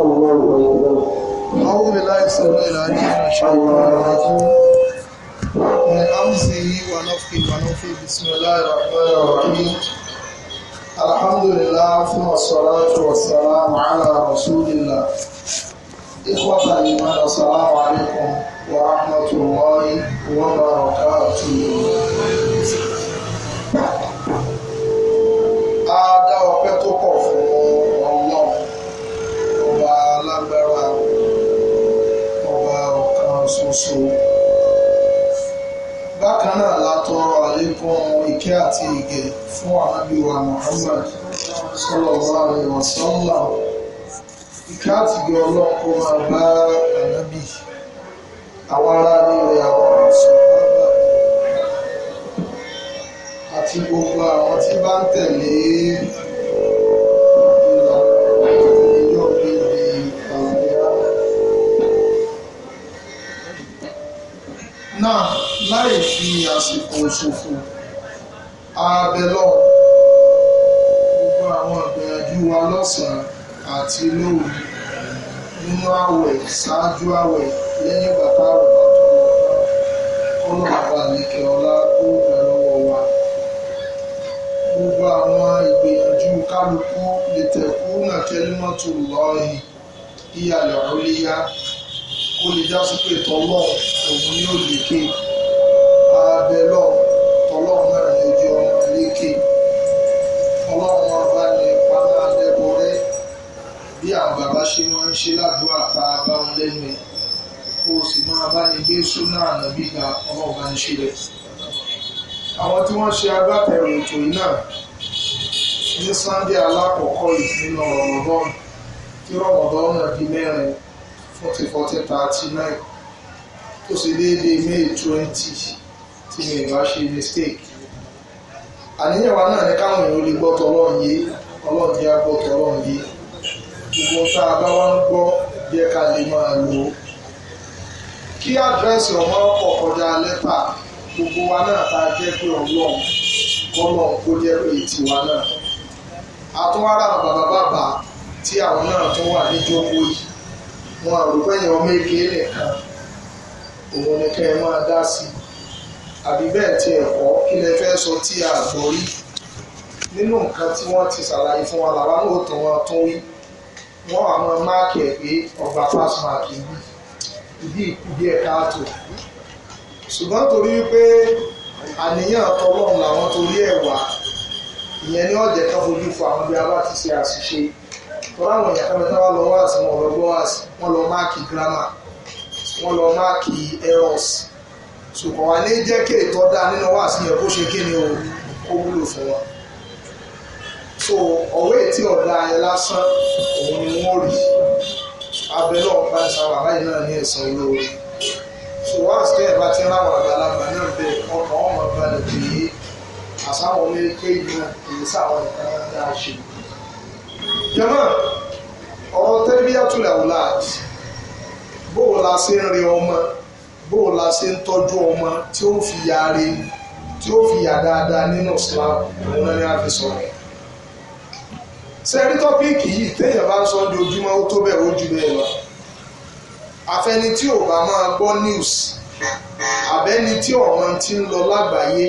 أعوذ بالله السميع العليم من الشيطان الرجيم من أمسه ونفخه ونفخه بسم الله الرحمن الرحيم الحمد لله ثم الصلاة والسلام على رسول الله إخوة الإيمان السلام عليكم ورحمة الله وبركاته ṣoṣo bákan náà la tọrọ àlékún ìkẹ́ àti ìgẹ̀ fún ànábì wa Muhammad sallallahu alaihi wasallam ìkẹ́ àti ìgẹ̀ Ọlọ́run kó máa bá ànábì àwọn aráàlú rẹ̀ àwọn sọ̀rọ̀ àti gbogbo àwọn tí bá ń tẹ̀lé lè fi àsìkò ṣòfò abẹ́lọ́ gbogbo àwọn ìgbìyànjú wa lọ́sàn-án àti lóru nínú àwẹ̀ ṣáájú àwẹ̀ lẹ́yìn bàtà àwẹ̀ bá tó lọ kọ́nà bàbá àlekè ọlá kó gbà lọ́wọ́ wa gbogbo àwọn ìgbìyànjú kálukú lè tẹ̀kú náà kẹ́límọ́tò lọ́ọ̀hìn ìyàlẹ̀ ọ̀rẹ́yà kó lè já sí pé tọ́lọ́ òun ni ó lè ké abẹ́ lọ́wọ́ tọ́lọ́run náà ní ojú ọmọ lékè ọlọ́run ọba ní pamọ́ adẹ́bọrẹ́ bí àwọn bàbá ṣe máa ń ṣe ládùúgbò tá a bá wọn lẹ́nu kó o sì máa bá ní gbé súnà ànábì ga ọlọ́ọ̀bá ń ṣe rẹ̀ àwọn tí wọ́n ṣe agbátẹrù ètò yìí náà ní sunday alákọ̀ọ́kọ́ yìí nínú rọmọdọ́nù tí rọmọdọ́nù náà di mẹ́rin forty forty thirty nine tó sì déédéé may twenty tí mi ìbá ṣe mistake àníyàn wa náà ní káwọn èèyàn lè gbọ́ tọlọ́run yé ọlọ́run yé á gbọ́ tọlọ́run yé gbogbo tá a bá wá ń gbọ́ jẹ́ ká lè máa lò ó kí àdírẹ́sì ọmọ ọkọ̀ kọjá lẹ́tà gbogbo wa náà tá jẹ́ pé ọlọ́run kọ́lọ̀ kó jẹ́ pé tiwa náà àtúwárà bàbá bàbá tí àwọn náà tún wà níjókòó yìí wọn àròpẹ́yìn ọmọ èké nìkan òun ni kẹ́ ẹ máa dá sí i àbí bẹ́ẹ̀ ti ẹ̀kọ́ kí lẹ fẹ́ sọ tí a gbọ́ rí nínú nǹkan tí wọ́n ti ṣàlàyé fún wa làwa náà tàn wọ́n tún wí wọ́n àwọn máàkì ẹ̀ pé ọgbà pass mark yìí ìdí ìkúdí ẹ̀ káàtó ṣùgbọ́n torí wípé àníyàn tọlọ́run làwọn torí ẹ̀ wá ìyẹn ní ọ̀jẹ̀ kan fojú fún àwọn bí a bá ti ṣe àṣìṣe tọ́lá àwọn èèyàn kan mẹ́ta wá lọ wá sí wọn lọ gbọ́ wá sí wọn lọ máàkì grammar wọn lọ máàkì errors ṣùgbọ́n wa ní jẹ́ kí ètò ọ̀dà nínú wá sí yẹn kó ṣe kí ni o kó wúlò fún wa so ọ̀wé tí ọ̀dà yẹn lásán òun ni wọ́n rí abẹ náà bá ń sáwà báyìí náà ní ẹ̀sán olóore so wá sí ẹ̀ bá ti ń ráwọ̀ àgbàlagbà náà bẹ ọkàn ọmọ balẹ̀ pé àsáwọn ọmọ ẹgbẹ́ ìlú èyí sáwọn ìpàdé dáa ṣe. jọ̀mọ́ ọ̀rọ̀ tẹ́lifíyàtúlẹ̀ ọ̀la bóòlà ṣe ń rin bó o la ṣe ń tọ́jú ọmọ tí ó fi ya re tí ó fi ya dáadáa nínú Islam òun náà ni a fi sọ̀rọ̀ sẹ́rí tọ́píìkì yìí téèyàn bá ń sọ ojoojúmọ́ ó tó bẹ́ẹ̀ ó jù bẹ́ẹ̀ lọ àfẹni tí ò bá máa gbọ́ news àbẹ́ni tí ọ̀ràn ti ń lọ lágbàáyé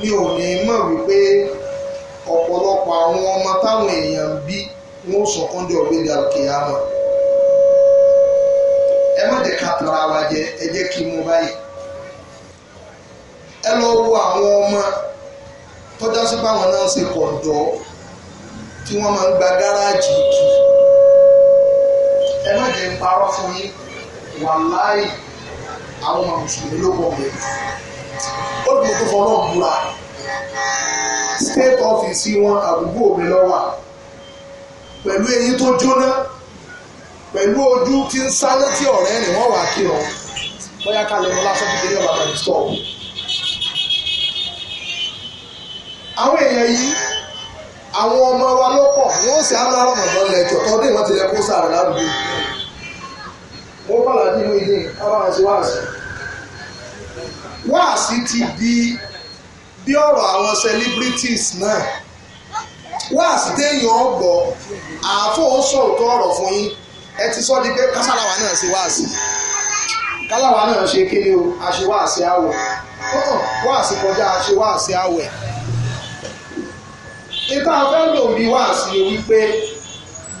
ni ò ní mọ̀ wípé ọ̀pọ̀lọpọ̀ àwọn ọmọ táwọn èèyàn ń bí wọ́n sọ̀kan jọ gbéga òkè àmọ́ ẹ má jẹ́ ká tara wa jẹ ẹ jẹ́ kí mo báyìí ẹ lọ wo àwọn ọmọ tọ́já sí báwọn náà ṣe kọ̀dọ̀ tí wọ́n máa ń gba gáràjì kì ẹ má jẹ́ parọ́ fún yín wàláì àwọn ọmọ mùsùlùmí ló pọ̀ mọ́ ó dùn tó fọlọ́ búra state office wọn àdúgbò mi lọ́wọ́ pẹ̀lú eyín tó jóná. pẹ̀lú ojú tí ń sáré tí ọ̀rẹ́ rìn wọ́n wà kí wọn bóyá ká lẹ́nu lásán kékeré ọ̀la tàbí àwọn èèyàn yìí àwọn ọmọ wa lọ́pọ̀ wọ́n sì á lára mọ̀tọ́ lẹ́jọ́ tọ́dún ìwọ́n ti lẹ kó sára mo bàlá ilé wáàsí. wáàsí ti di bí ọ̀rọ̀ àwọn celebrities náà wáàsí téèyàn ẹ ti sọ di pé kásálàwà náà ṣe wáàsí kálàwà náà ṣe kéde o àṣe wáàsí àwẹ̀ wáàsí kọjá àṣe wáàsí àwẹ̀ ìta fẹ́ lò bí wáàsí wípé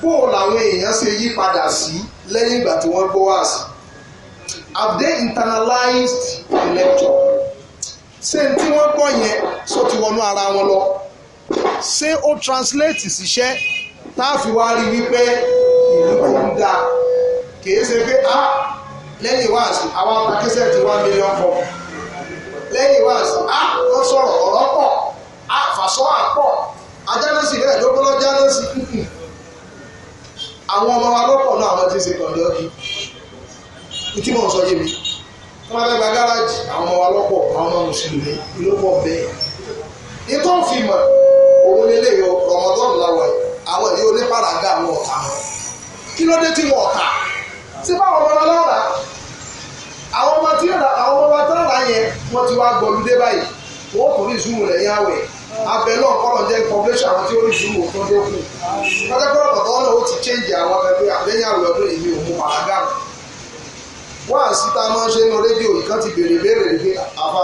bóò làwọn èèyàn ṣe yí padà sí lẹ́yìn ìgbà tí wọ́n gbọ́ wáàsí have they internalized the lecture ṣé tí wọ́n gbọ́ yẹn sọ ti wọnú ara wọn lọ ṣé ó translate síṣẹ́ tá a fi wá rí wípé orúkọ dá pé a ah, lẹ́yìn wáàsí àwọn atakẹ́sẹ̀ ti wá fọ lẹ́yìn wáàsí a ah, wọ́n sọ̀rọ̀ a ah, fàṣọ àpọ̀ ajánásì rẹ̀ lọ́gbọ́lọ́ jánásì àwọn ọmọ wa lọ́pọ̀ náà àwọn ti ṣe tí mò ń sọ yé mi wọ́n fẹ́ gba gáràjì àwọn ọmọ wa lọ́pọ̀ àwọn ọmọ mùsùlùmí ló pọ̀ bẹ́ẹ̀ fi mọ̀ òun kí ló dé tí wọ́n kà sí báwọn ọmọ náà rà àwọn ọmọ tí àwọn ọmọ wa tán rà yẹn wọ́n ti wá gbọ̀lúdé báyìí wọ́n kò ní ìṣúwò rẹ̀ yá wẹ̀ abẹ náà kọ́lọ̀ jẹ́ kọ́pẹ́ṣẹ̀ àwọn tí ó ní ìṣúwò tó dé kù pátákọ́lọ̀ tọ̀tọ̀ náà ó ti chéǹjì àwọn abẹ́gbẹ́ àbẹ́yìn àwẹ̀ ọdún èmi ò mú màlágà wọ́n à sí tá a máa ń ṣe nínú rédíò ìkan ti béèrè béèrè rí pé àbá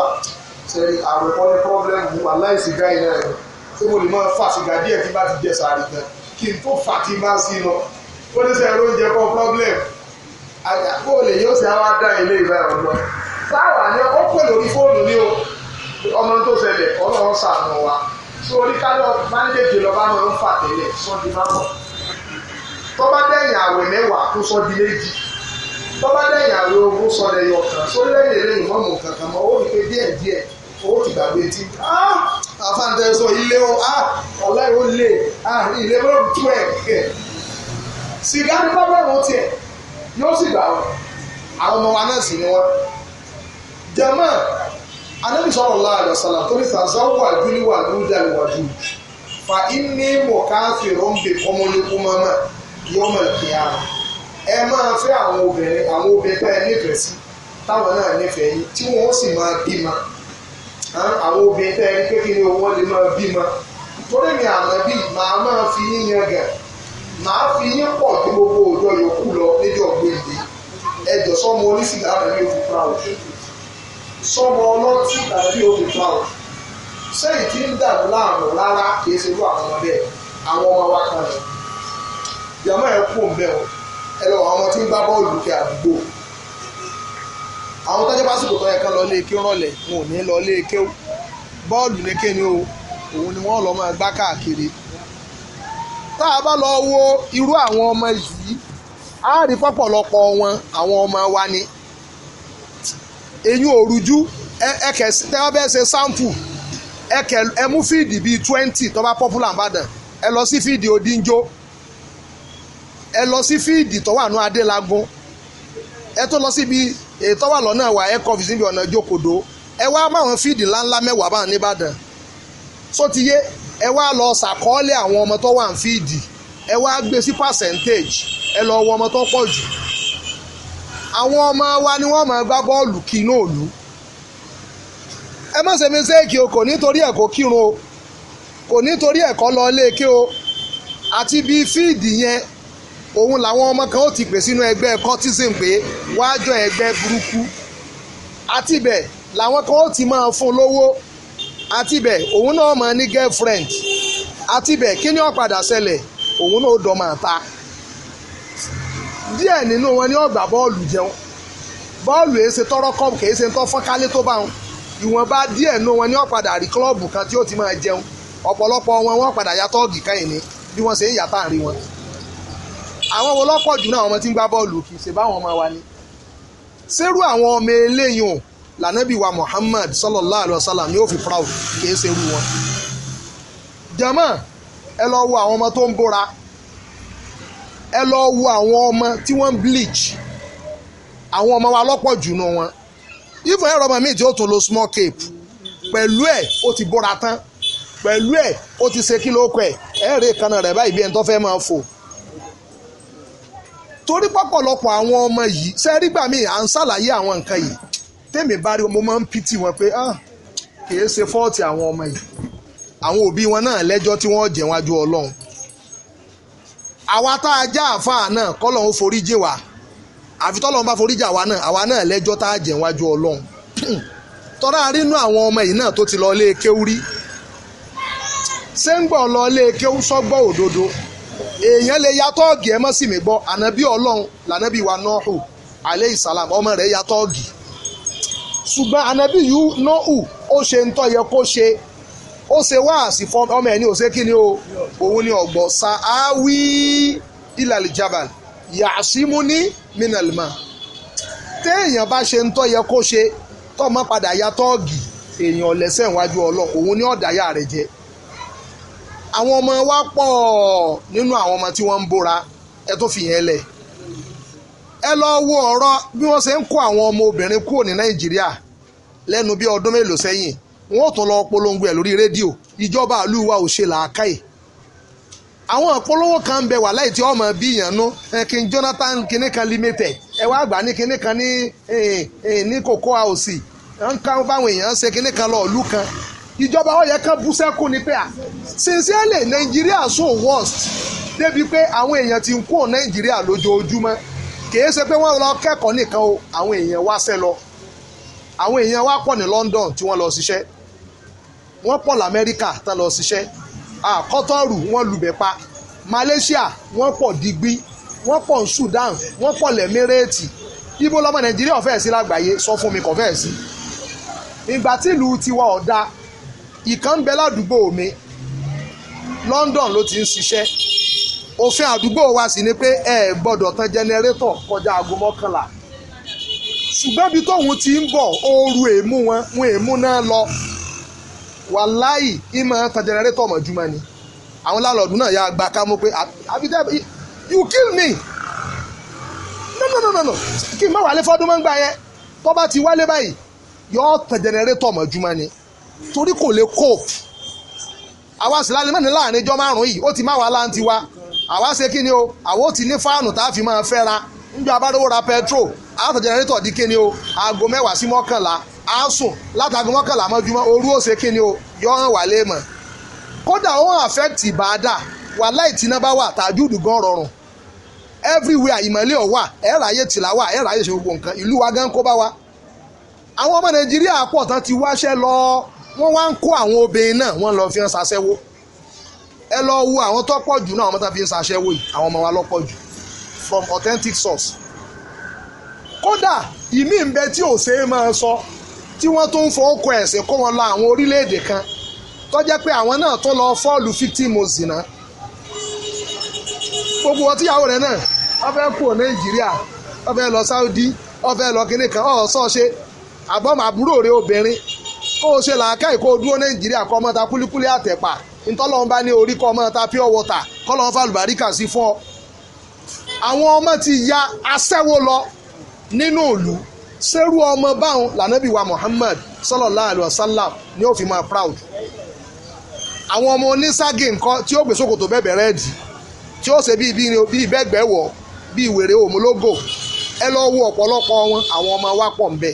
sẹ́ni àrùn kan ní pọ́blẹ́mù wà láìsí gáì náà rẹ̀ tí mo lè máa fà sí gàdíẹ̀ tí bá ti jẹ sàárì gan kí n tó fà tí máa sí lọ ó ero sẹ́yìn oúnjẹ kan problem àyàfó olè yóò ṣe àwọn adá ilé ìgbà ọ̀gbọ́n sáwà ni ó pè lórí fóònù ní o ọmọ tó ṣẹlẹ̀ ọlọ́run wa sórí kálọ̀ máńdèjì lọ́ba máa ń fà tẹ́lẹ̀ sọ́ọ́dì máa mọ̀ tọ́ba dẹ̀yìn àwẹ̀ mẹ́wàá tó sọ́ọ́dì méjì dẹ̀yìn àwẹ̀ ogún sọ́ọ́dẹ̀ yọ kan lẹ́yìn lẹ́yìn kankan mọ́ ó díẹ̀ díẹ̀ owó ti gbàgbé tí ah! ilé ah! lè ah! ilé sìgá ń bá lọ́rùn tiẹ̀ yóò sì gbà wọ́n àwọn ọmọ wa náà sì ni wọ́n. jama anabi sallallahu alaihi wasallam tó ní sàzáwò àjúlé wà lóúdà ìwàjú fa inni mọ̀ káfí rọ́ǹbì kọ́mọlẹ́kú mọ́mọ́ yóò mọ̀ kí á ẹ máa fẹ́ àwọn obìnrin àwọn obìnrin bẹ́ẹ̀ mi màá fi yín pọ̀ ní gbogbo ọjọ́ yòókù lọ níbi ọ̀gbìnbí ẹjọ́ sọmọ onísìgá àdàbí òfin proud sọmọ ọlọ́tì àdàbí òfin proud sẹ́yìn tí ń dà láàmú rárá kì í ṣe àwọn ọmọ bẹ́ẹ̀ àwọn ọmọ wa kan rẹ̀ yàmọ́ ẹ lọ àwọn ọmọ tí ń gbá bọ́ọ̀lù kí àwọn tọ́jú pásítọ̀ yẹ kán lọ lé eke rọlẹ̀ wọn ò ní lọ lé eke bọ́ọ̀lù ní o òun ni wọ́n gbá káàkiri tá a bá lọ wo irú àwọn ọmọ yìí á rí pọ̀pọ̀lọpọ̀ wọn àwọn ọmọ wa ni eyín òrujú ẹkẹ tẹ́wọ́ bẹ́ẹ̀ ṣe sample ẹkẹ ẹmú fíìdì bíi twenty tó bá popular nìbàdàn ẹ lọ sí fíìdì odinjo ẹ lọ sí fíìdì tó wà ní adélagun ẹ tó lọ síbi ètò wà lọ́nà wà ẹ kọfì síbi ọ̀nà ìjókòdó ẹ wá máwọn fíìdì ńláńlá mẹ́wàá báwọn nìbàdàn só ti yé ẹ wá lọ ṣàkọọ́lẹ̀ àwọn ọmọ tó wà ń fíìdì ẹ wá gbé sí percentage ẹ lọ wọ ọmọ tó pọ̀ jù àwọn ọmọ wa ni wọ́n máa gbá bọ́ọ̀lù kí inú òlu ẹ má ṣe mistake o kò nítorí ẹ̀ kò kírun o kò nítorí ẹ̀kọ́ lọ léèké o àti bíi fíìdì yẹn òun làwọn ọmọ kan ó ti pè sínú ẹgbẹ́ cortism pé wáá jọ ẹgbẹ́ burúkú àtibẹ̀ làwọn kan ó ti máa fún lówó àtibẹ̀ òun náà máa ní girlfriend àtibẹ̀ kí ni ó padà ṣẹlẹ̀ òun náà dọ̀ máa ta díẹ̀ nínú wọn ni ó gbà bọ́ọ̀lù jẹun bọ́ọ̀lù èsè tọrọ kọ́ọ̀bù kèése ń tọ́ fọ́nkálé tó bá wọn ìwọ̀nba díẹ̀ nínú wọn ni ó padà rí klọ́ọ̀bù kan tí ó ti máa jẹun ọ̀pọ̀lọpọ̀ wọn wọ́n padà ya tọ́ọ̀gì kẹ́yìn ni bí wọ́n ṣe ń yàtá àrí wọn. àwọn wo lọ́pọ̀ jù náà ọmọ tí ń gbá bọ́ọ̀lù kì í ṣe báwọn ọmọ wa ni. sẹ́rù àwọn ọmọ eléyìí lànàbí wa Muhammad sallallahu alayhi wa sallam yóò fi proud kì í ṣe irú wọn. jama ẹ lọ wo àwọn ọmọ tó ń bóra ẹ lọ wo àwọn ọmọ tí wọ́n ń bleach àwọn ọmọ wa lọ́pọ̀ jù nù wọn ìfọ̀ ẹ̀rọ ọmọ mi tí ó tún lo small cape pẹ̀lú ẹ̀ ó ti bóra tán pẹ̀lú ẹ̀ ó ti ṣe kí ló kọ ẹ̀ ẹ̀ kanna rẹ̀ báyìí bí ẹni tó fẹ́ máa fò torí pọ̀pọ̀lọpọ̀ àwọn ọmọ yìí sẹ́rígbà míì à ń ṣàlàyé àwọn nǹkan yìí tèmi bá rí wọn mo máa ń pìtì wọn pé ah kìí ṣe fọ́ọ̀tì àwọn ọmọ yìí àwọn òbí wọn náà lẹ́jọ́ tí wọ́n jẹ́ wájú ọlọ́run àwa tá a já àáfàá náà kọ́lọ́run forí jì wá àfi tọ́lọ́run bá forí jà wá náà àwa náà lẹ́jọ́ tá a jẹ́ wájú ọlọ́run tọ́lá rínú àwọn ọmọ yìí náà tó ti lọ lé kéwú rí ṣé ń gbọ́ lọ lé kéwú sọ́gbọ́ òdodo èèyàn lè ya tọ́ọ̀gì ẹ mọ́ sí mi gbọ́ ànábì ọlọ́run lànábì wa nọ́ọ̀hù alẹ́ ìsàlám ọmọ rẹ̀ ya tọ́ọ̀gì ṣùgbọ́n anabi yìí nóhù ó ṣe ń tọ́ yẹ kó ṣe ó ṣe wáàsí fún ọmọ ẹ̀ ní òṣè kí ni o òun ni ọ̀gbọ́n sàáwí ìlàlì jabal yàṣímú ní mínàlímà téèyàn bá ṣe ń tọ́ yẹ kó ṣe tọ́mọ padà ya tọ́ọ̀gì èèyàn lẹ́sẹ̀ wájú ọlọ́run òun ni ọ̀dáyà rẹ̀ jẹ́ àwọn ọmọ wa pọ̀ nínú àwọn ọmọ tí wọ́n ń bóra ẹ tó fi yẹn lẹ̀ ẹ lọ́ọ́ wo ọ̀rọ̀ bí wọ́n ṣe ń kó àwọn ọmọ obìnrin kúrò ní nàìjíríà lẹ́nu bí ọdún mélòó sẹ́yìn wọ́n ò tún lọ polongo ẹ̀ lórí rédíò ìjọba ìlú wa ò ṣe làákàyè àwọn ìpolówó kan ń bẹ wà láì tí ọmọ bí ìyànnú kin Jonathan kinní limited ẹ wá gbà ní kinní kan ní ní kòkó àòsì ń ká báwọn èèyàn ṣe kinní kan lọ ìlú kan ìjọba ọ̀yẹ́ kan bú sẹ́kù ní pé à sincerely Nigeria so worst débi pé àwọn èèyàn ti ń kó Nigeria lójoojúmọ́ kìí ṣe pé wọ́n lọ kẹ́kọ̀ọ́ nìkan o àwọn èèyàn wá ṣẹ́ lọ àwọn èèyàn wá pọ̀ ní London tí wọ́n lọ ṣiṣẹ́ wọ́n pọ̀ l'Amẹ́ríkà tán lọ ṣiṣẹ́ àkọ́tọ́rù wọ́n lùbẹ̀ pa Malaysia wọ́n pọ̀ digbí wọ́n pọ̀ ní Sudan wọ́n pọ̀ lẹ́mẹ́rẹ́ẹ̀tì ibo lọ́mọ Nàìjíríà ọ̀fẹ́ sí lágbàáyé sọ fún mi kọ̀fẹ́ sí ìgbà tí ìlú tiwa ọ̀dà ìkan ń bẹ ládùúgbò mi London ló ti ń ṣiṣẹ́ òfin àdúgbò wa sì ni pé ẹ gbọ́dọ̀ tan jẹnẹrétọ̀ kọjá aago mọ́kànlá ṣùgbọ́n bí tóun ti ń bọ̀ ooru èémú wọn wọn èémú náà lọ wàláì ìmọ̀ tan jẹnẹrétọ̀ mọ̀júmọ́ ni àwọn láńlọ́ọ̀dù náà yà gba kámú pé àbídẹ́ you kill me no no no no no kí n má wálé fọ́dún mọ́ ń gbà yẹn tó ti wálé báyìí yọ tan jẹnẹrétọ̀ mọ̀júmọ́ ni torí kò lè cope àwa sì lálẹ́ mọ́ni láàrin ijọ́ márùn-ún yìí ó ti má wà láǹtí wa àwa ṣe kí ni o àwo ti ní fáànù tá a fi máa fẹ́ ra níjọ abádówó ra pẹtrol àtọ̀ jẹnẹrétọ̀ di kí ni o aago mẹ́wàá sí mọ́kànlá á sùn látàgọ́ mọ́kànlá mọ́júmọ́ òru ó ṣe kí ni o yọ hàn wà léèmọ̀ kódà ó hàn affect ìbáadà wà láì tíná bá wà tàjúdù gan rọrùn everywhere ìmọ̀lẹ́ ọ̀ wà ẹ̀ ráyè tìlá wà ẹ̀ ráyè ṣe gbogbo nǹkan ìlú wa gan kó bá wa àwọn ọmọ nàìjíríà pọ̀ tán ti wáṣẹ́ lọ wọ́n wá ń kó àwọn obìnrin náà wọ́n lọ fi hàn ṣaṣẹ́wó ẹ lọ wo àwọn tó pọ̀ jù náà àwọn tó fi ń ṣàṣẹ́wó yìí àwọn ọmọ wa from authentic source kódà ìmí ń bẹ tí ò ṣe é máa sọ tí wọ́n tó ń fọ́ọ̀kọ̀ ẹ̀sìn kó wọn lọ àwọn orílẹ̀ kan tó jẹ́ pé àwọn náà tó lọ fọ́ọ̀lù 15 zìnà gbogbo ọtí ìyàwó náà wọ́n fẹ́ lọ wọ́n lọ kínní kan ọ̀ sọ ṣe àbọ̀mọ̀ àbúrò obìnrin o ṣe làákàyè kó o dúró nàìjíríà ọmọ ta kúlíkúlí ntọ́lọ́run bá ní orí kọ́ ọmọ ta pure water kọ́lọ́run fàlùbáríkà sí fún ọ. àwọn ọmọ ti ya aṣẹ́wó lọ nínú ìlú sẹ́rù ọmọ báwọn lànàbí wa Muhammad sallallahu alayhi wa ni ó fi máa proud. àwọn ọmọ onísàgì nǹkan tí ó gbé ṣòkòtò bẹ́ẹ̀ bẹ̀rẹ̀ dì tí ó ṣe bíi bíi bẹ́gbẹ́ wọ̀ bíi wèrè òmùlógò ẹ lọ́ọ́ wo ọ̀pọ̀lọpọ̀ wọn àwọn ọmọ wa pọ̀ ń bẹ.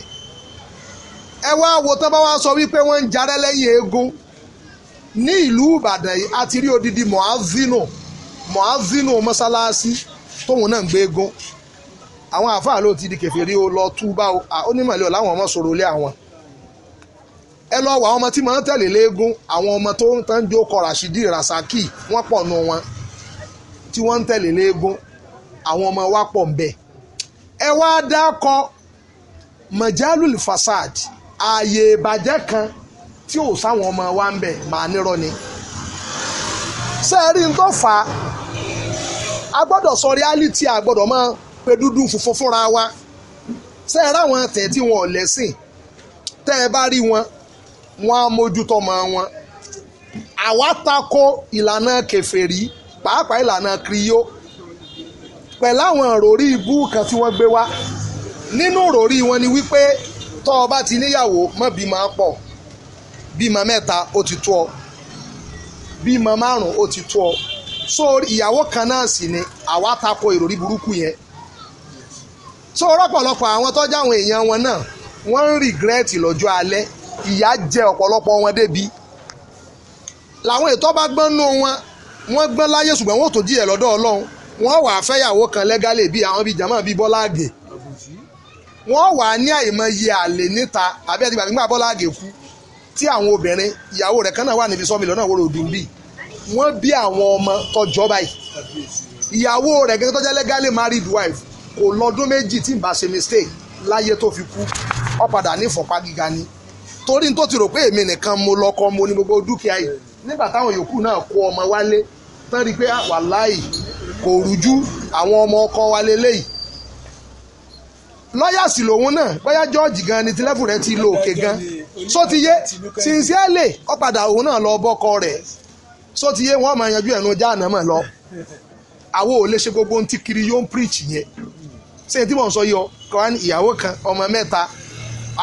ẹ wá wo tán bá sọ wípé wọ́n ń jarẹ́ lẹ́yìn eégún ní ìlú ìbàdàn yìí a ti rí odidi mohazino mohazino mọ́sálásí tóun náà ń gbé egun àwọn àáfàá ló ti di kẹfìrí o lọ túbá o onímọ̀lẹ́ ọ̀ láwọn ọmọ sọ̀rọ̀ lé àwọn ẹ lọ wọ àwọn ọmọ tí màá tẹ̀lé léegun àwọn ọmọ tó ń tán jó kọ Rashidi Rasaki wọ́n pọ̀ nù wọn tí wọ́n ń tẹ̀lé léegun àwọn ọmọ wa pọ̀ ń ẹ wá dákọ majalul fasad ààyè ìbàjẹ́ kan tí ò sáwọn ọmọ wa ń bẹ̀ máa nírọ́ ni. ṣé ẹ rí n tó fà á a gbọ́dọ̀ sọ reality a gbọ́dọ̀ máa pe dúdú funfun fúnra wa ṣé ẹ ráwọn tẹ̀ tí wọn ò lẹ́sìn tẹ́ ẹ bá rí wọn wọn á mójútó ọmọ wọn àwa tako ìlànà kèfèrí pàápàá ìlànà kiriyó pẹ̀lú àwọn ìròrí ibú kan tí wọ́n gbé wá nínú ìròrí wọn ni wípé tọ́ ọ bá ti níyàwó mọ̀bí máa pọ̀ bímọ mẹ́ta ó ti tó ọ bímọ márùn ó ti tó ọ so ìyàwó kan náà sì ni àwa tako ìròrí burúkú yẹn so ọ̀pọ̀lọpọ̀ àwọn tọ́jà àwọn èèyàn wọn náà wọ́n ń rìgírẹ́tì lọ́jọ́ alẹ́ ìyà jẹ ọ̀pọ̀lọpọ̀ wọn débi làwọn ètò bá gbọ́n nù wọn wọ́n gbọ́n láyé ṣùgbọ́n wọ́n ò tó jíyẹ̀ lọ́dọ̀ ọlọ́run wọ́n wàá fẹ́yàwó kan lẹ́gálẹ̀ bíi àwọn bíi jàmáà bíi bọ́lá àgè wọ́n wàá ní àìmọye àlè níta àbí ẹ̀dìgbà nígbà bọ́lá àgè kú tí àwọn obìnrin ìyàwó rẹ̀ kan náà wà níbi sọ́mi lọ́nà òwúrò òdùn bíi wọ́n bí àwọn ọmọ tọjọ́ báyìí ìyàwó rẹ̀ gẹ́gẹ́ tọ́jà legally married wife kò lọ́dún méjì tí n bá ṣe mistake láyé tó fi kú ó padà ní ìfọ̀pá gíga ni torí n tó ti rò pé èmi nìkan mo lọ́kọ mo ní gbogbo dúkìá yìí nígbà táwọn yòókù náà kó ọmọ wálé tán rí i pé ah, wàláì kò rújú àwọn ọmọ ọkọ wálé léyìí lọ́yàsì lòun náà bóyá jọ́ọ̀jì gan ni tilẹ́fù rẹ̀ ti lọ òkè gan sotiye sincerely ó padà òun náà lọ bọ́kọ rẹ̀ sotiye wọ́n máa yanjú ẹ̀nu jáàná mọ̀ lọ àwọn ò lè ṣe gbogbo ohun tí kiri yóò ń preach yẹn sẹ́yìn tí mò ń sọ yìí ọ kan ìyàwó kan ọmọ mẹ́ta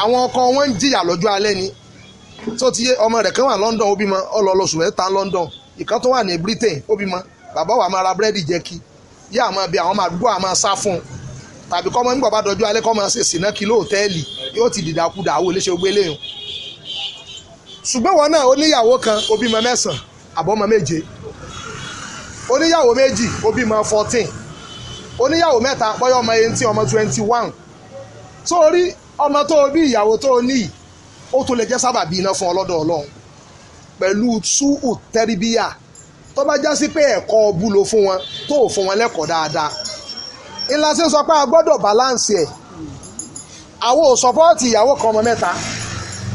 àwọn ọkọ wọn ń jìyà lọ́jọ́ alẹ́ ni sotiye ọmọ rẹ̀ kan wà London ó bímọ ọlọ́ọ̀lọ́ sùn mẹ́ta London ìkan tó wà ní Britain ó bímọ bàbá wa máa ra búrẹ́dì jẹ́ kí yá àmọ́ bí àwọn àdúgbò àmọ́ sá fún un tàbí kọ́mọ nígbà bá dọjú alẹ́ kọ́mọ ṣe sìnà kí lóòtẹ́ẹ̀lì yóò ti dìdàkudà àwọn olóṣèlú gbélé yìí ṣùgbọ́n wọn náà oníyàwó kan ó bímọ mẹ́sàn-án àbọ̀mọ méje oníyàwó méjì obi bímọ fourteen oníyàwó mẹ́ta bọ́yọ̀ ọmọ eighteen ọmọ twenty one tó rí ọmọ tó bí ìyàwó tó ní yìí ó tó lè jẹ́ sábàbí iná fún ọlọ́dọ̀ ọlọ́run pẹ̀lú túù tẹ́ríbíyà tó bá já sí pé ẹ̀kọ́ ọbú ló fún wọn tó ò fún wọn lẹ́kọ̀ọ́ dáadáa ńlá sọ pé a gbọ́dọ̀ balance ẹ̀ àwọn ò sọpọ́ọ̀tì ìyàwó kan ọmọ mẹ́ta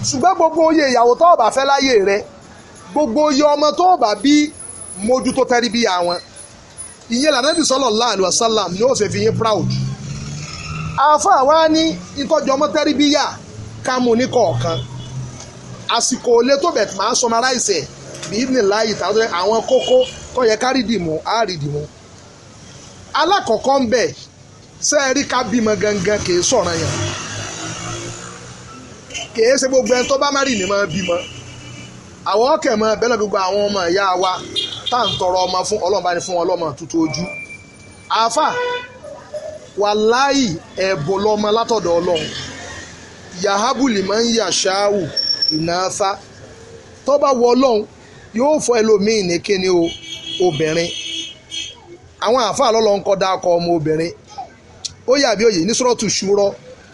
ṣùgbọ́n gbogbo oyè ìyàwó tó o bá fẹ́ láyé rẹ gbogbo oyè ọmọ tó o bá bí mójútó tẹ́rí bí àwọn ìyẹn lànàbì sallallahu alaihi wasallam ni ó ṣe fi yín proud àáfàá wa ní ìtọ́jú ọmọ tẹ́rí bí yà ká mú ní kọ̀ọ̀kan àsìkò olé tó bẹ̀ máa summarize ẹ̀ bí ní láàyè tàbí àwọn kókó tó yẹ ká rí dìmú á rí dìmú alákọ̀ọ́kọ́ ń bẹ̀ sẹ́ẹ̀rí ká bímọ gangan kì í sọ̀rọ̀ yẹn keese gbogbo ẹni tó bá má bi ma. máa àwọn ọkẹ mọ bẹlẹ gbogbo àwọn ọmọ wa ta à ń tọrọ ọmọ fún ọlọ́mọba ni fún oju. tuntun ojú àáfà wàláì ẹ̀bùn lọ́mọ látọ̀dọ̀ yahabuli máa ń yà ṣááwù ìnáfà tó bá wọ fọ ní kíni o obìnrin àwọn àáfà ọmọ obìnrin ó yàbí òye ní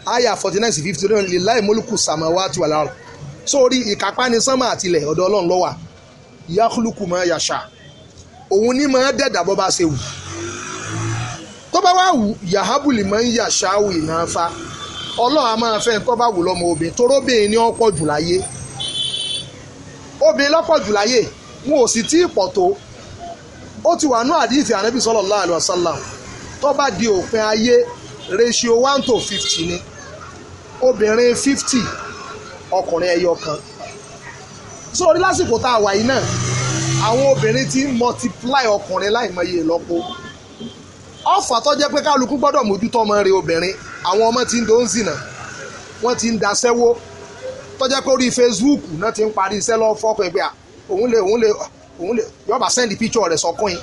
aya forty nine sí fifty olóyún lílá ìmọ̀lùkù sàmọ́wá ti wà lára sórí ìkápá ni sánmà àtìlẹ̀ ọ̀dọ̀ ọlọ́run ló wà yàkùlùkù máa yàṣà òun ní máa dẹ̀dà bọ́ bá ṣe wù tó bá wà wù yàhábùlì máa ń wù náà ọlọ́run a máa fẹ́ tó bá wù lọ́mọ obìnrin tó róbìnrin ní ọ̀pọ̀ jù láyé obìnrin lọ́pọ̀ jù láyé wọn ò sì tí ì pọ̀ tó ó ti wà ní àdìsí ànábì sallallahu alaihi tó bá di òpin ayé ratio one to fifty ni obìnrin fifty ọkùnrin ẹyọ kan so orí lásìkò tá a wà yìí náà àwọn obìnrin ti ń multiply ọkùnrin láìmọye ìlọ́po ọ̀fà tó jẹ́ pé kálukú gbọ́dọ̀ mójútó ọmọ rẹ̀ obìnrin àwọn ọmọ ti ń do ń zìnà wọ́n ti ń daṣẹ́wó tó jẹ́ pé orí Facebook náà ti ń parí iṣẹ́ lọ́wọ́ fọ́kùn ẹgbẹ́ òun lè òun lè òun lè yọba send picture rẹ̀ sọkùnrin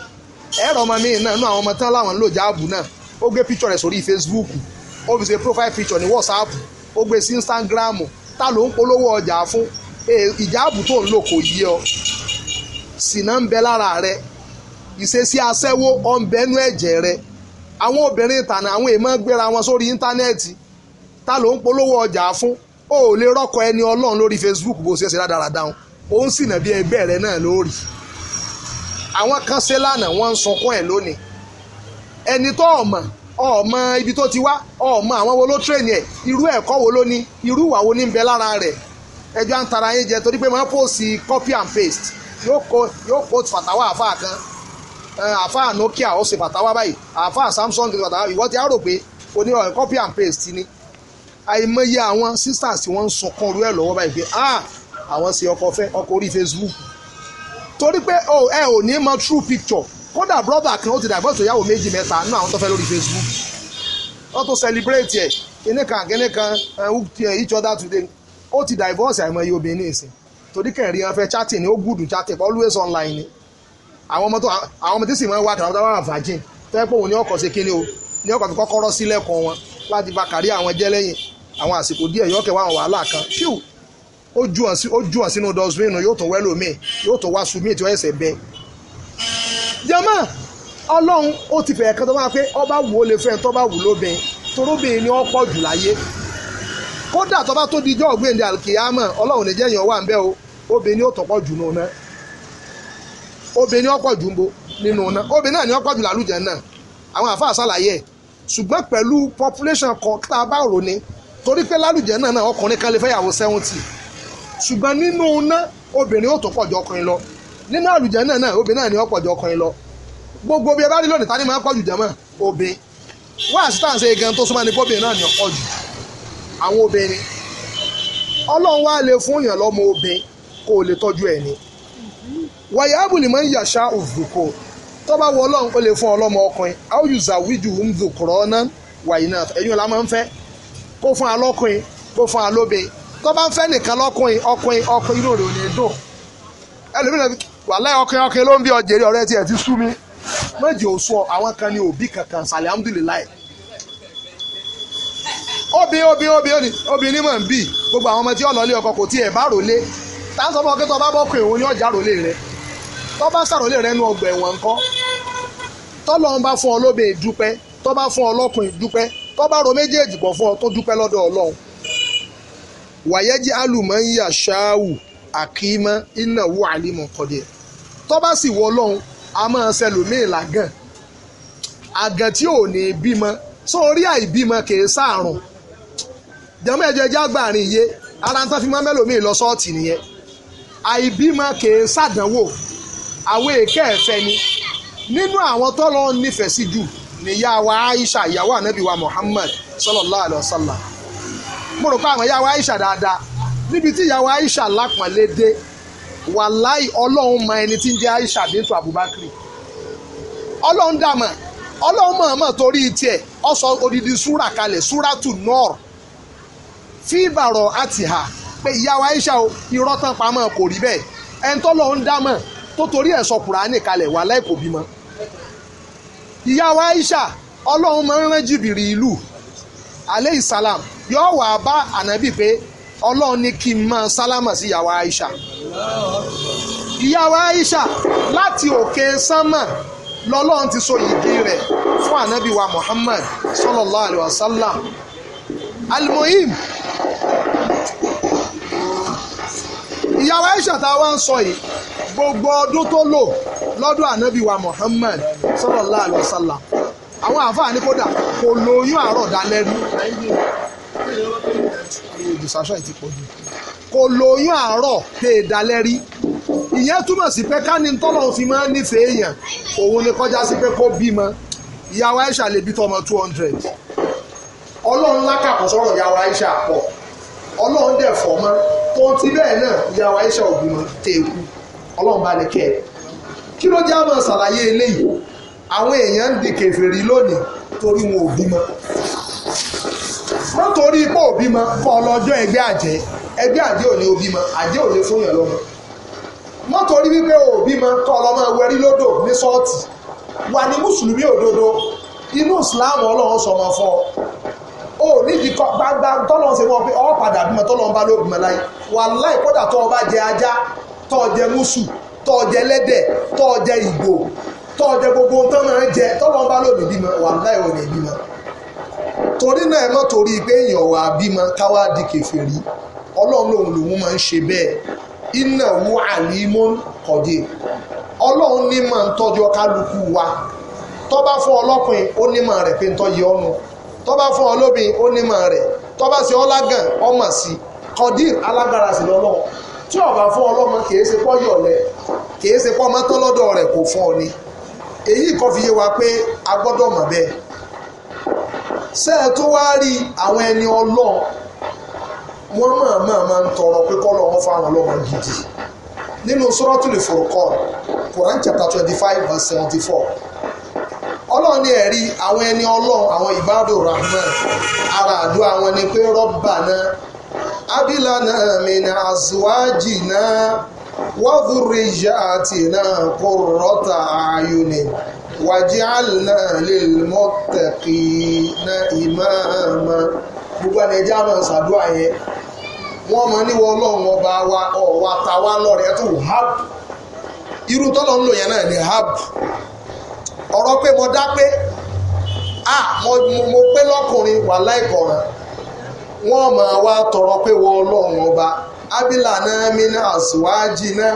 ẹ̀rọ ọmọ mi náà nú àwọn ọmọ tán láwọn ń lò jáàbù náà ó gbé picture rẹ̀ sórí Facebook ó fi ṣe profile picture ní WhatsApp ó gbé sí Instagram ta ló ń polówó ọjà fún ìjáàbù tó ń lò kò yí ọ sìnà ń bẹ lára rẹ ìṣesí aṣẹ́wó ọ̀nbẹ́nu ẹ̀jẹ̀ rẹ àwọn obìnrin ìtànà àwọn èèmọ̀ gbéra wọn sórí íńtánẹ́ẹ̀tì ta ló ń polówó ọjà fún o ò lè rọ́kọ ẹni ọlọ́run lórí Facebook bó ṣe ṣe rádaràda O òun sì nà bí ẹgbẹ́ rẹ náà lórí àwọn kan ṣe lánàá wọ́n ń sunkún ẹ̀ lónìí ẹni tó ọ̀mọ̀ ọmọ ibi tó ti wá ọmọ àwọn wo ló tírèènì ẹ̀ irú ẹ̀kọ́ wo ló ní irú ìwà wo ní ń bẹ lára rẹ̀ ẹjọ́ à ń tara yín jẹ torí pé máa ń pòsì copy and paste yóò kó yóò kó fàtàwà àfáà kan àfáà Nokia ó ṣe fàtàwà báyìí àfáà Samsung ṣe fàtàwà ìwọ ti á rò pé oní ọ̀rẹ́ copy and paste ni àìmọye àwọn sisters tí wọ́n ń sunkún orú ẹ̀ lọ́wọ́ báyìí pé ah àwọn ṣe ọkọ̀ fẹ́ ọkọ̀ orí Facebook torí pé ẹ ò ní mọ true picture kódà brọ́bà kan ó ti dàgbọ́ ìtòyàwó méjì mẹ́ta nínú àwọn tó fẹ́ lórí Facebook wọ́n tó celebrate ẹ̀ kíní kan kíní kan each other today ó ti divorce àìmọye obìnrin ìsìn torí kẹrin wọn fẹ́ chatting ni ó gùdù chatting always online ni àwọn ọmọ tó àwọn ọmọ tí sì máa ń wá kàràbàtà wà virgin fẹ́ pé òun ni ọkọ̀ ṣe kíní o ní ọkọ̀ fi kọ́kọ́rọ́ sílẹ̀kùn wọn láti bá kárí àwọn jẹ́ lẹ́yìn àwọn àsìkò díẹ̀ yọ̀ọ́kẹ́ wà wọn wàhálà kan phew ó ju hàn sínú dustbin yóò tún wẹ́lò míì yóò tún wá sùn míì tí wọ́n ẹ̀sẹ̀ bẹ́ẹ̀ jama ọlọ́run ó ti fẹ̀yẹ̀ kan tó máa pé ọba wù ó lè fẹ́ tó bá wù lóbìn torobìn ni wọ́n pọ̀ jù láyé kódà tó bá tó di ijọ́ ọ̀gbìndé alkiyama ọlọ́run lè jẹ́yìn ọwọ́ àǹbẹ́ o obìnrin ó tọ́pọ̀ jù nùnà obìnrin ọ̀pọ̀ jù ń bo nínú náà obìnrin náà ni ọ̀pọ̀ jù lálùjẹ náà àwọn àfa àṣàlàyé ẹ̀ ṣùgbọ́n pẹ̀lú population kan tá a bá rò ní torí pé lálùjẹ náà náà ọkùnrin kan lè fẹ́ yàwó seventy ṣùgbọ́n nínú náà obìnrin ó tọ́pọ̀ jù ọkùnrin lọ nínú àlùjẹ́ náà náà obìnrin náà ni wọ́n pọ̀jù ọkùnrin lọ gbogbo bí ẹ bá rí lónìí ta ni máa pọ̀jù jẹ́mọ̀ obìnrin wọ́n àsìtàn ṣe gan tó súnmọ́ ni pọ́bìnrin náà ni ọ̀pọ̀ jù àwọn obìnrin ọlọ́run wá lè fún yàn lọ́mọ obìnrin kó o lè tọ́jú ẹ̀ ni wàyà ábùlì máa ń yàṣá òfurufú tó bá wọ ọlọ́run ó lè fún ọlọ́mọ ọkùnrin áwùjùzà wíjù ń dùkúrọ́ náà wàyí náà ẹ̀yìn ọ̀la máa ń fẹ́ kó fún alọ́kùnrin kó fún alóbìnrin tó bá ń fẹ́ nìkan lọ́kùnrin ọkùnrin ọkùnrin inú rẹ̀ ò ní dùn ẹlòmíràn wàhálà ọkàn ọkàn ló ń bí ọjẹrì ọ̀rẹ́ tiẹ̀ ti sú mi méjì ò sọ àwọn kan ní òbí kankan sàlẹ̀ alhamdulilayi obìnrin obìnrin obìnrin obìnrin mọ̀ ń bì gbogbo àwọn ọmọ tí ó lọlé ọkọ kò tiẹ̀ bá rò lé táwọn ọmọ kẹtọ bá bọ́ pé òun ní ọjà ròlé rẹ tọ́ bá sàròlé rẹ nu ọgbà ẹ̀wọ̀n ńkọ́ tọ́lọ́ ń bá fún ọ lóbe dúpẹ́ tọ́ bá fún ọ lọ́kùnrin dúpẹ́ tọ́ bá ro méjèèjì pọ̀ fún ọ tó dúpẹ́ lọ́dọ̀ ọlọ́run wàyẹ́jì alùmọ́ ń yà ṣááwù àkímọ́ iná wù àlímọ̀ kọ́dẹ̀ tó bá sì wọ ọlọ́run a máa ṣẹlòmíì lágàn àgàn tí ò ní bímọ sórí àìbímọ kìí sàrùn jẹ́mọ́ ẹ̀jẹ̀ jẹ́ àgbàrin yé ara tán fi máa mẹ́lòmíì lọ sọ́ọ̀tì nìyẹn àìbímọ kìí sàdánwò àwọn èké ẹ̀fẹ́ ni nínú àwọn tọ́lọ́ nífẹ̀ẹ́ sí jù níyà wa Aisha ìyàwó ànábì wa Muhammad sallallahu alayhi wa sallam mo rò pé àwọn ìyá wa Aisha dáadáa níbi tí ìyá wa Aisha lápọ̀nlé dé wàláì ọlọ́run mọ ẹni tí ń jẹ́ Aisha bintu Abubakar ọlọ́run dàmọ̀ ọlọ́run mọ̀ọ́mọ̀ torí tiẹ̀ ọ sọ odidi súrà kalẹ̀ súràtù nọ́ọ̀rù fíbàrọ̀ àti hà pé ìyàwó Aisha irọ́ tán pamọ́ kò rí bẹ́ẹ̀ Aisha ọlọ́run jìbìrì bá ànábì pé ọlọ́run ní kí n máa sálámà sí ìyàwó Aisha ìyàwó Aisha láti òkè sánmà lọ́lọ́run ti so yìgì rẹ̀ fún ànábì wa Muhammad sallallahu alayhi wa sallam alimoyim ìyàwó Aisha tá a wá ń sọ yìí gbogbo ọdún tó lò lọ́dọ̀ ànábì wa Muhammad sallallahu alayhi wa sallam àwọn àfáà ní kódà kò lóyún àárọ̀ dalẹ́rú distraction yìí ti pọ̀ jù kò lóyún àárọ̀ pé é dalẹ́ rí ìyẹn túmọ̀ sí pé kání tọ́lọ̀ fi máa ń nífẹ̀ẹ́ èèyàn òun ni kọjá sí pé kó bímọ ìyàwó Aisha lè bí tọmọ two hundred ọlọ́run lákàkọ́ sọ̀rọ̀ ìyàwó Aisha pọ̀ ọlọ́run dẹ̀ fọ́ mọ́ tó ti bẹ́ẹ̀ náà ìyàwó Aisha ò bímọ tẹ̀kù ọlọ́run bá lè kẹ́ ẹ̀ kí ló jẹ́ àmọ́ ṣàlàyé eléyìí àwọn èèyàn ń di kèfèrí lónìí torí wọn ò bímọ wọ́n torí ipò òbí mọ fún ọlọ́jọ́ ẹgbẹ́ àjẹ́ ẹgbẹ́ àjẹ́ ò ní òbí mọ àjẹ́ ò lè fún yàn lọ́mọ wọ́n torí wípé òbí mọ kọ́ ọlọ́mọ lódò ní sọ́ọ̀tì wà ní mùsùlùmí òdodo inú ìsìláàmù ọlọ́run ọ nídìí gbangba ṣe wọ́n pé ọ padà bímọ bá kódà gbogbo bá bímọ torí náà ẹ má torí pé èèyàn wà bímọ káwá di kèfèrí ọlọ́run lòun lòun máa ń ṣe bẹ́ẹ̀ iná wú àlímọ́ kọ̀dé ọlọ́run ní máa ń tọ́jú ọkálukú wa tọba fún ọlọ́kùnrin ó ní máa rẹ̀ pé ń tọ́jú ọ̀nù tó fún ọlọ́bìn ó ní máa rẹ̀ tó sí ọlágàn ọmọ sí alágbára sí tí ọba fún ọlọ́mọ kìí ṣe pọ́ yọ̀lẹ̀ kìí ṣe pọ́ mọ́tọ́ lọ́dọ̀ rẹ̀ kò fún ọ ni èyí fi wa pé a gbọ́dọ̀ ṣé ẹ tó wá rí àwọn ẹni ọlọ́ọ̀ wọ́n máa máa máa ń tọrọ pé kọ́ lọ́wọ́ fáwọn ọlọ́wọ́ gidi nínú suratul Furqan Quran chapter twenty five verse seventy four ọlọ́run ní ẹ̀rí àwọn ẹni ọlọ́run àwọn ìbádò rahman ara àdó àwọn ni pé rọ́bà náà abilana mina azuwaji náà wàdúrẹ́yà àti náà qurrata ayunin náà. wàjíàlá lèmọ́tẹ̀kì na ìmáàmá gbogbo àwọn ẹja máa ṣàdúrà yẹn ama mọ níwọ̀ ọlọ́run ọba wa ọ̀wà tàwa lọ́rẹ̀ tó hab irú tọ́lọ̀ ń lò yẹn náà ní naa ọ̀rọ̀ pé mo dá pé mo pé lọ́kùnrin wà láìkọ̀ràn wọ́n máa wá tọrọ pé ọba abilà náà mi náà náà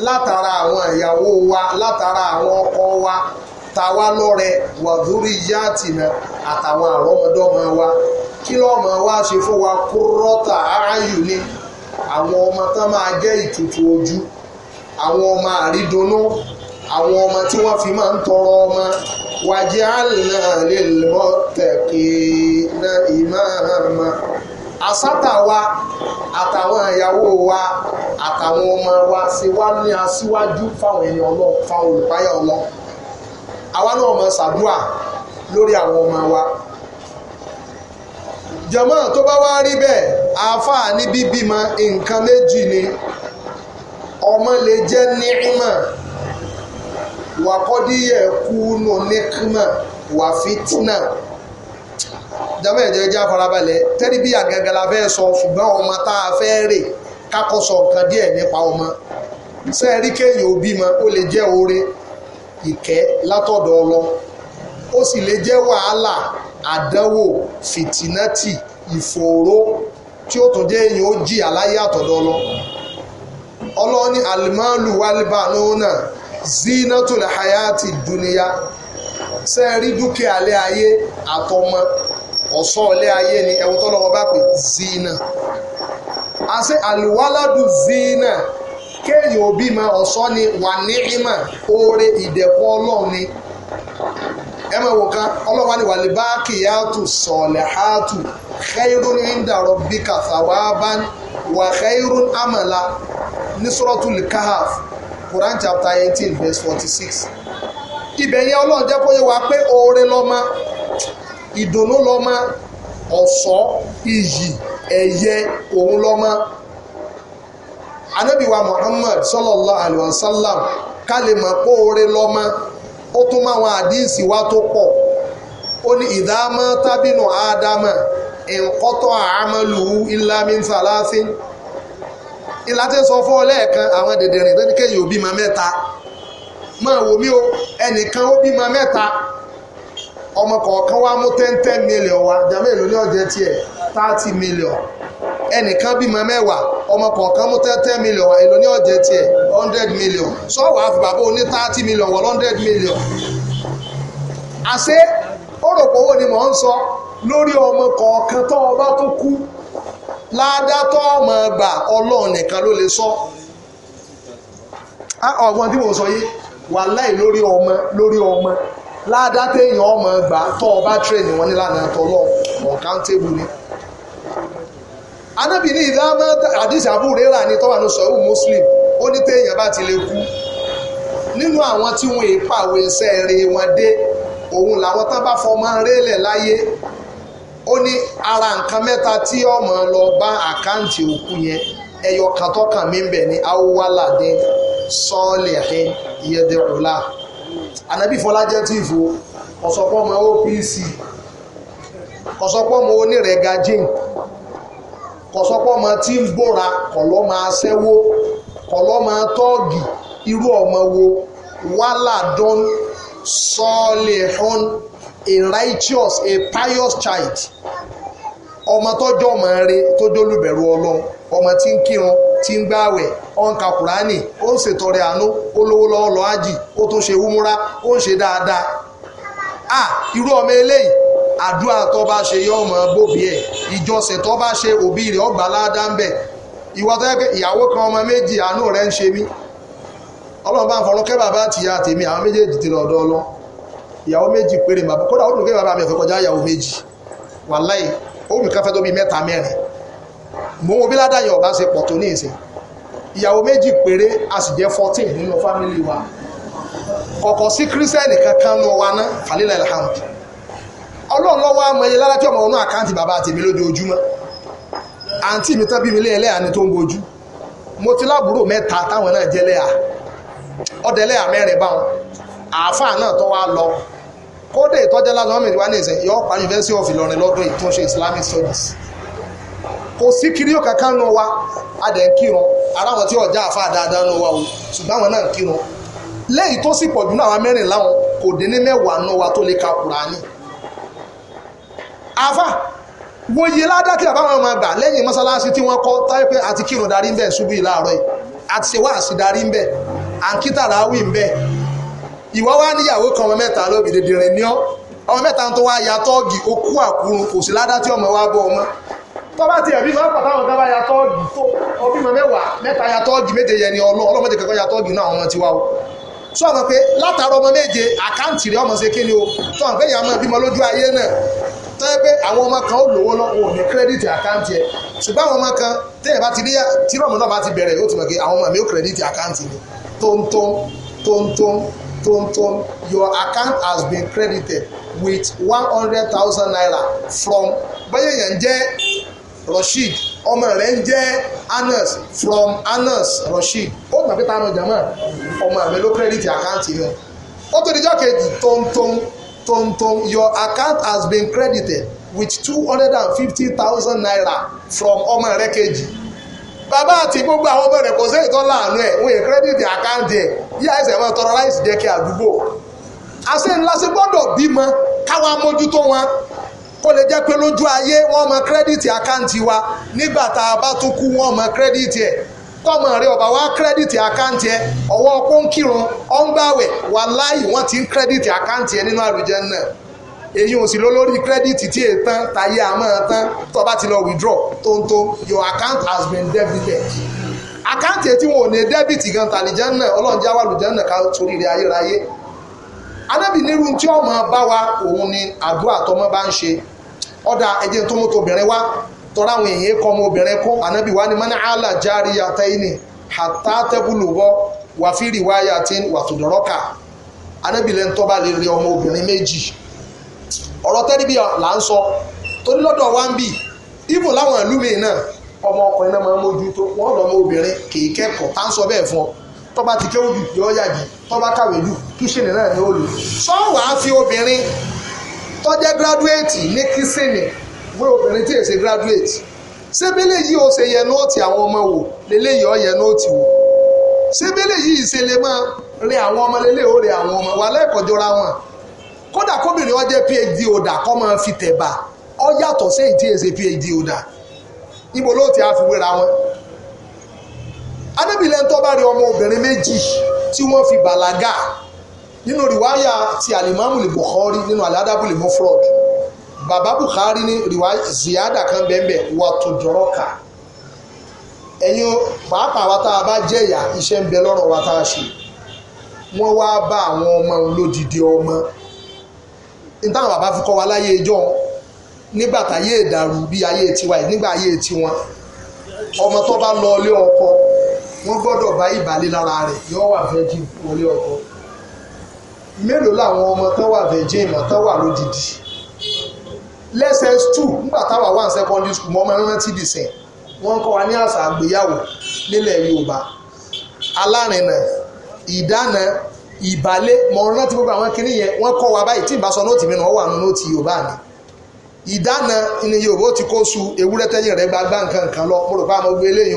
látara àwọn ìyàwó wa látara àwọn ọkọ wa tàwa lọ́rẹ wàdúrí yáàtìnà àtàwọn àrọ́mọdọ́mọ wa kí lọ́mọ wa ṣe fún wa kúrọ́tà ááyù ni àwọn ọmọ tán máa jẹ́ ìtùtù ojú àwọn ọmọ àrídùnnú àwọn ọmọ tí wọ́n fi máa ń tọrọ ọmọ wàjẹ́ àlùnà lè lọ́tẹ̀kì náà ìmáàmá. àsátà wa àtàwọn ìyàwó wa àtàwọn ọmọ wa ṣe wá ní aṣíwájú fáwọn ẹni ọlọ́run fáwọn olùpáyà ọlọ́run àwa náà mọ ṣàdúrà lórí àwọn ọmọ wa jọmọ tó bá wá rí bẹ́ẹ̀ àáfàá ní bíbímọ nǹkan méjì ni ọmọ lè jẹ́ níìmọ̀ wàkọ́díyẹ̀ kúnú níkímọ̀ wàfítínà jàmọ ẹjẹ ẹjẹ afarabalẹ̀ tẹríbíà gẹ́gẹ́ la fẹ́ sọ ṣùgbọ́n ọmọ tá a fẹ́ rè kákọsọ nǹkan díẹ̀ nípa ọmọ ṣé ẹ rí kéèyàn òbí mọ ó lè jẹ́ oore ìkẹ́ látọ̀dọ̀ ọlọ ó sì lè jẹ́ wàhálà àdánwò fìtínátì ìfòòró tí ó tún jẹ́ èèyàn ó jìyà láyé àtọ̀dọ̀ ọlọ ọlọ́ni alimalu walibanuna zinatul hayati duniya ṣé ẹ rí dúkìá lé ayé àtọmọ ọ̀sọ́ ayé ni ẹ̀wọ̀n tó bá pè zina àṣẹ àlùwáládù zina kéèyàn òbí ma ọ̀sọ́ ni wà ní oore ìdẹ̀kùn ọlọ́run ni ẹ máa wò ọlọ́wà ni wàlẹ̀ bá kìyàtù sọ̀lẹ̀ hàtù wà khairun amala ní suratul Quran chapter eighteen verse forty six ọlọ́run jẹ́ kó yẹ wá pé oore ìdùnnú lọ́mọ ọ̀ṣọ́ iyì ẹ̀yẹ òun lọ́mọ anábìwa Muhammad sallallahu alayhi wa sallam ká lè mọ̀ pé oore lọ́mọ ó tún máa wọn àdíìsì wá tó pọ̀ ó ní ìdámọ́ tábìnú ádámà ìǹkọ́tọ̀ àmọ́lù ìlàmí ńsàlásí ìlà sọ fún ọ lẹ́ẹ̀kan àwọn dèdèrìn tó ní kéyìn òbí ma mẹ́ta máa wò mí o ẹnìkan ó bí ma mẹ́ta ọmọ kọ̀ọ̀kan wá mú ten ten million wá jàmọ́ èlò ní tiẹ̀ thirty million ẹnìkan bímọ mẹ́wàá ọmọ kọ̀ọ̀kan mú ten ten million wá èlò ní ọ̀jẹ̀ tiẹ̀ hundred million sọ́wọ́ àfi bàbá oní thirty million wọ̀ hundred million àṣé ni mò ń sọ lórí ọmọ kọ̀ọ̀kan tó ọba tó kú ládàtọ̀ ọmọ ọlọ́run nìkan ló lè sọ ọgbọ́n tí mo sọ yìí lórí ọmọ lórí ọmọ ládá téèyàn ọmọ gbà tó o bá tírèèni wọn nílànà tọlọ ọ̀kántébù ni. anábì ní ìdámọ́ àdìsí àbúrò rà ní tọ́wà ní sọ̀rọ̀ muslim ó ní téèyàn bá ti lè kú nínú àwọn tí wọn ìpàwé iṣẹ́ eré wọn dé òun làwọn tán bá fọmọ rélẹ̀ láyé ó ní ara nǹkan mẹ́ta tí ọmọ lọ bá àkáǹtì òkú yẹn ẹyọ kan mi ń bẹ̀ ní awúwálàdé sọ́ọ̀lẹ̀ ẹ̀yẹdẹ̀rọ̀lá ànábì fọlájẹ́ tí ìfò ọ̀sọ̀pọ̀ ọmọ OPC ọ̀sọ̀pọ̀ ọmọ onírẹ̀ga jane kọ̀sọ́pọ̀ ọmọ tí ń bóra kọ̀lọ́ máa ṣẹ́wó kọ̀lọ́ máa tọ́ọ̀gì irú ọmọ wo wàhálà dán sọ́ọ̀lì hàn a righteous a pious child ọmọ tọ́jọ́ ọmọ rẹ tọ́jọ́ olùbẹ̀rù ọlọ́run ọmọ tí ń kírun tí ń gbààwẹ̀ ó ń ka kùránì ó ń ṣètọrẹ àánú ó lówó lọ́wọ́ lọ ájì ó tún ṣe wúmúra ó ń ṣe dáadáa à irú ọmọ eléyìí àdúrà tó bá ṣe yọ ọmọ bòbí ẹ ìjọsìn tó bá ṣe òbí rẹ ọgbà ládàá ń bẹ ìwọ tó yẹ pé ìyàwó kan ọmọ méjì àánú rẹ ń ṣe mí ọlọ́run bá ń fọlọ́ kẹ́ bàbá àti ìyá tèmi àwọn méjèèjì ti lọ́dọ̀ ọlọ́ ìyàwó méjì péré bàbá kódà ó dùn kẹ́ bàbá mi ọ̀fẹ́ kọjá ìyàwó méjì wàláì ó dùn káfẹ́ tó bíi mẹ́ta mẹ́rin mo wo bí ládàyàn ọba ṣe pọ̀ tó ní ìsìn ìyàwó méjì péré a sì jẹ́ fourteen nínú fámìlì wa kọ̀kọ̀ sí kírísítẹ́nì kankan nù wa ná falilẹ̀ alhamd ọlọ́run lọ́wọ́ àmọ́ ẹyẹ lára tí ọmọ ọ̀nà àkáǹtì bàbá tèmi lójoojúmọ́ àǹtí mi tán bí mi lé ẹlẹ́yà ni tó ń bojú mo ti lábúrò mẹ́ta táwọn náà jẹ́ lẹ́yà ọ̀dẹ́lẹ́yà mẹ́rin báwọn àáfàá náà tó wá lọ kódé ìtọ́jẹ́ lásán mẹ́rin wá ní ìsẹ̀ yọ parí university of Ìlọrin lọ́dún yìí tó ń ṣe Islamic studies kò sí kiri yóò kankan nù wa a dẹ̀ ń kírun ara wọn tí ọjà àfa dáadáa nù wa o ṣùgbọ́n àwọn náà ń kírun lẹ́yìn tó sì pọ̀jù náà àwọn mẹ́rin láwọn kò dín ní mẹ́wàá nù wa tó lè ka Kùránì àfa wo iye ládá tí àbáwọn ọmọ àgbà lẹ́yìn mọ́sálásí tí wọ́n kọ́ táyé pé àti kírun darí ń bẹ̀ ṣubú yìí láàárọ̀ yìí àti ṣe wáàsí darí ń bẹ̀ àǹkítà ráwì ń bẹ̀ ìwọ́ wá níyàwó kan ọmọ mẹ́ta lóbi dèdèrè ní ọ́ ọmọ mẹ́ta tó wá ya tọ́ọ̀gì okú àkúrun kò sí ládá tí ọmọ wa bọ́ ọmọ tọ́ba ti ẹ̀bí máa pàtàkì àwọn ọ̀gá ya tọ́ọ̀gì tó ọbí mọ mẹ́wàá mẹ́ta ya tọ́ọ̀gì méje yẹn ni ọlọ́ ọlọ́mọdé kankan ya tọ́ọ̀gì náà ọmọ tiwa o sọ wọn pé látara ọmọ méje àkáǹtì rẹ ọmọ ṣe kí ni o sọ wọn pé ìyá máa bímọ lójú ayé náà tọ́ ẹ pé àwọn ọmọ kan ó lówó lọ́wọ́ ní kírẹ́dìtì àkáǹtì ẹ ṣùgbọ́n àwọn ọmọ kan tẹ́yẹ̀ your account has been credited with one hundred thousand naira from bẹ́ẹ̀ yẹn jẹ́ Rasheed ọmọ rẹ̀ ń jẹ́ Anas from Anas Rasheed ó gbà pé táwọn jàmọ́ ọmọ mi ló kírẹ́dìtì àkáǹtì rẹ̀ ó tó dijọ́ kejì tóńtón tóńtón your account has been credited with two hundred and fifty thousand naira from ọmọ rẹ̀ kejì bàbá àti gbogbo àwọn ọmọ rẹ̀ kò sẹ́yìn tó láàánú ẹ̀ wọ́n yẹ kírẹ́dìtì àkáǹtì ẹ̀ yíyá ẹsẹ̀ wọn tọrọ láìsí jẹ́ kí àdúgbò àṣẹ ńlá ṣe gbọ́dọ̀ bímọ káwa mójútó wọn kó lè jẹ́ pé lójú ayé wọ́n mọ kírẹ́dìtì àkáǹtì wa nígbà tá a bá tún kú wọ́n mọ kírẹ́dìtì ẹ̀ tọmọ rẹ ọba wa kírẹ́dìtì àkáǹtì ẹ ọwọ́ pọ́ńkìrún ọ̀ngbàwẹ̀ wàláì wọ́n ti ń kírẹ́dìtì àkáǹtì ẹ nínú àlùjẹ́ náà èyí ò sì lọ lórí kírẹ́dìtì tí ètàn tàyé àmọ́ tán tó bá ti lọ withdraw tóńtó your account has been debited àkáǹtì tí wọn ò ní dẹ́bìtì gan tàlìjẹ́ náà ọlọ́run jẹ́ wà lùjẹ́ náà ká torí rẹ̀ ayérayé anábì nírú tí ọmọ bá wa òun ni àdúrà tọmọ bá ń ṣe ọ̀dà ẹ̀jẹ̀ tó mú tóbìnrin wá tọ́ra àwọn èèyàn ọmọ obìnrin kún ànábì wá ní mọ́nà àlà járí àtẹ́yìnì wọ́ lẹ́nu lè rí ọmọ obìnrin méjì ọ̀rọ̀ tẹ́ríbí là ń sọ tó ní lọ́dọ̀ wá ń bì ibò láwọn ìlú mi náà ọmọ ọkùnrin náà obìnrin kẹ́kọ̀ọ́ fún ọ ti jù kàwé jù kíṣìnì náà ni tó jẹ́ graduate ní kìsìnì wé obìnrin tí èsè graduate sébélé yìí ó ṣe yẹnu òtì àwọn ọmọ wò lélẹ́yìí ó yẹnu òtì wò sébélé yìí ṣe lè máa rẹ àwọn ọmọ lélẹ́ ó rẹ àwọn ọmọ wà lẹ́ẹ̀kọ́jọ́ra wọn kódà kóbìnrin ó jẹ́ phd holder kọ́ máa fi tẹ̀bà ó yàtọ̀ sẹ́yìn tí èsè phd holder ibo ló ti àfiwéra wọn anábìlẹ̀ ń tọ́ bá rí ọmọ obìnrin méjì tí wọ́n fi bàlágà nínú rìwáyà ti alimami lè Bukhari nínú aládàbò lè mufrod bàbá Bukhari ní rìwáyà ziyada kan bẹ́ẹ̀ wà tó dọ̀rọ̀ kà ẹ̀yin pàápàá wa tá a bá jẹ̀yà iṣẹ́ ń bẹ lọ́rọ̀ wa tá a ṣe wọ́n wá bá àwọn ọmọ lódìdí ọmọ nítawọn bàbá fi kọ́ wa láyé ẹjọ́ nígbà táyé ìdàrú bí ayé tiwa yìí nígbà ayé tiwọn ọmọ tó bá lọ ilé ọkọ wọ́n gbọ́dọ̀ bá ìbàlẹ̀ lára rẹ̀ yóò wà fẹ́ jí wọlé ọkọ mélòó làwọn ọmọ tán wà virgin mọ̀ tán wà lódìdí lẹ́sẹ̀s two nígbà táwa wà ní secondary school mọ́ ọmọ ẹran ti dì sẹ́yìn wọ́n kọ́ wa ní àṣà àgbéyàwó nílẹ̀ Yorùbá alárinà ìdáná ìbálé mọ̀ ọ̀rán tí gbogbo àwọn kiri yẹn wọ́n kọ́ wa báyìí tí ìbáṣọ nóòtì mi náà wà nù nóòtì Yorùbá ni ìdáná ni Yorùbá ó ti kó su ewúrẹ́ tẹ́yìn rẹ̀ gbàgbá nǹkan nǹkan lọ mo rò pé àwọn gbé eléyìí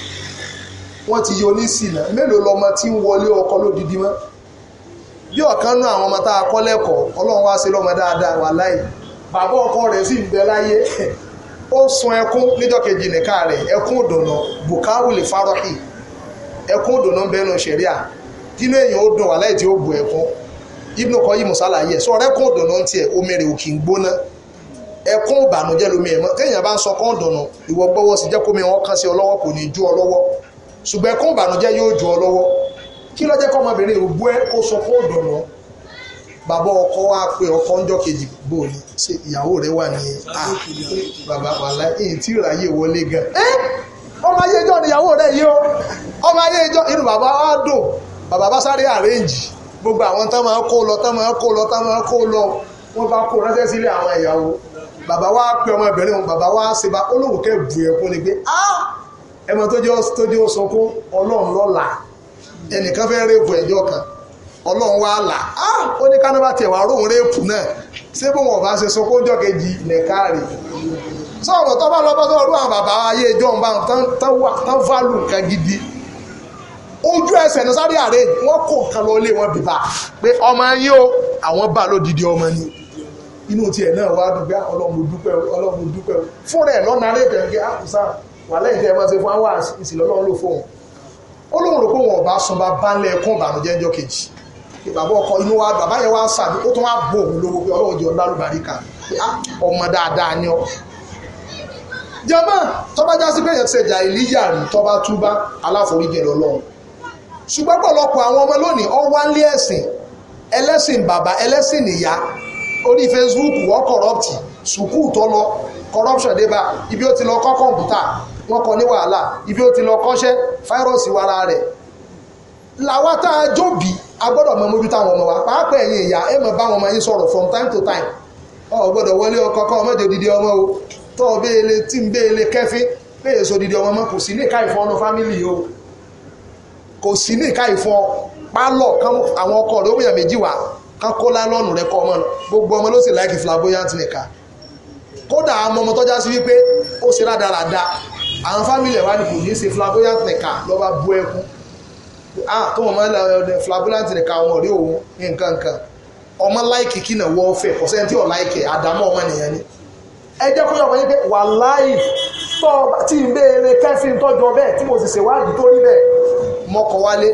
wọ́n ti yọ oníṣìnà mélòó lọmọ tí ń wọlé ọkọ lódìdí mọ́ bí ọ̀kan àwọn ọmọ kọ́ lẹ́kọ̀ọ́ ọlọ́run wá sí dáadáa wà láì bàbá ọkọ rẹ̀ sì ń bẹ láyé ó sun ẹkún níjọ́ kejì nìka rẹ̀ ẹkún farahi ẹkún bẹnu sẹ̀ríà kínú èèyàn ó dùn wà tí ó bu ẹkún ibùdó kọ́ yìí sọ ń tiẹ̀ omi rẹ̀ òkì ń gbóná ẹkún ìbànújẹ́ bá ń sọ kọ́ ìwọ wọn kàn sí ọlọ́wọ́ kò ní ṣùgbọ́n ẹkún ìbànújẹ́ yóò jù ọ lọ́wọ́ kí ló jẹ́ kọ́ ọmọbìnrin ìrùbú ẹ kó sọ fún òdòdó bàbá ọkọ wa pé ọkọ ń jọ kejì bò ní ṣe ìyàwó rẹ wà ní à bàbá wàlá èyí tí ìráyè wọlé gan ẹ ọmọ ayé ìjọ níyàwó rẹ yìí o ọmọ ayé ìjọ inú bàbá wa dùn bàbá bá sáré àrẹ́ǹjì gbogbo àwọn tán máa kó lọ tán máa kó lọ tán máa kó lọ wọ́n bá kó ránṣẹ́ sílé àwọn ìyàwó bàbá wa pé ọmọbìnrin òun bàbá wa ṣe bá olówó kẹ́ bu ẹkún ni pé ah ẹmọ tó jẹ́ tó jẹ́ sọkún ọlọ́run lọ́la ẹnìkan fẹ́ rẹ́pù ẹjọ́ kan ọlọ́run wá là á ó ní kánábà tiẹ̀ wá róhun rẹ́pù náà ṣé bó wọn bá ṣe sọkún ọjọ́ kejì nìka rè sọ̀rọ̀ tó bá lọ bá sọ̀rọ̀ àwọn bàbá ayé ìjọ ń bá tán fálù nǹkan gidi ojú ẹsẹ̀ ní sáré àárẹ̀ wọ́n kó nǹkan lọ ilé wọn bìbá pé ọmọ yín o àwọn bá lódìdí ọmọ ni inú tiẹ̀ náà wá dùn pé ah, ọlọ́run dúpẹ́ ọlọ́run dúpẹ́ fúnra ẹ̀ lọ́nà àárẹ̀ ah, kẹ̀kẹ́ àkùsà wà lẹ́yìn tẹ́ ẹ máa ṣe fún àwọn ìsìlọ́lọ́run ló fóun ó lóun rò pé wọn ọba sanba bánlẹ̀ ẹkún ìbànújẹ́ ọjọ́ kejì bàbá ọkọ inú wa bàbá yẹn wá ń sàbí ó tún wá bò òun lówó pé ọlọ́run jẹ́ ọlálùbáríkà ah, ọmọ dáadáa ni ọ. jọba tọ́ba já sí pé èèyàn ti ṣèjà ìlíyà rí tọ́ba túbá aláforíjì lọ́lọ́run ṣùgbọ́n pọ̀lọpọ̀ àwọn ọmọ lónìí ọ wá ń lé ẹ̀sìn ẹlẹ́sìn bàbá ẹlẹ́sìn ìyá orí Facebook wọ́n kọ̀rọ̀pì sùkúù tó lọ corruption dé bá ibi ó ti lọ kọ́ kọ̀ǹpútà wọ́n kọ ní wàhálà ibi ó ti lọ kọ́ṣẹ́ fáírọ́ọ̀sì wà lára rẹ̀ làwa tá a jóbi a gbọ́dọ̀ mọ mójútó àwọn ọmọ wa pàápàá ẹ̀yin ìyá ẹ mọ̀ bá ọmọ yín sọ̀rọ̀ from time to time ọ gbọ́dọ̀ wọlé ọkọ kọ́ ọmọdé dídí ọmọ o tọ́ ọ béèlè tí ń béèlè kẹ́fín béèlè so dídí ọmọ mọ́ kò sí ní ìka ìfọ́ ọ̀nà fámìlì o kò sí ní ìka ìfọ́ pálọ̀ àwọn ọkọ rẹ̀ ó bóyá méjì wà kán kó lálọ́ọ̀nù rẹ̀ kọ́ ọmọ gbogbo ọmọ ló àwọn fámìlì ẹ̀ wá ní kò ní í ṣe flamboyant nìka lọ́ba bú ẹkún ah tó wọn máa ń lọ flamboyant nìka àwọn ọ̀rẹ́ òun nǹkan nǹkan ọmọ láìkì kí náà wọ́ fẹ́ kò sẹ́ni láìkì àdámọ́ ọmọ nìyẹn ni ẹ jẹ́ kó yọ ọmọ yín pé wà láì tọ́ tí ń béèrè kẹ́fìn tọ́jú ọbẹ̀ tí mo sì ṣèwádìí tó rí bẹ́ẹ̀ mọ́kọ wálé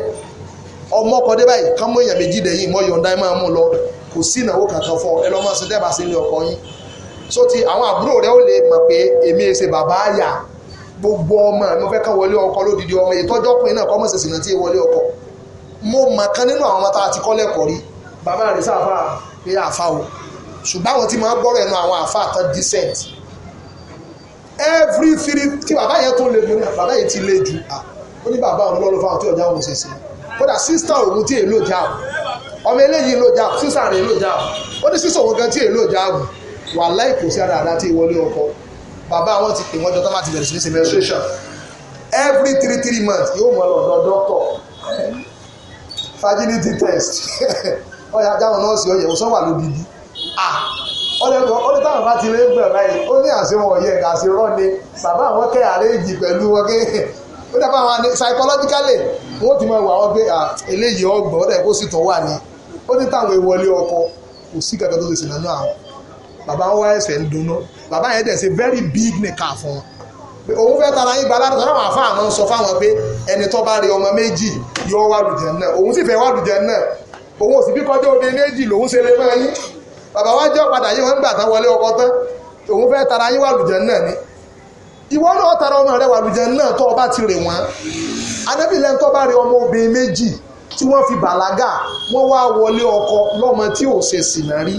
ọmọ ọkọ dé báyìí kámọ́ èèyàn méjì dẹ̀ yìí mọ́ yọ̀ǹda ẹ̀ máa mú lọ kò sí ìnáwó kankan fún ẹ lọ́ máa ṣe sí ilé ọkọ yín so ti àwọn àbúrò rẹ ó lè mọ̀ pé èmi èsè bàbá àyà gbogbo ọmọ mi fẹ́ kán wọlé ọkọ lódìdí ọmọ ìtọ́jọ́ ọkùnrin náà kọ́mọ̀ ṣèṣì náà tí ì wọlé ọkọ mo mọ̀ kan nínú àwọn ọmọ tá a ti kọ́ lẹ́kọ̀ọ́ rí bàbá rẹ̀ sáfà pé àfa o ṣùgbọ́n àwọn tí máa gbọ́rọ̀ ẹnu àwọn àfa àtọ́ decent every three tí bàbá yẹn tó le jù ní bàbá yẹn ti le jù ó ní bàbá òun lọ́lọ́ fáwọn tí ọjà òun ṣẹ̀ṣẹ̀ kódà sísítà òun tí èlò jà ọmọ eléyìí ló ara àdá tí ìwọlé bàbá wọn ti pè wọ́n jọ tó bá ti bẹ̀rẹ̀ sí ní ṣe menstruation every three three months yóò mọ lọ́dọ̀ doctor fertility test ọ̀yà jáwọn nọ́ọ̀sì ọ̀yẹ̀ òsán wà lódìdí ọdẹ táwọn bá ti lé bẹ̀rẹ̀ báyìí ó ní àṣewọ̀n ọ̀yẹ̀ àṣe rọ́ni bàbá àwọn kẹ́ àrẹ́jì pẹ̀lú wọn kẹ́ ó dàbọ̀ àwọn psychologically wọ́n ti máa wà wọ́n pé eléyìí ọgbọ̀n ọdẹ kó sì tọ́ wà ní ó ní táwọn ìwọlé ọkọ kò sí gàgàdó lè sìn lánàá àwọn bàbá wọn wá ẹsẹ̀ ń dunná bàbá yẹn dẹ̀ ṣe very big nìkan fún wọn òun fẹ́ tara yín gba aládùn táwọn àfa àwọn sọ fáwọn pé ẹni tó bá rí ọmọ méjì yọ wà lùjẹ náà òun sì fẹ́ wà lùjẹ náà òun ò sì bí kọjá obìnrin méjì lòun ṣe lè máa yín bàbá wa jẹ́ ọ̀padà yín wọ́n ń gbà tán wọlé ọkọ tán òun fẹ́ tara yín wà lùjẹ náà ni ìwọ náà tara ọmọ rẹ wà lùjẹ náà tó o bá ti rè wọ́n anábìlẹ̀ tó bá rí ọmọ obìnrin méjì tí wọ́n fi bàlágà wọ́n wá wọlé ọkọ lọ́mọ tí ò ṣe sìnà rí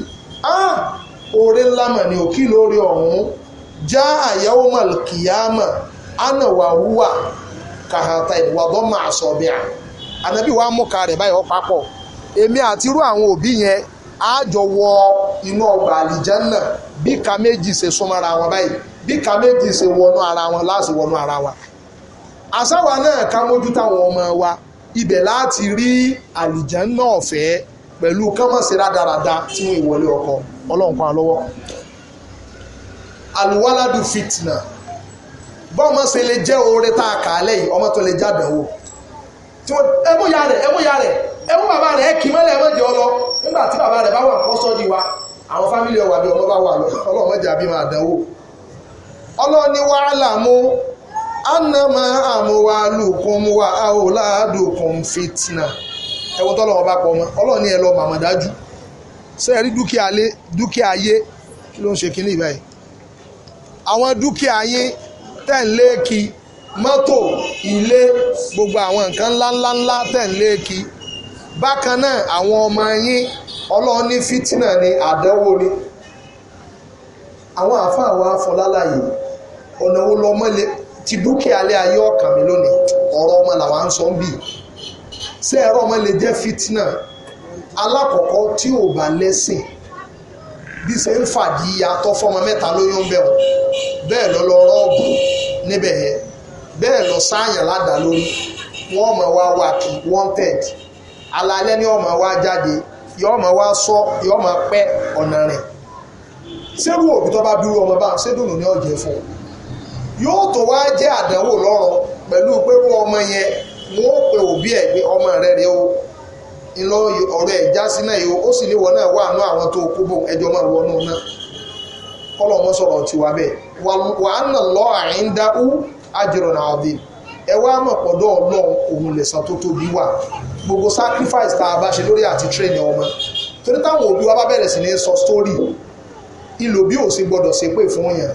oore ńlá mà ní òkì lórí ọ̀hún já àyàwó malkiyama anáwà wúwà kàhàtà ìwàdọ́ máa sọ bí i ànábì wa mú ka rẹ̀ báyìí ọ papọ̀ èmi àti irú àwọn òbí yẹn á jọ wọ inú ọgbà àlìjánà bí ka méjì ṣe súnmọ́ra wọn báyìí bí ka méjì ṣe wọnú ara wọn láti wọnú ara wa àsáwà náà ká mójú táwọn ọmọ wa ibẹ̀ láti rí àlìjánà ọ̀fẹ́ pẹ̀lú kọ́mọ̀sí rádaràda tí wọ́n ìwọlé ọkọ̀. ọlọ́run nkwa lọ́wọ́ aluwaladu fitna bọ́ọ̀mọ́ ṣe lè jẹ́ oore tá a kà á lẹ́yìn ọmọ tó lè jáde wò tí wọ́n ya rẹ̀ ẹ ya rẹ̀ ẹ bàbá rẹ̀ mọ́lẹ̀ jẹ́ bàbá rẹ̀ bá wà wa àwọn fámìlì ọ̀wà bí ọmọ lọ máa dánwò ọlọ́ni wàhálà mú anamọ àmúwa lùkùn wa àwòlá bá pọ̀ mọ́ ọlọ́ni ẹ lọ sẹ́ẹ̀rí dúkìá lé dúkìá ayé kí ló ń ṣe kínní ìbáyìí àwọn dúkìá yín tẹ̀léèkì mọ́tò ilé gbogbo àwọn nǹkan ńláńláńlá tẹ̀léèkì bákan náà àwọn ọmọ yín ọlọ́run ní fítínà ni àdánwò ni àwọn àáfàá wa fọlálàyé ọ̀nà wo lọ́mọ lè ti dúkìá lé ayé ọ̀kàn mi lónìí ọ̀rọ̀ ọmọ làwọn ń sọ ń bì sẹ́ẹ̀rọ ọmọ lè jẹ́ fítínà alákọ̀ọ́kọ́ tí ò bá lẹ́sìn bí ṣe ń fàdíyà atọ́ fọmọ mẹ́ta lóyún bẹ́ẹ̀ bẹ́ẹ̀ lọ lọ rọ́ọ̀bù níbẹ̀ yẹn bẹ́ẹ̀ lọ sáàyàn ládàá lórí wọ́n mọ̀ wá wà kí wanted alalẹ́ ni jáde yọ ọmọ wa sọ yọ ọmọ ọ̀nà rẹ̀ òbí tó bá dúró ọmọ bá ṣédùnú ní jẹ́ àdánwò lọ́rọ̀ pẹ̀lú pé wọ́n ọmọ yẹn wọ́n pe òbí ńlọ ọ̀rọ̀ ẹ̀ já sí náà yìí ó sì níwọ̀ náà wà nú àwọn tó kó bò ẹjọ́ máa wọnú náà kọ́lọ̀ mọ́ sọ̀rọ̀ ti wà bẹ́ẹ̀ wà á nà lọ àyín dá ú àjẹrò náà ọ̀dẹ ẹ wá mọ̀ pọ̀dọ̀ ọlọ́run òun lẹ̀sán tó tóbi wà gbogbo sacrifice tá a bá ṣe lórí àti train ọmọ torí táwọn òbí wa bá bẹ̀rẹ̀ sí ní sọ story ìlò bí òsì gbọ́dọ̀ ṣe pé fún yẹn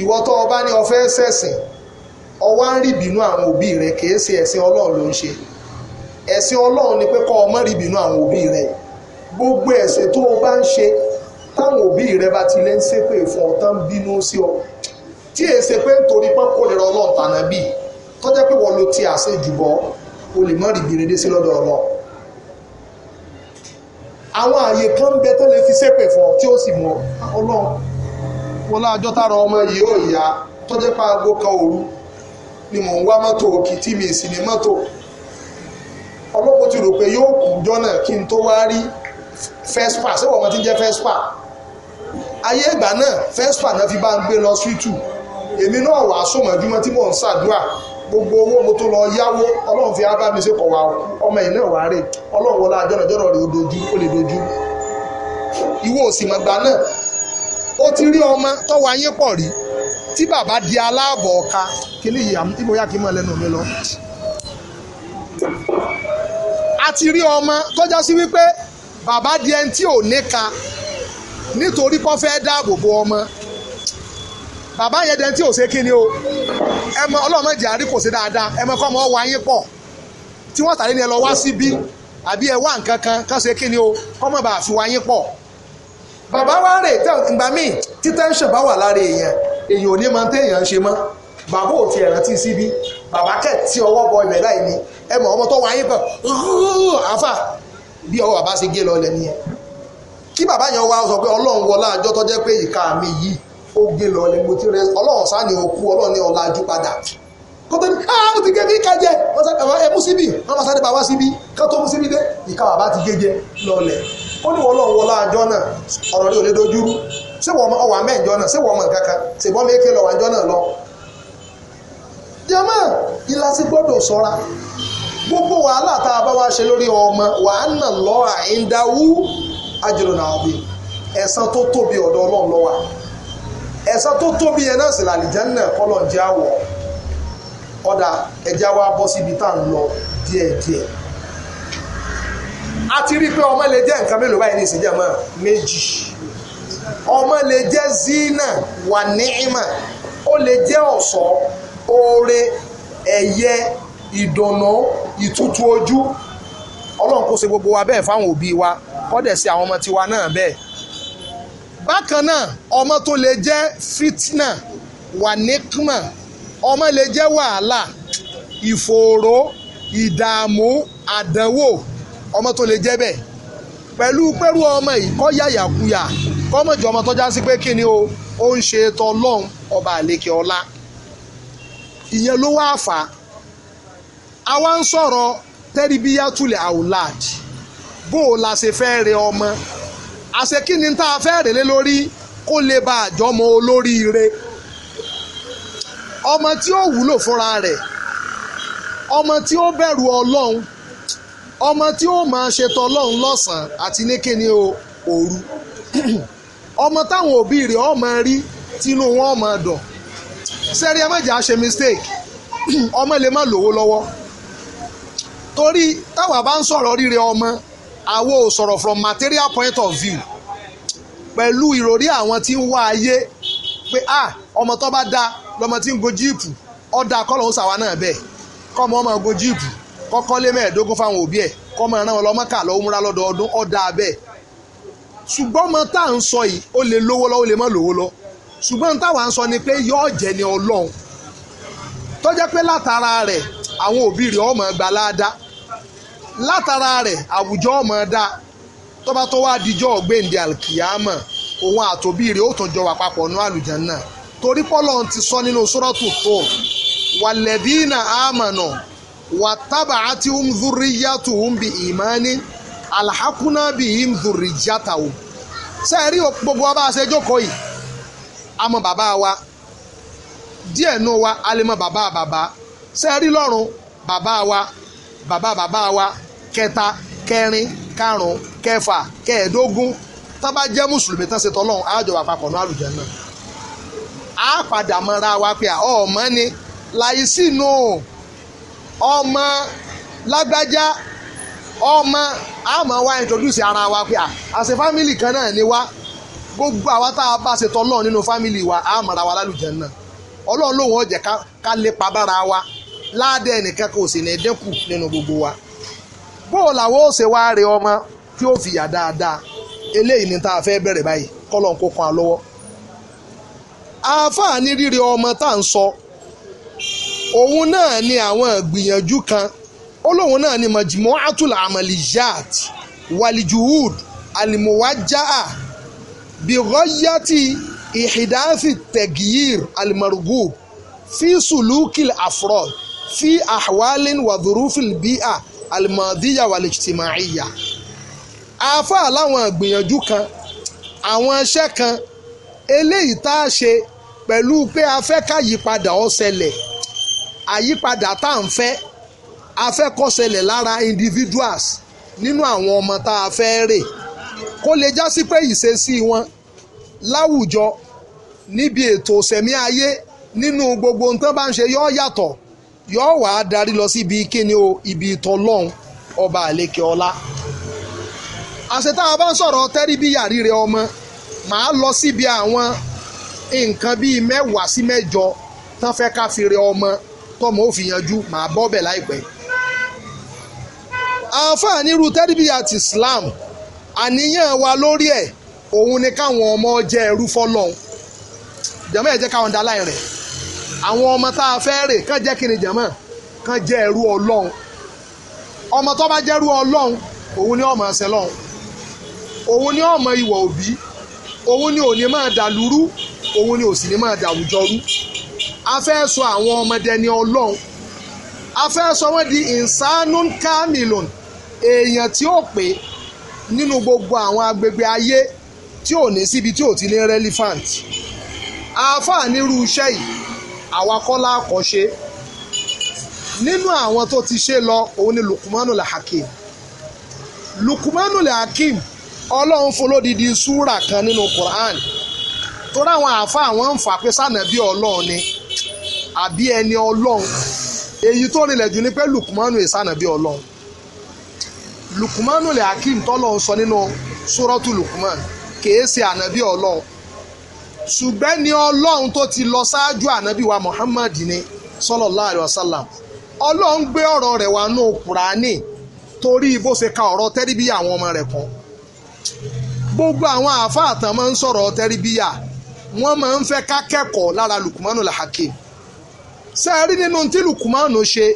ìwọ tó o bá ní ọfẹ́ ṣẹ̀sìn ọwá ń rí ìbínú àwọn òbí rẹ kì í ṣe ẹ̀sìn ọlọ́run ló ń ṣe ẹ̀sìn ọlọ́run ni pé kọ́ ọmọ rí obi àwọn òbí rẹ̀ gbogbo ese tó o bá ń ṣe táwọn òbí rẹ̀ bá ti lé ń ṣépè fún ọ tán bínú sí ọ tí èyí ṣe pé nítorí pé kò lè rọ ọlọ́run tànà bíi tó jẹ́ pé wọ́n lo ti àṣẹ jùbọ́ o lè mọ́ rí bínú dé sí lọ́dọ̀ ọlọ́ àwọn àyè kan ń bẹ tó lè fi ṣépè tí ó sì mọ ah, ọlọ́run wọn láàjọ tára ọmọ yìí ó tó jẹ́ pé aago kan òru ni mò ń wá mọ́tò òkì tí mi ì sì ní mọ́tò ó ti rò pé yóò kú jọ́nà kí n tó wá rí fespa sẹ́wọ̀n wọn ti jẹ́ fespa ayé ìgbà náà fespa náà fi bá ń gbé lọ síìtù èmi náà wà á sòmọ̀júmọ́ tí mò ń ṣàdúrà gbogbo owó mo tó lọ yáwó ọlọ́run fi ábá mi ṣe kọ̀ wá ọmọ ẹ̀ náà wà á rè ọlọ́run wọlé àjọ̀nàjọ̀nà rè ó dojú ó lè dojú ìwọ òsì mọ̀gbà náà ó ti rí ọmọ tọ́wọ́ ayé pọ̀ rí tí bàbá di aláàbọ̀ ọ̀ka kí ni ìyá ìmọ̀ yá kí n mọ̀ lẹ́nu mi lọ a ti rí ọmọ tọ́já sí wípé bàbá di ẹni tí ò níka nítorí kó fẹ́ dáàbò bo ọmọ bàbá yẹn di ẹni tí ò ṣe kíni o ẹ mọ ọlọ́mọ ìjà àrí kò ṣe dáadáa ẹ mọ kọ́ ọmọ wa yín pọ̀ tí wọ́n tàlẹ́ ni ẹ lọ wá síbí àbí ẹ wá nǹkan kan kán ṣe kíni o kọ́mọ bá fi wa yín pọ̀ bàbá wa rè tẹ ìgbà míì tí tẹ́ńṣọ̀ bá wà lára èèyàn èèyàn ò ní máa ń téèyàn ṣe mọ́ bàbá ò ti ẹ̀rántí síbí bàbá kẹ̀ tí ọwọ́ bọ ibẹ̀ láì ní ẹ mọ̀ ọmọ tó wáyé pẹ̀ àfà bí ọwọ́ bàbá ṣe gé lọ lẹ́ni yẹn kí bàbá yẹn wá sọ pé ọlọ́run wọlá àjọ tó jẹ́ pé ìka mi yìí ó gé lọ lẹ́ni mo ti rẹ ọlọ́run sá ni òkú ọlọ́run ni ọ̀làjú padà kótó ni ah mo ti gé mi ìka jẹ ẹ mú síbí wọn máa sáré bàbá síbí ká tó mú síbí dé ìka bàbá ti gé jẹ lọlẹ̀ ó ní wọ́n lọ́wọ́ láàjọ náà ọ̀rọ̀ rí òlé dojú rú ṣé wọ́n ọwà mẹ́jọ náà ṣé wọ́n mọ̀ kankan ṣe wọ́n méke lọ́wọ́ àjọ náà lọ. jama ìlàsí gbọ́dọ̀ ṣọ́ra gbogbo wàhálà tá bá ṣe lórí ọmọ wàhánà lọ àìndáwú àjùlọ náà bí tó tóbi ọ̀dọ̀ ọlọ́run ló wà tó tóbi yẹn náà sì làlìjánná kọ́lọ̀ ń jẹ́ àwọ̀ ọ̀dà wa bọ́ síbi tá à ń lọ a ti rí i pé ọmọ lè nǹkan mélòó báyìí ní méjì ọmọ lè zina wà ní ó lè ìdùnnú ìtútù ojú ọlọ́run kó ṣe gbogbo wa bẹ́ẹ̀ fáwọn òbí wa kọ́dẹ̀ sí àwọn ọmọ tiwa náà bẹ́ẹ̀ bákan náà ọmọ tó lè jẹ́ fitna wàníkmà ọmọ lè jẹ́ wàhálà ìfòòró ìdààmú àdánwò ọmọ tó lè jẹ́ bẹ́ẹ̀ pẹ̀lú pẹ̀lú ọmọ yìí kọ́ yàyàkuyà kọ́mọ̀jọ ọmọ tọ́já sí pé kíni o ó ń ṣe tọ́lọ́hún ọba àlekè ọlá ìyẹn ló wá fà á àwa ń sọ̀rọ̀ tẹ́rìbíyàtúlẹ̀ àwòláàd bó o la ṣe fẹ́ rẹ ọmọ àṣẹ kí ni tá a fẹ́ rẹ lé lórí kó lè bá àjọmọ olóríire ọmọ tí ó wúlò fúnra rẹ̀ ọmọ tí ó bẹ̀rù ọlọ́run ọmọ tí ó máa ṣètò ọlọ́run lọ́sàn-án àti ní kíni o òru ọmọ táwọn òbí rẹ̀ ó máa rí tínú wọn ó máa dùn sẹ́rí ẹ má jẹ́ àṣe mistake ọmọ lè má lówó lọ́wọ́ torí táwa bá ń sọ̀rọ̀ rírẹ ọmọ àwo ò sọ̀rọ̀ from material point of view pẹ̀lú ìròrí àwọn tí ń wá ayé pé ah ọmọ tó bá da lọmọ tí ń go jíìpù ọ̀dà kọ́lọ̀ ń sàwa náà bẹ́ẹ̀ kọ́mọ ọmọ go jíìpù kọ́kọ́ lé mẹ́ẹ̀ẹ́dógún fáwọn òbí ẹ̀ kọ́mọ ẹ̀ràn wọn lọ́mọ kà lọ́wọ́ múra lọ́dọọdún ọ̀dà bẹ́ẹ̀ ṣùgbọ́n ọmọ tá à ń sọ yìí ó lè lówó lọ ó lè má lówó lọ ṣùgbọ́n táwa ń sọ ni pé yọ́ọ̀ jẹ́ ni ọlọ́run tó jẹ́ pé látara rẹ̀ àwọn òbí rẹ̀ ọmọ gbalada látara rẹ̀ àwùjọ ọmọ dá tọ́ba tó wá dijọ́ ọ̀gbẹ́ǹde alkiyama òun àtòbí rẹ̀ ó tún jọ wà papọ̀ ní àlùjánnà torí pọ́lọ́ ti sọ nínú sọ́rọ́tù tó wàlẹ́dínà àmànà wàtábà àti umdúríyàtù umbi ìmánì alhakunabi imdúríyàtàwò sẹ́ẹ̀rí gbogbo ọba ṣe jókòó yìí àmọ́ bàbá wa díẹ̀ nù wa alẹ́ mọ́ bàbá bàbá sẹ́ẹ̀rí lọ́rùn bàbá wa bàbá bàbá wa kẹta kẹrin karùn kẹfà kẹẹ̀ẹ́dógún tó bá jẹ́ mùsùlùmí tán ṣe tọ́lọ́run á jọ wà papọ̀ ní àlùjànnà á padà mọ́ra wa pé ọmọ ni láìsí nù ọmọ lágbájá ọmọ àmọ́ wa introduce ara wa pé àṣẹ fámìlì kan náà ni wá gbogbo àwa tá a bá ṣe tọ́lọ́run nínú fámìlì wa á mọ́ra wa lálùjànnà ọlọ́run lòun ọ̀jẹ̀ ká lépa bára wa ládẹ́ ẹnìkan kò sì ní dínkù nínú gbogbo wa bó o làwọn ò ṣe wáá rí ọmọ tí ó fìyà dáadáa eléyìí ni tá a fẹ́ bẹ̀rẹ̀ báyìí kọ́lọ̀ ń kó kan lọ́wọ́ àǹfààní rírẹ ọmọ tá à ń sọ òun náà ni àwọn ìgbìyànjú kan ó náà ni mọ̀jìmọ́ àtúlà àmàlìyàt wàlìjúhùd àlìmọ̀wájáà bìrọ́yàtì ìhìdáfì tẹ̀gìyìr àlìmọ̀rùgù fíṣùlùkìl àfúrọ̀d fi ahwalin wa dhurufil bi'a almadhiya wal ijtima'iyya afa láwọn ìgbìyànjú kan àwọn iṣẹ́ kan eléyìí tá a ṣe pẹ̀lú pé a fẹ́ káyípadà ó ṣẹlẹ̀ àyípadà tá à ń fẹ́ a fẹ́ kó ṣẹlẹ̀ lára individuals nínú àwọn ọmọ tá a fẹ́ rè kó lè já sí pé ìṣesí wọn láwùjọ níbi ètò òṣèmí ayé nínú gbogbo nǹkan bá ń ṣe yọ́ yàtọ̀ yóò wá darí lọ síbi kíni o ibi tọlọ́hún ọba àlekè ọlá àṣetá a bá ń sọ̀rọ̀ tẹ́ríbíyà ríre ọmọ màá lọ síbi àwọn nǹkan bíi mẹ́wàá sí mẹ́jọ tán fẹ́ ká fi re ọmọ tọmọ ò fi yanjú màá bọ́ bẹ̀ láìpẹ́ àǹfààní irú tẹ́ríbíyà ti Islam àníyàn wa lórí ẹ̀ òun ni káwọn ọmọ jẹ́ ẹrú fọ́lọ́hún jẹ́mọ́ ẹ̀ jẹ́ ká underline rẹ̀ àwọn ọmọ tá a fẹ́ rè kán jẹ́ kí ni jàmọ́ kán jẹ́ ẹrú ọlọ́run ọmọ tó bá jẹ́rú ọlọ́run òun ni ọmọ ẹsẹ̀ lọ́run òun ni ọmọ ìwọ̀ òbí òun ni òní máa dàlúrú òun ni òsì ni máa dàwùjọ rú a fẹ́ sọ àwọn ọmọdé ni ọlọ́run a fẹ́ sọ wọ́n di insanun kamilon èèyàn tí ó pé nínú gbogbo àwọn agbègbè ayé tí ò ní síbi tí ò ti ní relevant àáfàá nírú iṣẹ́ yìí àwa kọ́ la kọ́ ṣe nínú àwọn tó ti ṣe lọ òun ni lukumanu lahakim lukumanu lahakim ọlọ́run folódìdí súrà kan nínú quran torí àwọn àáfàá àwọn ń fà pé sànàbí ọlọ́run ni àbí ẹni ọlọ́run èyí tó rinlẹ̀ jù ni pé lukumanu è sànàbí ọlọ́run lukumanu lahakim tọ́lọ́run sọ nínú súrọ́tù lukuman kèé ṣe ànàbí ọlọ́run ṣùgbọ́n ni ọlọ́run tó ti lọ ṣáájú ànábì wa Muhammad ni sallallahu alaihi wasallam ọlọ́run gbé ọ̀rọ̀ rẹ̀ wá nù kùránì torí bó ṣe ka ọ̀rọ̀ tẹ́ríbíyà àwọn ọmọ rẹ̀ kan gbogbo àwọn àáfàá tán máa ń sọ̀rọ̀ tẹ́ríbíyà wọ́n máa ń fẹ́ ká kẹ́kọ̀ọ́ lára lukumanu làhàkè sẹ́ẹ̀rí nínú tí lukumanu ṣe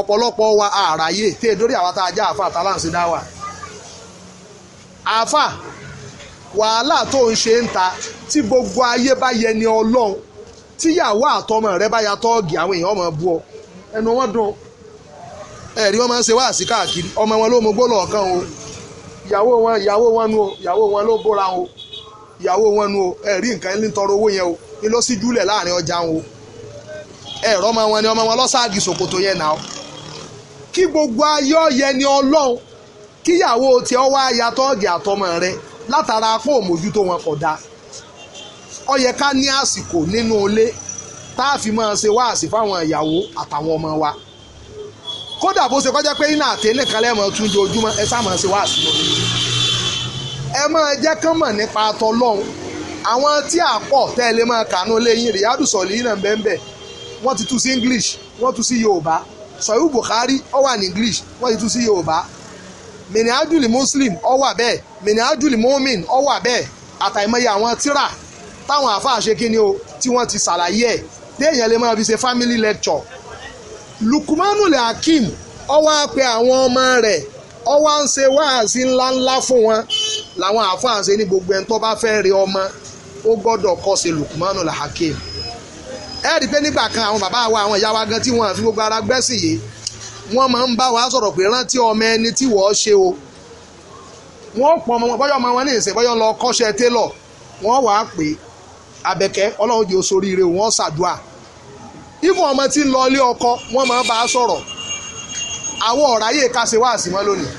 ọ̀pọ̀lọpọ̀ wa àráyé tẹ́ dórí tá a jẹ́ àáfàá tá a láǹṣẹ́ dá wa wàhálà tó ń ṣe ń ta tí gbogbo ayé bá yẹ ni ọlọ́run tíyàwó àtọmọ rẹ bá ya tọ́ọ̀gì àwọn èèyàn ọmọ bú ọ ẹnu wọn dùn ẹ̀rí wọn máa ń ṣe wáàsí káàkiri ọmọ wọn ló mú gbólọ̀ kan o ìyàwó wọn ìyàwó wọn nu o ìyàwó wọn ló bóra o ìyàwó wọn nu o ẹ̀rí nǹkan ní tọrọ owó yẹn o ní ló sì júlẹ̀ láàrin ọjà wọn o ẹ̀rọ ọmọ wọn ni ọmọ wọn lọ́sàgì ṣòkòtò yẹn nà ó kí gbogbo ayé ọ̀yẹ ni ọlọ́run kíyàwó tiẹ̀ wá ya tọ́ọ̀gì àtọmọ rẹ̀ látara pé òmójútó wọn kò dáa ó yẹ ká ní àsìkò nínú ilé tá a fi máa ṣe wáàsí fáwọn ìyàwó àtàwọn ọmọ wa kódà bó ṣe kọjá pé iná àti ẹnìkan lẹ́mọ̀ tún jojúmọ́ ẹ sá máa ṣe wáàsí lórí ẹ máa jẹ́ kán mọ̀ nípa tọlọ́hún àwọn tí a pọ̀ tẹ́lẹ̀ máa kànú lẹ́yìn Riyadu sọ̀lì yìí náà bẹ́ẹ̀ wọ́n ti tú sí English wọ́n tú sí Yorùbá sọ̀rọ̀ Bukhari ó wà ní English wọ́n ti tú sí Yorùbá mìnì adúlì muslim ó wà bẹ́ẹ̀ mìnì adúlì mumin ó wà bẹ́ẹ̀ àtàìmọye àwọn tíra táwọn àáfàá ṣe kí ni o tí wọ́n ti ṣàlàyé ẹ̀ déèyàn lè máa fi ṣe family lecture lukumanu le hakim ó wá pe àwọn ọmọ rẹ̀ ó wá ń ṣe wáàsí ńláńlá fún wọn làwọn àáfàá ṣe ní gbogbo ẹni tó bá fẹ́ rí ọmọ ó gbọ́dọ̀ kọ́ ṣe lukumanu le hakim ẹ rí i pé nígbà kan àwọn bàbá wa àwọn ìyá wa gan tí wọ́n fi gbogbo ara gbẹ́sìn yìí wọ́n máa ń bá wa sọ̀rọ̀ pé rántí ọmọ ẹni tí wọ́n ṣe o wọ́n pọ̀ ọmọ wọn bọ́yọ̀ ọmọ wọn ní ìsìn bọ́yọ̀ lọ kọ́ṣẹ́ télọ̀ wọ́n wàá pè abẹ́kẹ́ ọlọ́run jẹ́ oṣooríire wọ́n ṣàdúà ìfún ọmọ tí ń lọ ilé ọkọ wọ́n máa ń bá a sọ̀rọ̀ àwọn ọ̀ráyè ká ṣe wá àsìmọ́ lónìí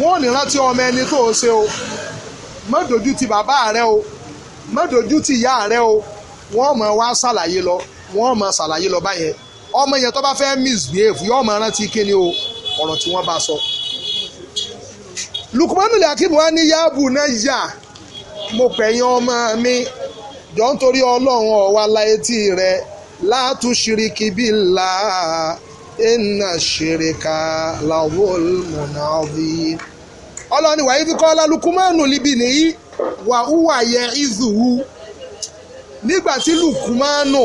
wọ́n ò ní rántí ọmọ ẹni tó o ṣe o má dojú ti bàbá rẹ o má dojú ti ìyá rẹ o wọ́n máa wá ṣàlàyé lọ wọ́n máa ṣàlàyé lọ báyẹn ọmọ yẹn tó bá fẹ́ misbehave yóò máa rántí kíni o ọ̀rọ̀ tí wọ́n bá sọ. Lukmanul Hakim wa ní yaabu náà yà mo pẹ̀yìn ọmọ mi jọ ń torí ọlọ́run ọ̀wá la etí rẹ̀ látú ṣiriki bíi là ẹ̀nà ṣirika làwọn mọ̀nà ọ̀bí. ọlọ́ni wàá ibi kọ́ lálùkùmánù libi nìyí wà hùwà yẹ ìzùwù nígbà tí lùkùmánù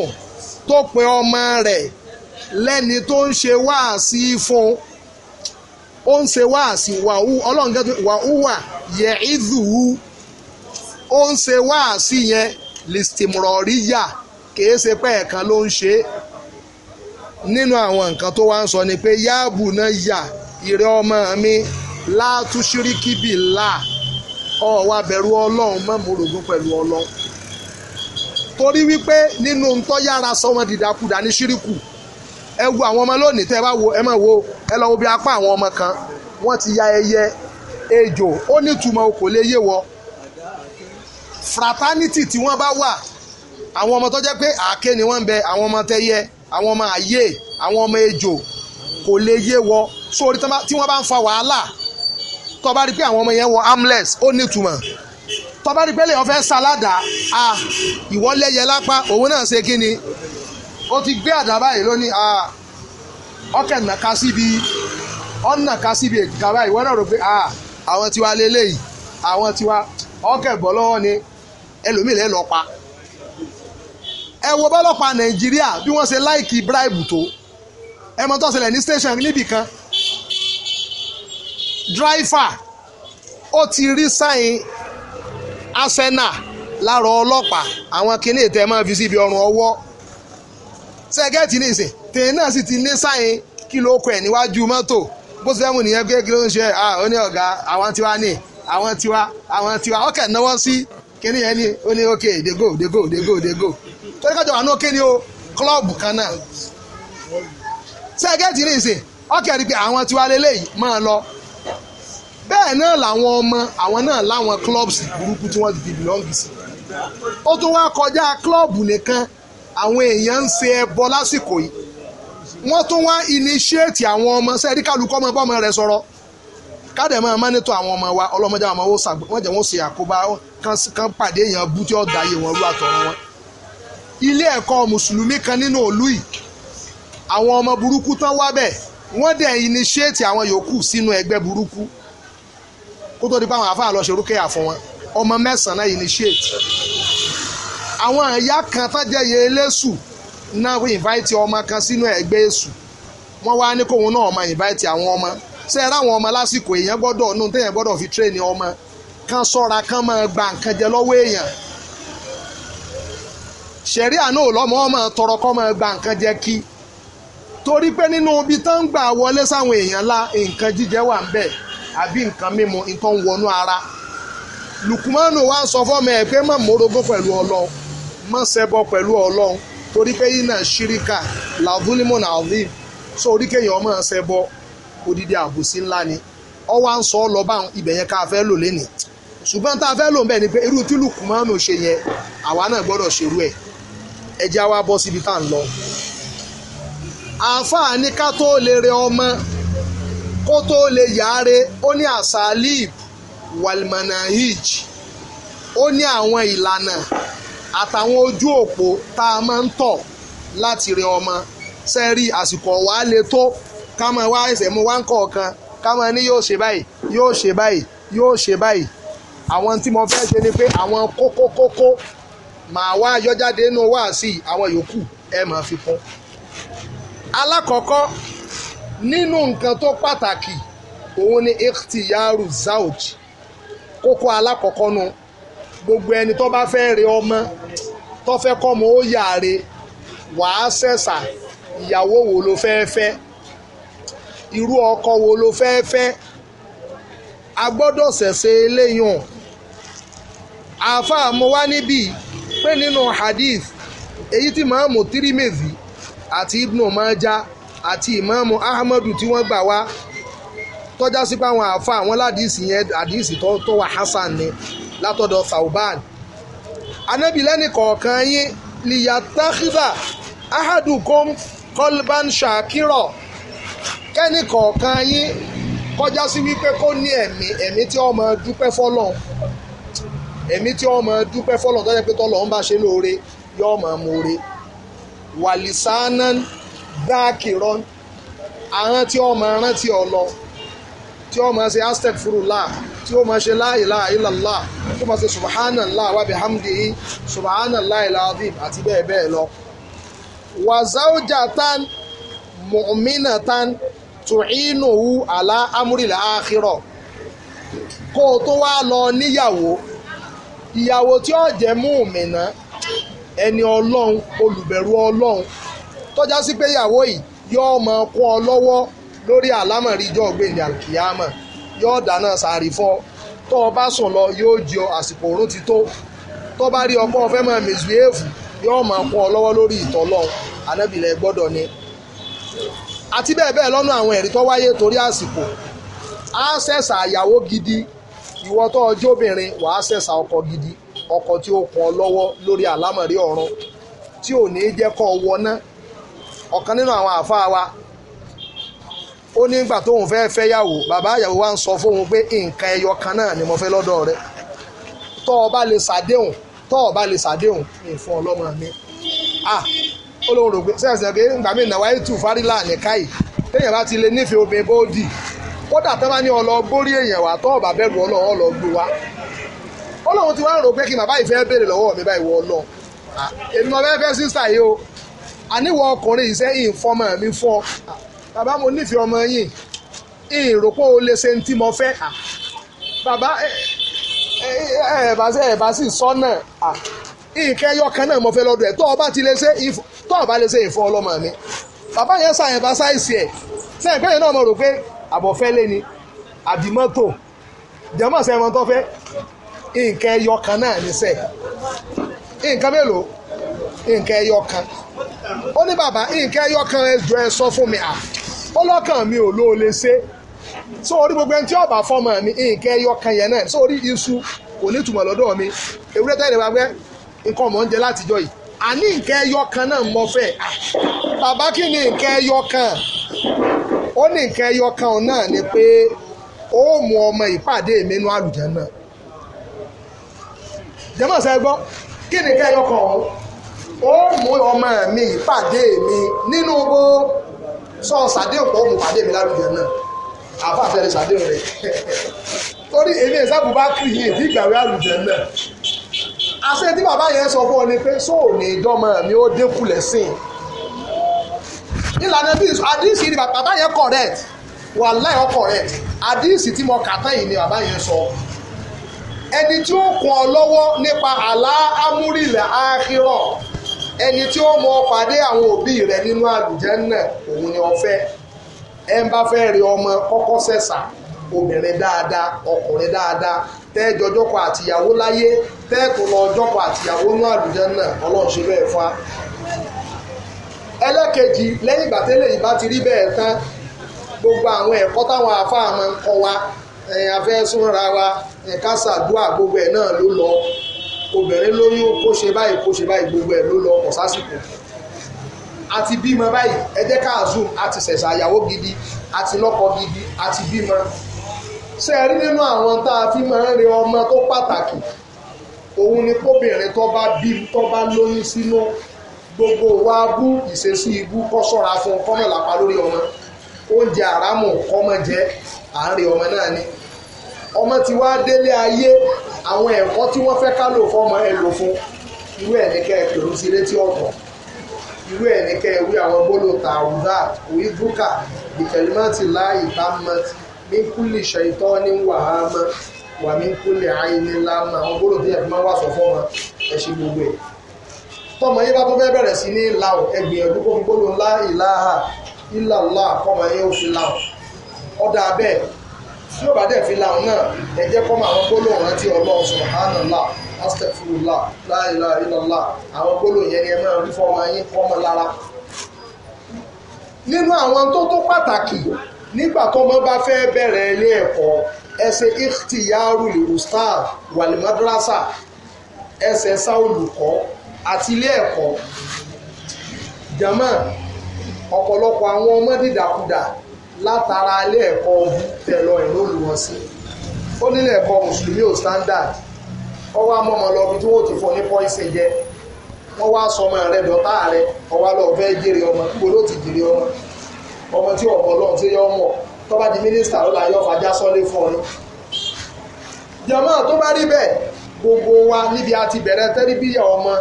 tó pe ọmọ rẹ̀ lẹ́ni tó ń ṣe wáàsí fún ó ń ṣe wáàsí ọlọ́run gẹ́gẹ́ wàhúwà yẹ ìdùwú ó ń ṣe wáàsí yẹn listimrọ̀ríyà kìí ṣe pé ẹ̀kan ló ń ṣe nínú àwọn nǹkan tó wá ń sọ ni pé yáàbù náà yà ìrẹ́ ọmọ mi látúṣíríkì bíi là ọ wá bẹ̀rù ọlọ́run mọ́ mòrògùn pẹ̀lú ọlọ́run torí wípé nínú ntọ́ yára sọmọ dìdàkudà ní ṣíríkù ẹ wo àwọn ọmọ lónìí tẹ́ ẹ bá wo ẹ máa wo ẹ lọ wo bí apá àwọn ọmọ kan wọ́n ti ya ẹyẹ ejò ó nítumọ̀ o kò lè yé wọ fraternity tí wọ́n bá wà àwọn ọmọ tó jẹ́ pé àáké ni wọ́n ń bẹ àwọn ọmọ tẹ́yẹ àwọn ọmọ àyè àwọn ọmọ ejò kò lè yé wọ sórí tí wọ́n bá ń fa wàhálà tó bá rí pé àwọn ọmọ yẹn wọ armless ó nítumọ̀ tó bá rí pé lèyàn fẹ́ salada ah ìwọ́lẹ́yẹ lápá òun náà ṣe kí ni ó ti gbé àdá báyìí lónìí ọkẹ́ nàka síbi ọ̀nàka síbi èjìká báyìí wọ́n náà rò a àwọn tiwa lélẹ́yìí àwọn tiwa ọkẹ́ bọ́ lọ́wọ́ ni ẹlòmíì lẹ́ pa ẹ wo bọ́lọ́pàá nàìjíríà bí wọ́n ṣe láìkì bíráìbù tó ẹ mọ tó ṣẹlẹ̀ ní station níbì kan dráìfà ó ti rí sáyìn arsenal lára ọlọ́pàá àwọn kinní ìtẹ́ máa fi síbi ọrùn ọwọ́ sẹ́gẹ́tì ní ìsìn náà sì ti ní sáyìn kìlò okùn ẹ̀ níwájú mọ́tò bó ti mú nìyẹn pé ló ń ṣe ó ní ọ̀gá àwọn tiwa ní àwọn tiwa àwọn tiwa ọkẹ́ náwó sí kíní yẹn ní ó ní ok dey go dey go dey go de go torí kájọ wà ni o klọ́ọ̀bù kan náà sẹ́gẹ́tì ní ìsìn ọkẹ́ rí pé àwọn tiwa lélẹ́yìí máa lọ bẹ́ẹ̀ náà làwọn ọmọ àwọn náà láwọn burúkú tí wọ́n ti àwọn èèyàn ń ṣe ẹbọ lásìkò yìí wọ́n tún wá initiate àwọn ọmọ sẹ́ẹ̀rí kálukọ́ ọmọ bọ́ọ̀mọ rẹ̀ sọ̀rọ̀ káàdẹ̀ máa má nítọ́ àwọn ọmọ wa ọlọ́mọdé àwọn ọmọ wọn jẹ́ wọ́n ṣe àkóbá kan pàdé èèyàn bú tí ó da iye wọn rú àtọ̀run wọn. ilé ẹ̀kọ́ mùsùlùmí kan nínú òlú yìí àwọn ọmọ burúkú tán wá bẹ̀ wọ́n dẹ̀ initiate àwọn yòókù sínú ẹgbẹ́ burúkú kó tó di pé àwọn àfáà lọ ṣerúkẹ́yà fún wọn ọmọ mẹ́sàn-án initiate àwọn ìyá kan tájẹyẹ eléṣù náà invite ọmọ kan sínú ẹgbẹ́ èṣù wọ́n wá ní kóun náà máa invite àwọn ọmọ ṣe é ráwọn ọmọ lásìkò èèyàn gbọ́dọ̀ nù téèyàn gbọ́dọ̀ fi train ọmọ kan sọ́ra kan máa gba nǹkan jẹ lọ́wọ́ èèyàn ṣẹ̀rí àná òlọ́mọ ọmọ tọrọ kọ́ máa gba nǹkan jẹ kí torí pé nínú ibi tó ń gbà wọlé sáwọn èèyàn la nǹkan jíjẹ wà ń bẹ̀ àbí nǹkan mímu nǹkan wọnú ara Lukumanu wa sọ fọ́mọ ẹ̀ pé má mórogún pẹ̀lú ọlọ́ọ̀ má ṣẹbọ pẹ̀lú ọlọ́run torí pé iná ṣíríkà làvúlímọ̀nà alvin so orí kéèyàn máa ṣẹbọ odidi àbòsí ńlá ni ọ wá ń sọ ọ lọ bá ibẹ̀ yẹn ká fẹ́ lò lẹ́nìí ṣùgbọ́n tá a fẹ́ lò ń bẹ̀ ni pé irú tí Lùkùmánù ṣe yẹn àwa náà gbọ́dọ̀ ṣerú ẹ̀ ẹ jẹ́ wá bọ́ síbi tá à ń lọ. àáfàá ní ká tó lè rẹ ọmọ kó tó lè yáre ó ní àṣàlíb walmanahij ó ní àwọn ìlànà àtàwọn ojú òpó tá a máa ń tọ̀ láti rin ọmọ sẹ́rí àsìkò wà á le tó ká máa wá ẹsẹ̀ mu wá ń kọ̀ọ̀kan ká máa ní yóò ṣe báyìí yóò ṣe báyìí yóò ṣe báyìí àwọn tí mo fẹ́ ṣe ni pé àwọn kókó kókó màá wá yọjáde inú wáàsí àwọn yòókù ẹ máa fi kún. alákọ̀ọ́kọ́ nínú nǹkan tó pàtàkì òun ni ikhtiyaru zawj kókó alákọ̀ọ́kọ́ nu gbogbo ẹni tó bá fẹ́ re ọmọ tó fẹ́ kọ́mọ ó yàre wàá ṣẹ̀ṣà ìyàwó wo ló fẹ́ fẹ́ irú ọkọ wo ló fẹ́ fẹ́ a gbọ́dọ̀ ṣẹ̀ṣẹ̀ eléyàn àáfàá mo wá níbí pé nínú hadith èyí tí màámu tirimezi àti ibnu maja àti ìmáàmù ahmadu tí wọ́n gbà wá tọ́já sí pé àwọn àáfàá àwọn ládìsí yẹn àdìsí tó wà hasan ni látọ̀dọ̀ sauban anabi lẹ́nì kọ̀ọ̀kan yín liyatakhiza ahadukum kolban shakiro kẹ́nì kọ̀ọ̀kan yín kọjá sí wípé kó ní ẹ̀mí ẹ̀mí tí ó máa dúpẹ́ fọ́lọ́run ẹ̀mí tí ó máa dúpẹ́ fọ́lọ́run tó jẹ́ pé tọ́lọ́run bá ṣe lóore yó máa moore wàlìsánán dákìrọ́n àwọn tí ó máa rántí ọlọ́run tí ó máa ṣe astaghfirullah tí ó máa ṣe la ilaha illallah tó máa ṣe subhanallah wa bihamdihi subhanallah alazim àti bẹ́ẹ̀ bẹ́ẹ̀ lọ. wa zawjatan mu'minatan tu'inuhu ala amril akhirah kó o tó wá lọ níyàwó ìyàwó tí ó jẹ́ mùmínà ẹni ọlọ́run olùbẹ̀rù ọlọ́run tọ́já sí pé ìyàwó yìí yóò máa kó ọ lọ́wọ́ lórí àlámọ̀rí ìjọ ọ̀gbẹ́ni alkiyama yóò dáná sàárì fọ́ tó o bá sùn lọ yóò àsìkò òórùn ti tó tó bá rí ọpọ́ ọ̀fẹ́ máa mèsì èèfù yóò máa kọ́ ọ lọ́wọ́ lórí ìtọ́lọ́ anábìlẹ̀ gbọ́dọ̀ ni àti bẹ́ẹ̀ bẹ́ẹ̀ lọ́nà àwọn ẹ̀rí gidi ìwọ tó ọjọ́ obìnrin ọkọ gidi ọkọ tí ó lọ́wọ́ lórí ọ̀run tí ò ní jẹ́ kọ́ ọ wọná ọ̀kan ó ní ìgbà tóun fẹ́ fẹ́ yàwó bàbá àyàwó wa ń sọ fóun pé nǹkan ẹyọ kan náà ni mo fẹ́ lọ́dọ̀ rẹ tọ́ ọ bá lè ṣàdéhùn tọ́ ọ bá lè ṣàdéhùn ní fún ọlọ́mọ mi ah ó lóun rò pé sẹ́sẹ̀ pé ìgbà mi nàwa ètù fárílà nìka yìí téèyàn bá ti lè nífẹ̀ẹ́ obìnrin bó dì kódà tó bá ní ọlọ borí èèyàn wà tọ́ ọ̀bà bẹ̀rù ọlọ́run ọlọ́ gbé wa ó lóun ti wá rò pé kí bàbá yìí fẹ́ béèrè lọ́wọ́ mi báyìí wọ ọlọ́ èmi ọbẹ̀ fẹ́ sísà yìí o àníwọ̀ ọkùnrin ìṣẹ́ ìfọmọ mi fọ́ bàbá mo nífẹ̀ẹ́ ọmọ yín ìròpọ̀ o lè ṣe ní tí mo fẹ́ bàbá ẹ ẹ bá sì sọ náà nǹkan ẹyọ kan náà mo fẹ́ lọ́dọ̀ ẹ̀ tó o bá ti lè ṣe tó o bá lè ṣe ìfọ́ ọlọ́mọ mi bàbá yẹn ṣàyẹ̀bá ṣáìsì ẹ̀ sẹ́yìn pé yẹn náà mo rò pé àbọ̀fẹ́ lé ni àbí mọ́tò jẹ́mọ̀ sẹ́yìn mọ́tò fẹ́ nǹkan ẹyọ kan náà ní sẹ́ nǹkan mélòó nǹkan ẹyọ kan ó ní bàbá nǹkan ẹyọ kan ẹ jọ ẹ sọ fún mi à ọlọ́kàn mi ò ló lè ṣe so ori gbogbo ẹni tí ọba fọmọ mi nǹkan ẹyọ so ori iṣu kò ní ìtumọ̀ lọ́dọ̀ mi ewúrẹ́ tẹ́lẹ̀ bá gbẹ́ nǹkan mọ fẹ́ bàbá kí ni ní náà ni pé ó mú ọmọ ìpàdé mi nú náà jẹ́mọ̀ sẹ́ gbọ́ kí ni nǹkan ẹyọ ó mú ọmọ mi ìpàdé mi nínú gbogbo. sọ sàdéhùn pọ̀ mú pàdé mi lálùjẹ náà àfa àfẹ́rẹ́ sàdéhùn rẹ̀ torí èmi ẹ̀ sábà bá kiri yìí èdè ìgbàwé àlùjẹ náà àṣẹ tí bàbá yẹn sọ fún ọ ni pé sóò ní ìdánmọ mi ó dínkù lẹ́sìn ìlànà bíi àdìsí ni bàbá yẹn correct wàláì ó correct àdìsí tí mo kà tán yìí ni bàbá yẹn sọ ẹni tí ó kún ọ lọ́wọ́ nípa àlá amúrìlẹ̀ àkírọ̀ ẹni tí ó mọ pàdé àwọn òbí rẹ nínú náà òun ni ọfẹ ẹ ń bá fẹ́ rí ọmọ kọ́kọ́ obìnrin dáadáa ọkùnrin dáadáa tẹ́ẹ̀jọ ọjọ́kọ àtìyàwó láyé tẹ́ẹ̀tù lọ ọjọ́kọ àtìyàwó ṣe ẹlẹ́kejì lẹ́yìn ìgbà tẹ́lẹ̀ yìí bá ti rí bẹ́ẹ̀ tán gbogbo àwọn ẹ̀kọ́ táwọn ń kọ́ wa ẹ̀yìn afẹ́ súnra wa gbogbo ẹ̀ náà ló lọ obìnrin lóyún kó ṣe báyìí kó ṣe báyìí gbogbo ẹ̀ ló lọ ọkọ̀ sásìkò àti bímọ báyìí ẹ jẹ́ ká zoom àti ṣẹ̀ṣà àyàwó gidi àti lọ́kọ gidi àti bímọ ṣe rí nínú àwọn tá a fi máa ń re ọmọ tó pàtàkì òun ni kóbìnrin tó bá bí tó bá lóyún sínú gbogbo wa bú ìṣesí ibú kọ́ sọ́ra fún kọ́mọ̀lápá lórí ọmọ oúnjẹ àrámù kọ́mọ jẹ à ń re ọmọ náà ni. ọmọ ti wá délé ayé àwọn ẹ̀kọ́ tí wọ́n fẹ́ ká lò fọ́mọ ẹ lò fún irú ẹ̀ ní ẹ pẹ̀lú sí létí ọ̀tọ̀ irú ẹ̀ ní ẹ wí àwọn gbólóhùn tààrúdà òyì dúkà ìkẹlẹ́mọ́tì láàyè bá mọ́ mí kúlì ní wà tọmọ bá tó fẹ́ bẹ̀rẹ̀ sí ní làwọn ìlàlá tí ó bá dẹ̀ fi làwọn náà ẹ jẹ́ kọ́ mọ àwọn gbólóhùn rántí ọlọ́run subhanallah astagfirullah la ilaha illallah àwọn gbólóhùn yẹn ni ẹ máa rí fọ́ọ̀mù ayé fọ́ọ̀mù lára. nínú àwọn tó tó pàtàkì nígbà tọ́mọ bá fẹ́ bẹ̀rẹ̀ ilé ẹ̀kọ́ ẹsẹ̀ ikhtiyaru li ustaz wal madrasa ẹsẹ̀ sá àti ilé ẹ̀kọ́ jama ọ̀pọ̀lọpọ̀ àwọn ọmọ dìdàkudà látara ilé ẹ̀kọ́ tẹ̀lọ ìróòlù wọn sí ó nílé ẹ̀kọ́ mùsùlùmí ò standard ọwọ́ amọ́mọ lọ bí tí wọ́n ti fún ní pọ́ìsì jẹ wọ́n wá sọ ọmọ rẹ dọ́tà rẹ ọwọ́ lọ fẹ́ jèrè ọmọ gbogbo ló ti jèrè ọmọ ọmọ tí ọmọ ọlọ́run tí yọ ọmọ tó bá di mínísítà ló la yọ fàjà sọ́lé fún ọ jọmọ tó bá rí bẹ́ẹ̀ gbogbo wa níbi àti bẹ̀rẹ̀ tẹríbíyà ọmọ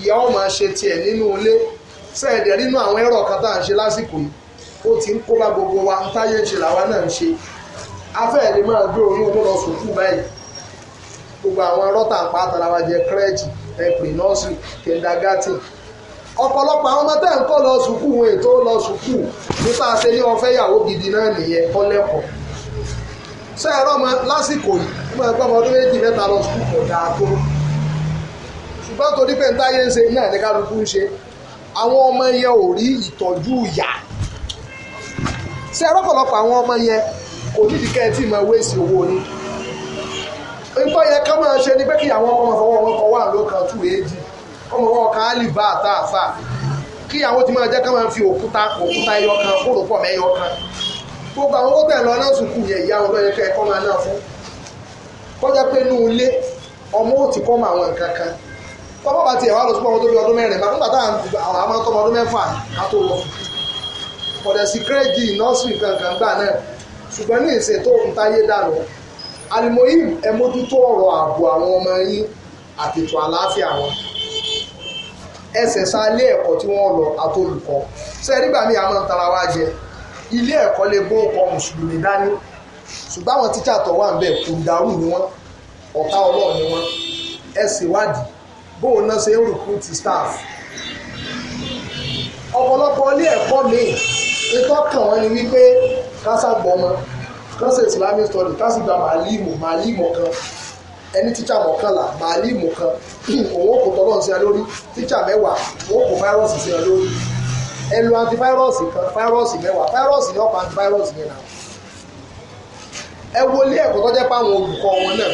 ìyá ọmọ ṣe tiẹ̀ nínú ilé sẹẹdẹ nínú àwọn ẹ̀rọ kan tá à ń ṣe lásìkò yìí ó ti ń kóbá gbogbo wa ń táyé ń ṣe làwa náà ń ṣe afẹ́ ni máa gbé oyún tó lọ sùkúù báyìí gbogbo àwọn rọ́tà ń pa àtàlàwà jẹ kírẹ́ẹ̀jì ẹ̀pì nọ́ọ̀sì kẹndàgátì ọ̀pọ̀lọpọ̀ àwọn ọmọ tẹ́ ń kọ́ lọ sùkúù wọn ètò lọ sùkúù nípa ṣe ní ọfẹ́ ìyàwó gidi náà nìyẹn kọ́ lẹ́kọ̀ọ́ ṣé ẹ̀rọ ọmọ lásìkò yìí wọ́n gbọ́ ọmọ ọdún méjì mẹ́ta lọ sùkúù kò dáa tó ṣùgbọ́n torí ṣé ọ̀pọ̀lọpọ̀ àwọn ọmọ yẹn kò nídìí kẹ́ ẹ tí máa wéèsì owó yín nípa yẹ ká máa ṣe ni pé kí àwọn ọmọ fọwọ́ wọn kọ wà lókan tù éèdì ọmọ wọn kan á lè bá àtà àfà kí àwọn ti máa jẹ́ ká máa fi òkúta òkúta ẹyọ kan fóònù pọ̀ mẹ́yọ kan gbogbo àwọn ọgbẹ́ lọ náà sùkú yẹn ìyá wọn lọ́yẹ kẹ́kọ́ máa náà fún kọjá pé inú ilé ọmọ ò ti kọ́ mọ àwọn nǹkan kan tọ́pọ̀ bá tiẹ̀ wá lọ sí ọmọ tó bí ọdún mẹ́rin bá nígbà táwọn àmọ́ tọmọ ọdún mẹ́fà á tó lọ kọ̀dẹ̀ sí kírẹ́jì nọ́ọ̀sì kankan gbà náà ṣùgbọ́n ní ìṣe tó ń táyé dànù alimoyim ẹ mójútó ọ̀rọ̀ ààbò àwọn ọmọ yín àtètò àlàáfíà wọn ẹsẹ̀ sa ilé ẹ̀kọ́ tí wọ́n lọ àtolùkọ́ sẹ́ẹ̀rígbà mi àmọ́ tara wa jẹ ilé ẹ̀kọ́ lè bó ọkọ̀ mùsùlùmí dání ṣùgbọ́n àwọn tíṣà tó wà ń bẹ̀ kò dàrú ni wọ́n ọ̀tá ọlọ́ọ̀ ni wọ́n ẹ ṣèwádìí bóun náà ṣe ń rìkúrútì staff ọ̀pọ̀lọpọ̀ ilé ẹ̀kọ́ míì ètò kan wọn ni wípé káságbọmọ kánṣe islamic study kásìgbà màálìmù màálìmù kan ẹni tíṣà mọ̀kànlá màálìmù kan òun kò tọ́lọ́ sí ẹ lórí tíṣà mẹ́wàá òun kò fáírọ́ọ̀sì sí ẹ lórí ẹ lo antivirọ́ọ̀sì kan fáírọ́ọ̀sì mẹ́wàá fáírọ́ọ̀sì ni ọ̀pọ̀ antivirọ́ọ̀sì yẹn náà ẹ wo ilé ẹ̀kọ́ tó jẹ́ pé àwọn olùkọ́ wọn náà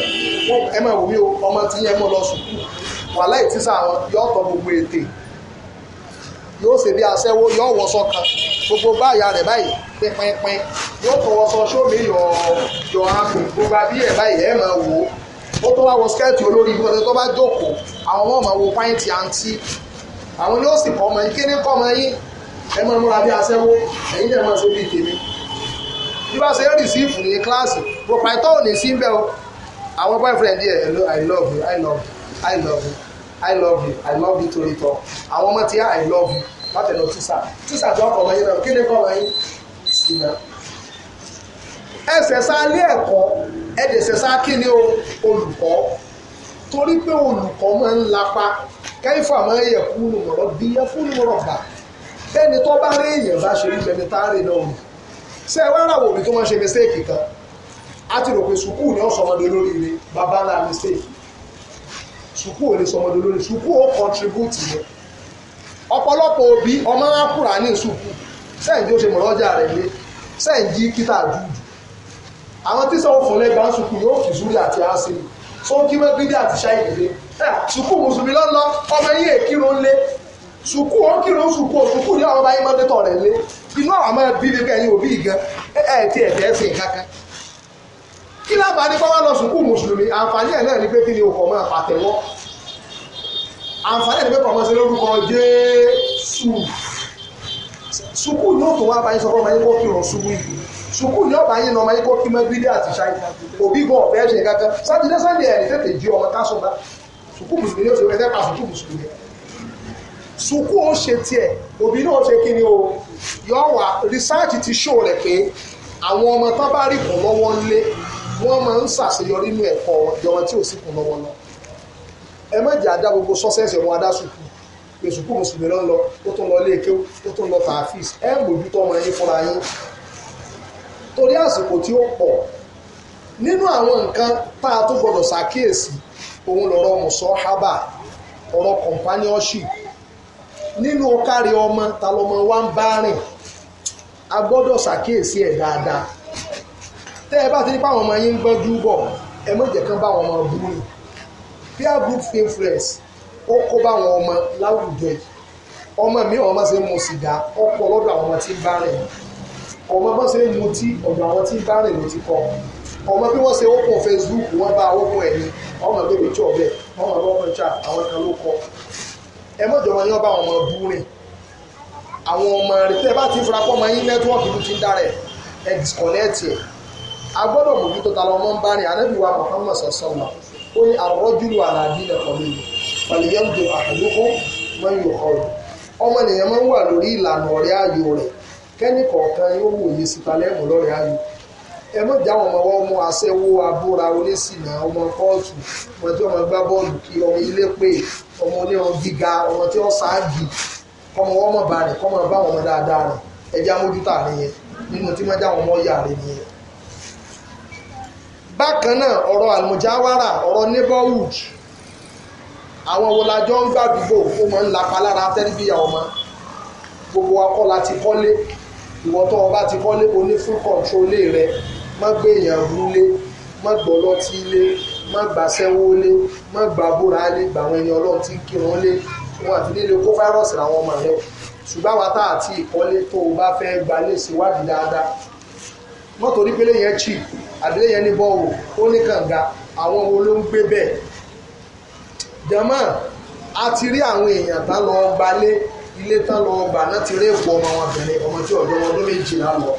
ẹ máa wò mí o ọmọ tí yẹn mọ̀ lọ sùkúù wàhálà ìtísà wọn yọ ọ̀tọ̀ gbogbo ètè yóò ṣe bí aṣẹ́wó yóò wọṣọ kan gbogbo báyà rẹ̀ báyìí pínpínpín yóò tó wọṣọ sómi yọ yọ àpò gbogbo abí rẹ̀ báyìí ẹ̀ máa wò ó ó tó wá wọ skẹ́ẹ̀tì olórí ibi tó bá jókòó àwọn ọmọ wo pàǹtì àǹtí àwọn yóò sì kọ́ ọmọ yín kíní kọ́ ọmọ yín ẹ máa múra bí aṣẹ́wó ẹ̀yin dẹ̀ máa ṣe bí tèmi bí bá ṣe rìsíìfù ní kíláàsì proprietor ò ní sí bẹ́ẹ̀ o àwọn boyfriend yẹ I love you I love you I love you i love you i love you to it all àwọn ọmọ tí i love you látẹnu tíṣà tíṣà tí wọn kọ ọmọ yín náà kí ni kọ ọmọ yín sí náà ẹsẹ̀ sáálé ẹ̀kọ́ ẹ̀dẹ̀ ẹsẹ̀ sáá kí ni olùkọ́ torí pé olùkọ́ máa ń lapa kẹ́fà máa ń yẹ kúrò mọ̀rọ̀ bí yẹ kúrò mọ̀rọ̀ gbà bẹ́ẹ̀ni tó bá rí èèyàn bá ṣe oúnjẹ ní táàrí náà nù ṣé ẹ wá rà wò bí tó máa ṣe mistake kan a ti rò pé sùkúù ni ó sọ ọmọdé lórí ire bàbá ńlá mistake sùkúù ò lè sọ ọmọdé lórí sùkúù ó contribute yẹn ọ̀pọ̀lọpọ̀ òbí ọmọ akúra ní sùkúù sẹ́yìn tí ó ṣe mọ̀lọ́jà rẹ̀ lé sẹ́yìn jí kíta dúdú àwọn tí sọ́wọ́ fún lẹ́gbàá sùkúù yóò fi zúrí àti àṣírí sókí mẹ́gbẹ́dẹ́ àti ṣáìdìdé sùkúù mùsùlùmí lọ́nà ọmọ yìí èkírun lé sùkúù ó kírun sùkúù sùkúù ní àwọn ọmọ ayé mọ́tẹ́tọ̀ rẹ̀ lé inú àwọn ọmọ bíbí kẹ́yìn òbí gan ẹ̀ẹ́dì ẹ̀dẹ́sìn kankan kí láǹfààní pé wọ́n lọ sùkú mùsùlùmí àǹfààní ẹ̀ náà ni pé kí ni òkò máa pàtẹ́wọ́ àǹfààní ẹ̀ ni pé kò máa ṣe lórúkọ Jésù sùkú ni ó tó wá báyìí sọ fún ọmọ yín kó kírun ṣubú yìí sùkú ni ọba yín ni ọmọ yín kó kí mẹ́bílì àti ṣáì òbí gan ọ̀fẹ́ ẹ̀ṣẹ̀ kankan sátidé sànńdé ẹ̀ ní tètè jí ọmọ tásùn bá sùkú mùsùlùmí ó ṣe fẹ́ pa sùkú mùsùlùmí sùkú ó ṣe tiẹ̀ òbí náà ó ṣe kí ni o yọ wà rìsáàtì ti ṣó rẹ̀ pé àwọn ọmọ tán bá rí kùn lọ́wọ́ ńlé wọ́n máa ń ṣàṣeyọrí nínú ẹ̀kọ́ ìjọba tí ò sì kún lọ́wọ́ lọ ẹ má jẹ́ àdá gbogbo sọ́sẹ́sì wọn adá sùkú èsùkú mùsùlùmí ló ń lọ ó tún lọ ilé kéwú ó tún lọ tààfíìs ẹ mójútó ọmọ yín fúnra yín torí àsìkò tí ó pọ̀ nínú àwọn nǹkan tá a tó gbọdọ̀ ṣàkíyèsí òun lọ̀rọ̀ mùsọ̀hábà ọ̀rọ̀ companionship nínú kárí ọmọ ta lọmọ wa ń bá rìn a gbọ́dọ̀ ṣàkíyèsí ẹ̀ dáadáa tẹ́ ẹ bá ti ní pa àwọn ọmọ yín ń gbọ́njú bọ̀ ẹ má jẹ́ kán bá àwọn ọmọ bú ni peer group influence ó kó bá àwọn ọmọ láwùjọ yìí ọmọ mi ọmọ ṣe ń mu sìgá ọ̀pọ̀ lọ́dọ̀ àwọn ọmọ tí ń bá rìn ọmọ bá ṣe ń mutí ọ̀dọ̀ àwọn tí ń bá rìn ló ti kọ́ ọmọ bí wọ́n ṣe open Facebook wọ́n bá open ẹ̀yìn ọmọ bèbè tí ọ̀bẹ ọmọ bá ọmọ ìjà àwọn kan ló kọ́ ẹ mọ̀jọ wọn yán bá àwọn ọmọ bú rìn àwọn ọmọ rẹ tẹ́ bá ti fura pọ́ ọmọ yín nẹ́tíwọ́ọ̀kì ló ti ń dá rẹ̀ ẹ disconnect ẹ̀ agbọ́dọ̀ mójútó ta lọ́mọ ń bá rìn anábì Muhammad sọ̀sọ́nà ó ní àrọ́júlù àlàdí lẹ́kọ̀ọ́ mi pàlìyànjú àdúgbò mọ́yìn ọ̀rọ̀ ọmọ ènìyàn máa ń wà lórí ìlànà ọ̀rẹ́ ayò rẹ̀ kẹ́nì kọ̀ọ̀kan yóò wò yé síta lẹ́mù lọ́rẹ́ ayò ẹ mọ̀ já wọn wọ́n mú aṣẹ́wó abúra oníṣìnà ọmọ kóòtù ọmọ tí ọmọ gbá bọ́ọ̀lù kí ọmọ ilé pè ọmọ oníran gíga ọmọ tí wọ́n ṣáàgì kọ́mọ wọ́n mọ̀ bá rẹ̀ kọ́mọ bá wọn dáadáa rẹ̀ ẹjẹ́ amójútà rẹ̀ yẹn nínú tí wọ́n já wọn mọ́ yà rẹ̀ nìyẹn bákan náà ọ̀rọ̀ àlùmọ̀jáwárà ọ̀rọ̀ neighborhood àwọn wo la jọ ń gbàdúgbò ó máa ń lapa lára tẹ́lifíyà ọmọ gbogbo akọ́ la ti kọ́lé ìwọ tó o bá ti kọ́lé o ní full control lé rẹ má gbé èèyàn rúlé má gbọ́ lọ́tí lé má gbà sẹ́wó lé má gbà búra lé gbà àwọn ẹni ọlọ́run ti kí wọn lé wọn àti nílé kó fáírọ́ọ̀sì làwọn ọmọ rẹ ṣùgbọ́n àwa tá àti ìkọ́lé tó o bá fẹ́ gbalé síwádìí dáadáa mọ́tò onípele yẹn cheap àbílẹ̀ yẹn ní bọ́ọ̀wò ó ní kànga àwọn wo ló ń gbé bẹ́ẹ̀ jàmọ́ a ti rí àwọn èèyàn tán lọ gbalé ilé tán lọ gbà náà ti rí èkó ọmọ wọn bẹ̀rẹ̀ ọmọ tí ọ̀dọ́ wọn ọdún méjìlá lọ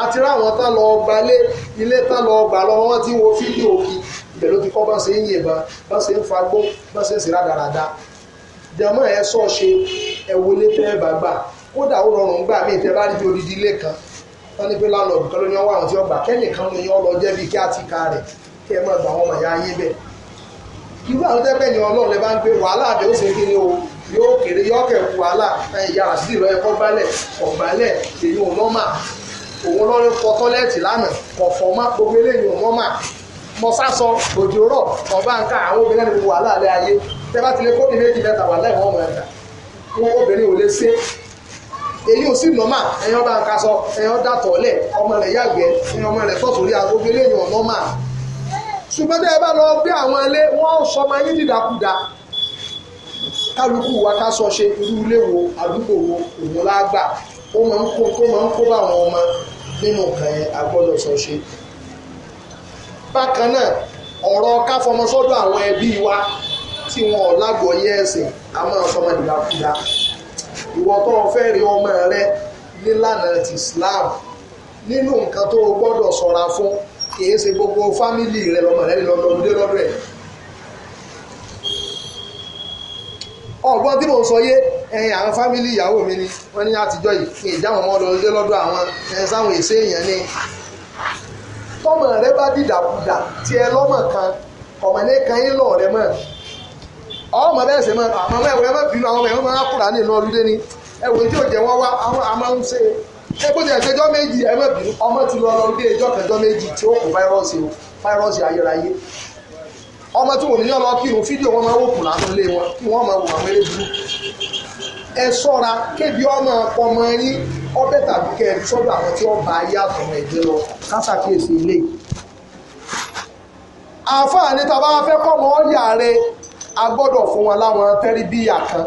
a ti rí àwọn tán lọ gbalé ilé tán lọ gbà lọ wọn ti wo fídíò kí ibẹ̀ ló ti kọ́ bá ṣe ń yìnbọn bá ṣe ń fagbó bá ṣe ń ṣe rádaràda jàmọ́ ẹ sọ́ọ̀ṣe ẹ fẹ́ẹ́ bàgbà kódà ó rọrùn gbà mí ìtẹ́ bá rí bí odidi ilé kan tani pé landlord kan ló ní ọwọ́ àwọn tí ọgbà kẹ́yìn kan ló ní ọ lọ jẹ́ bí kí á ti ka rẹ̀ kí ẹ má gba àwọn ọmọ ìyá yín bẹ́ẹ̀ irú àwọn tẹ́pẹ́ ni ọlọ́run lè bá ń gbé wàhálà àbẹ̀ ó ṣe kí ni o yóò kéré yóò kẹ̀ wàhálà ẹ̀yà àti ìlọ ẹ̀kọ́ gbálẹ̀ ọ̀gbálẹ̀ èyí ò nọ́mà òun lọ́rẹ́ fọ tọ́lẹ́ẹ̀tì lánàá kọ̀fọ́ má gbogbo eléyìí ò nọ́mà mọ sásọ òjò rọ̀ ọ̀bá ń èyí ò sí nọ́mà ẹ̀yàn bá ń ka sọ ẹ̀yàn dàtọ̀ lẹ̀ ọmọ rẹ̀ yàgbẹ́ ẹ̀yàn ọmọ rẹ̀ fọ́ sórí aago gbélé èyàn nọ́mà ṣùgbọ́n tẹ́ ẹ bá lọ gbé àwọn ilé wọ́n sọ ọmọ yín dìdàkudà kálukú wa ká sọ ṣe irú ilé wo àdúgbò wo òun lágbà ó máa ń kó tó máa ń kó bá àwọn ọmọ nínú nǹkan yẹn agbọ́dọ̀ sọ ṣe. bákan náà ọ̀rọ̀ káfọmọsọ́dọ̀ àwọn ẹbí wa tí wọn ò lágbọ̀ọ́yé ẹ̀sìn a máa sọmọ dìdàkudà ìwọ tó o fẹ́ rí ọmọ rẹ nílànà ti Islam nínú nǹkan tó o gbọ́dọ̀ ṣọ́ra fún kìí ṣe gbogbo fámìlì rẹ lọ́mọ rẹ lọ́dọọdún lọ́dọ̀ ẹ̀. ọgbọ́n tí mò ń sọ yé ẹyin àwọn fámìlì ìyàwó mi ni wọ́n ní àtijọ́ yìí kí ìjáwọn ọmọ lọ́dọọdún lọ́dọ̀ àwọn ẹ̀ sáwọn èsè èèyàn ni tọ́mọ rẹ bá dìdàkudà tí ẹ lọ́mọ kan ọ̀mọ̀lẹ́kan yín lọ́ọ̀rẹ́ mọ́ ọmọ bẹ́ẹ̀ sẹ́ máa àmọ́ ẹ̀wọ̀ ẹ má bínú àwọn ọmọ ẹ̀wọ̀n máa kúrà ní ìlú ọdún ní ẹ̀wọ̀ tí ò jẹ́ wọ́n wá a máa ń ṣe é bó ti ẹ̀ ṣẹjọ́ méjì ẹ má bínú ọmọ ti lọ lọ́dún ẹjọ́ kẹjọ́ méjì tí ó kó fáírọ́ọ̀sì o fáírọ́ọ̀sì ayérayé ọmọ tí wọ́n ní yọ lọ kírun fídíò wọn máa wò kù lánàá lé wọn kí wọ́n máa wò àwọn eré burú ẹ sọ́ra kébi ọmọ ọmọ yín ọbẹ̀ tàbí kẹ́ ẹ sọ́dọ̀ àwọn tí wọ́n bá ayé àtọ̀mọ̀ ẹ̀jẹ̀ lọ kásàkíyèsí ilé yìí àǹfààní tàbá fẹ́ kọ́ mọ́ ọ́ yà rẹ̀ a gbọ́dọ̀ fún wọn láwọn tẹ́rìbíyà kan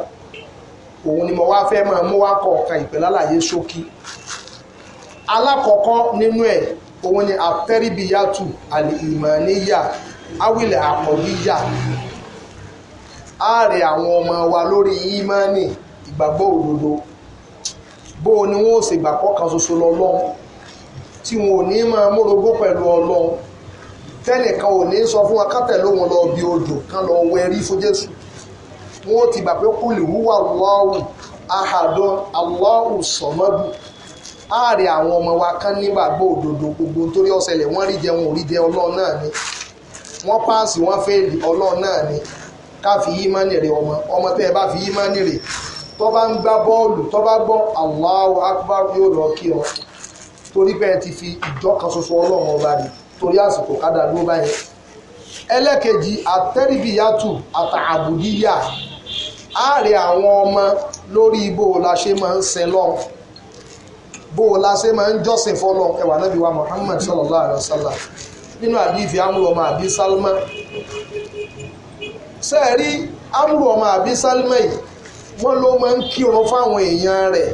òun ni mo wá fẹ́ máa mú wá kọ̀ọ̀kan ìpẹ́lálàyé ṣókí alákọ̀ọ́kọ́ nínú ẹ̀ òun ni àtẹ́rìbíyàtù àlìmọ̀níyà awilẹ̀ àkọ́bíyà ààrẹ àwọn ọmọ wa lórí ìmánì ìgbàgbọ́ òdodo bó ni wọ́n ó ṣègbàgbọ́ kan ṣoṣo lọ́lọ́run tí wọn ò ní máa mórogó pẹ̀lú ọlọ́run tẹ́nìkan ò ní sọ fún wọn kátẹ̀ lóhun lọ bí odò kán lọ wọ ẹrí fún jésù wọn ti gbà pé kúlì wúwà lọ́ọ̀hù ahàdọ́ alọ́ọ̀hù sọ̀mọ́dù ààrẹ àwọn ọmọ wa kán nígbàgbọ́ òdodo gbogbo torí ọ̀sẹ̀lẹ̀ wọ́n rí jẹun òrí jẹ ọlọ́ọ̀ náà ni wọ́n páàsì wọ́n fẹ́ẹ̀lì ọlọ́ọ̀ náà ni ká fi yí mọ́nì rè ọmọ ọmọ tẹ́ ẹ bá fi yí mọ́nì rè tó bá ń gbá bọ́ọ̀lù tó bá gbọ́ Allahu akbar yóò lọ kí ọ torí pé ẹ ti fi ìjọ kan ṣoṣo ọlọ́run ọba rèé torí àsìkò kádà ló báyẹn ẹlẹ́kejì àtẹ́rìbìyàtù àtàbùdíyà àárẹ̀ àwọn ọmọ lórí bó o la ṣe máa ń sẹ lọ bó o la ṣe máa ń jọ́sìn fọlọ ẹwà nábì wa Muhammad sallallahu alayhi wa sallam nínú àdìfẹ́ amúlò ọmọ àbí sálmà sẹ́ẹ̀rí amúlò ọmọ àbí sálmà yìí wọ́n ló máa ń kírun fáwọn èèyàn rẹ̀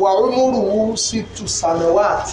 wàhùnmùrùwù sí tùsànẹ́wàtì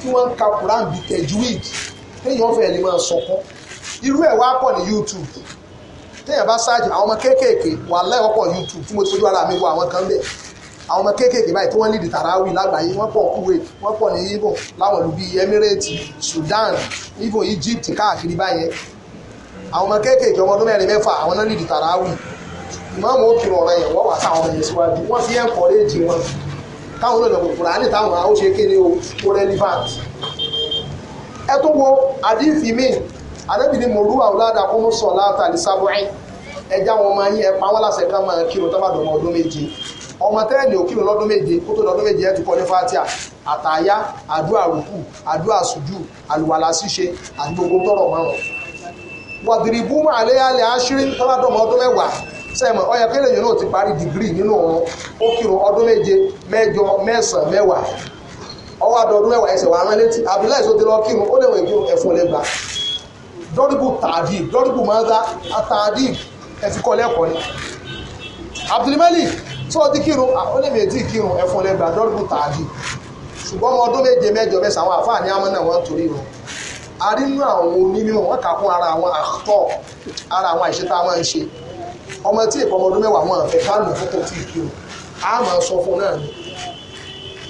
tí wọ́n ń ka Quran bíi tajwid téèyàn fẹ́ lè máa sọkún irú ẹ̀ wá pọ̀ ní YouTube téèyàn bá ṣáàjì àwọn ọmọ kéékèèké wà lẹ́ọ̀pọ̀ YouTube tí mo ti fojú ara mi wo àwọn kan bẹ́ẹ̀ àwọn ọmọ kéékèèké báyìí tí wọ́n lìdí tàràwì lágbàáyé wọ́n pọ̀ Kuwait wọ́n pọ̀ ní Ibo láwọn ìlú bíi Emirates Sudan Ibo Egypt káàkiri báyẹn àwọn ọmọ kéékèèké ọmọ ọdún mẹ́rin mẹ́fà àwọn náà lìdí tàràwì ìmọ̀ọ́mù ó kiri ọ̀rọ̀ yẹn wọ́n wà sáwọn ọmọ yẹn síwájú wọ́n fi ẹ̀ ń kọ́lé káwọn olóòjọ̀gbọ̀n kùránì táwọn àwọn ṣe kéde o ó relevant ẹ tó wo àdìsí mi àdẹ́bí ni mo rú àwòládà kó mú sọ̀lá àtàlí sábọ̀ẹ́ ẹja wọn máa yín ẹpa wọn láṣẹ ká máa kírun tábà dọ̀mọ ọdún méje ọmọ tẹ́lẹ̀ ò kírun lọ́dún méje kó tó lọ́dún méje ẹ ti kọ́ ní fatia àtàyá àdúrà rúkù àdúrà sùjú àlùwàlà ṣíṣe àti gbogbo tọrọ márùn wàdìrìbù máa lé alẹ́ àṣírí tábà dọ̀mọ ọdún mẹ́wàá sẹ́mọ̀ ọ̀yà kẹ́lẹ́ yìí náà ti parí dìgírì nínú òun ó kírun ọdún méje mẹ́jọ mẹ́sàn-án mẹ́wàá ọwọ́ àdọ́dún mẹ́wàá ẹsẹ̀ wàá rán létí Abdullahi sọ ti lọ kírun ó lẹ́wọ̀n ìkírun ẹ̀fọn lè gbà tààdì dọ́dúbù mọ́dá àtàdì ẹ̀fikọ́ ni sọ ti kírun ó ẹ̀fọn tààdì ṣùgbọ́n ọdún méje mẹ́jọ mẹ́sàn-án àfáà ní ọmọ tí èkó ọmọ ọdún mẹ́wàá wọn àfẹ́ ká nà fọ́tò tí ìkí o a máa sọ fún náà ni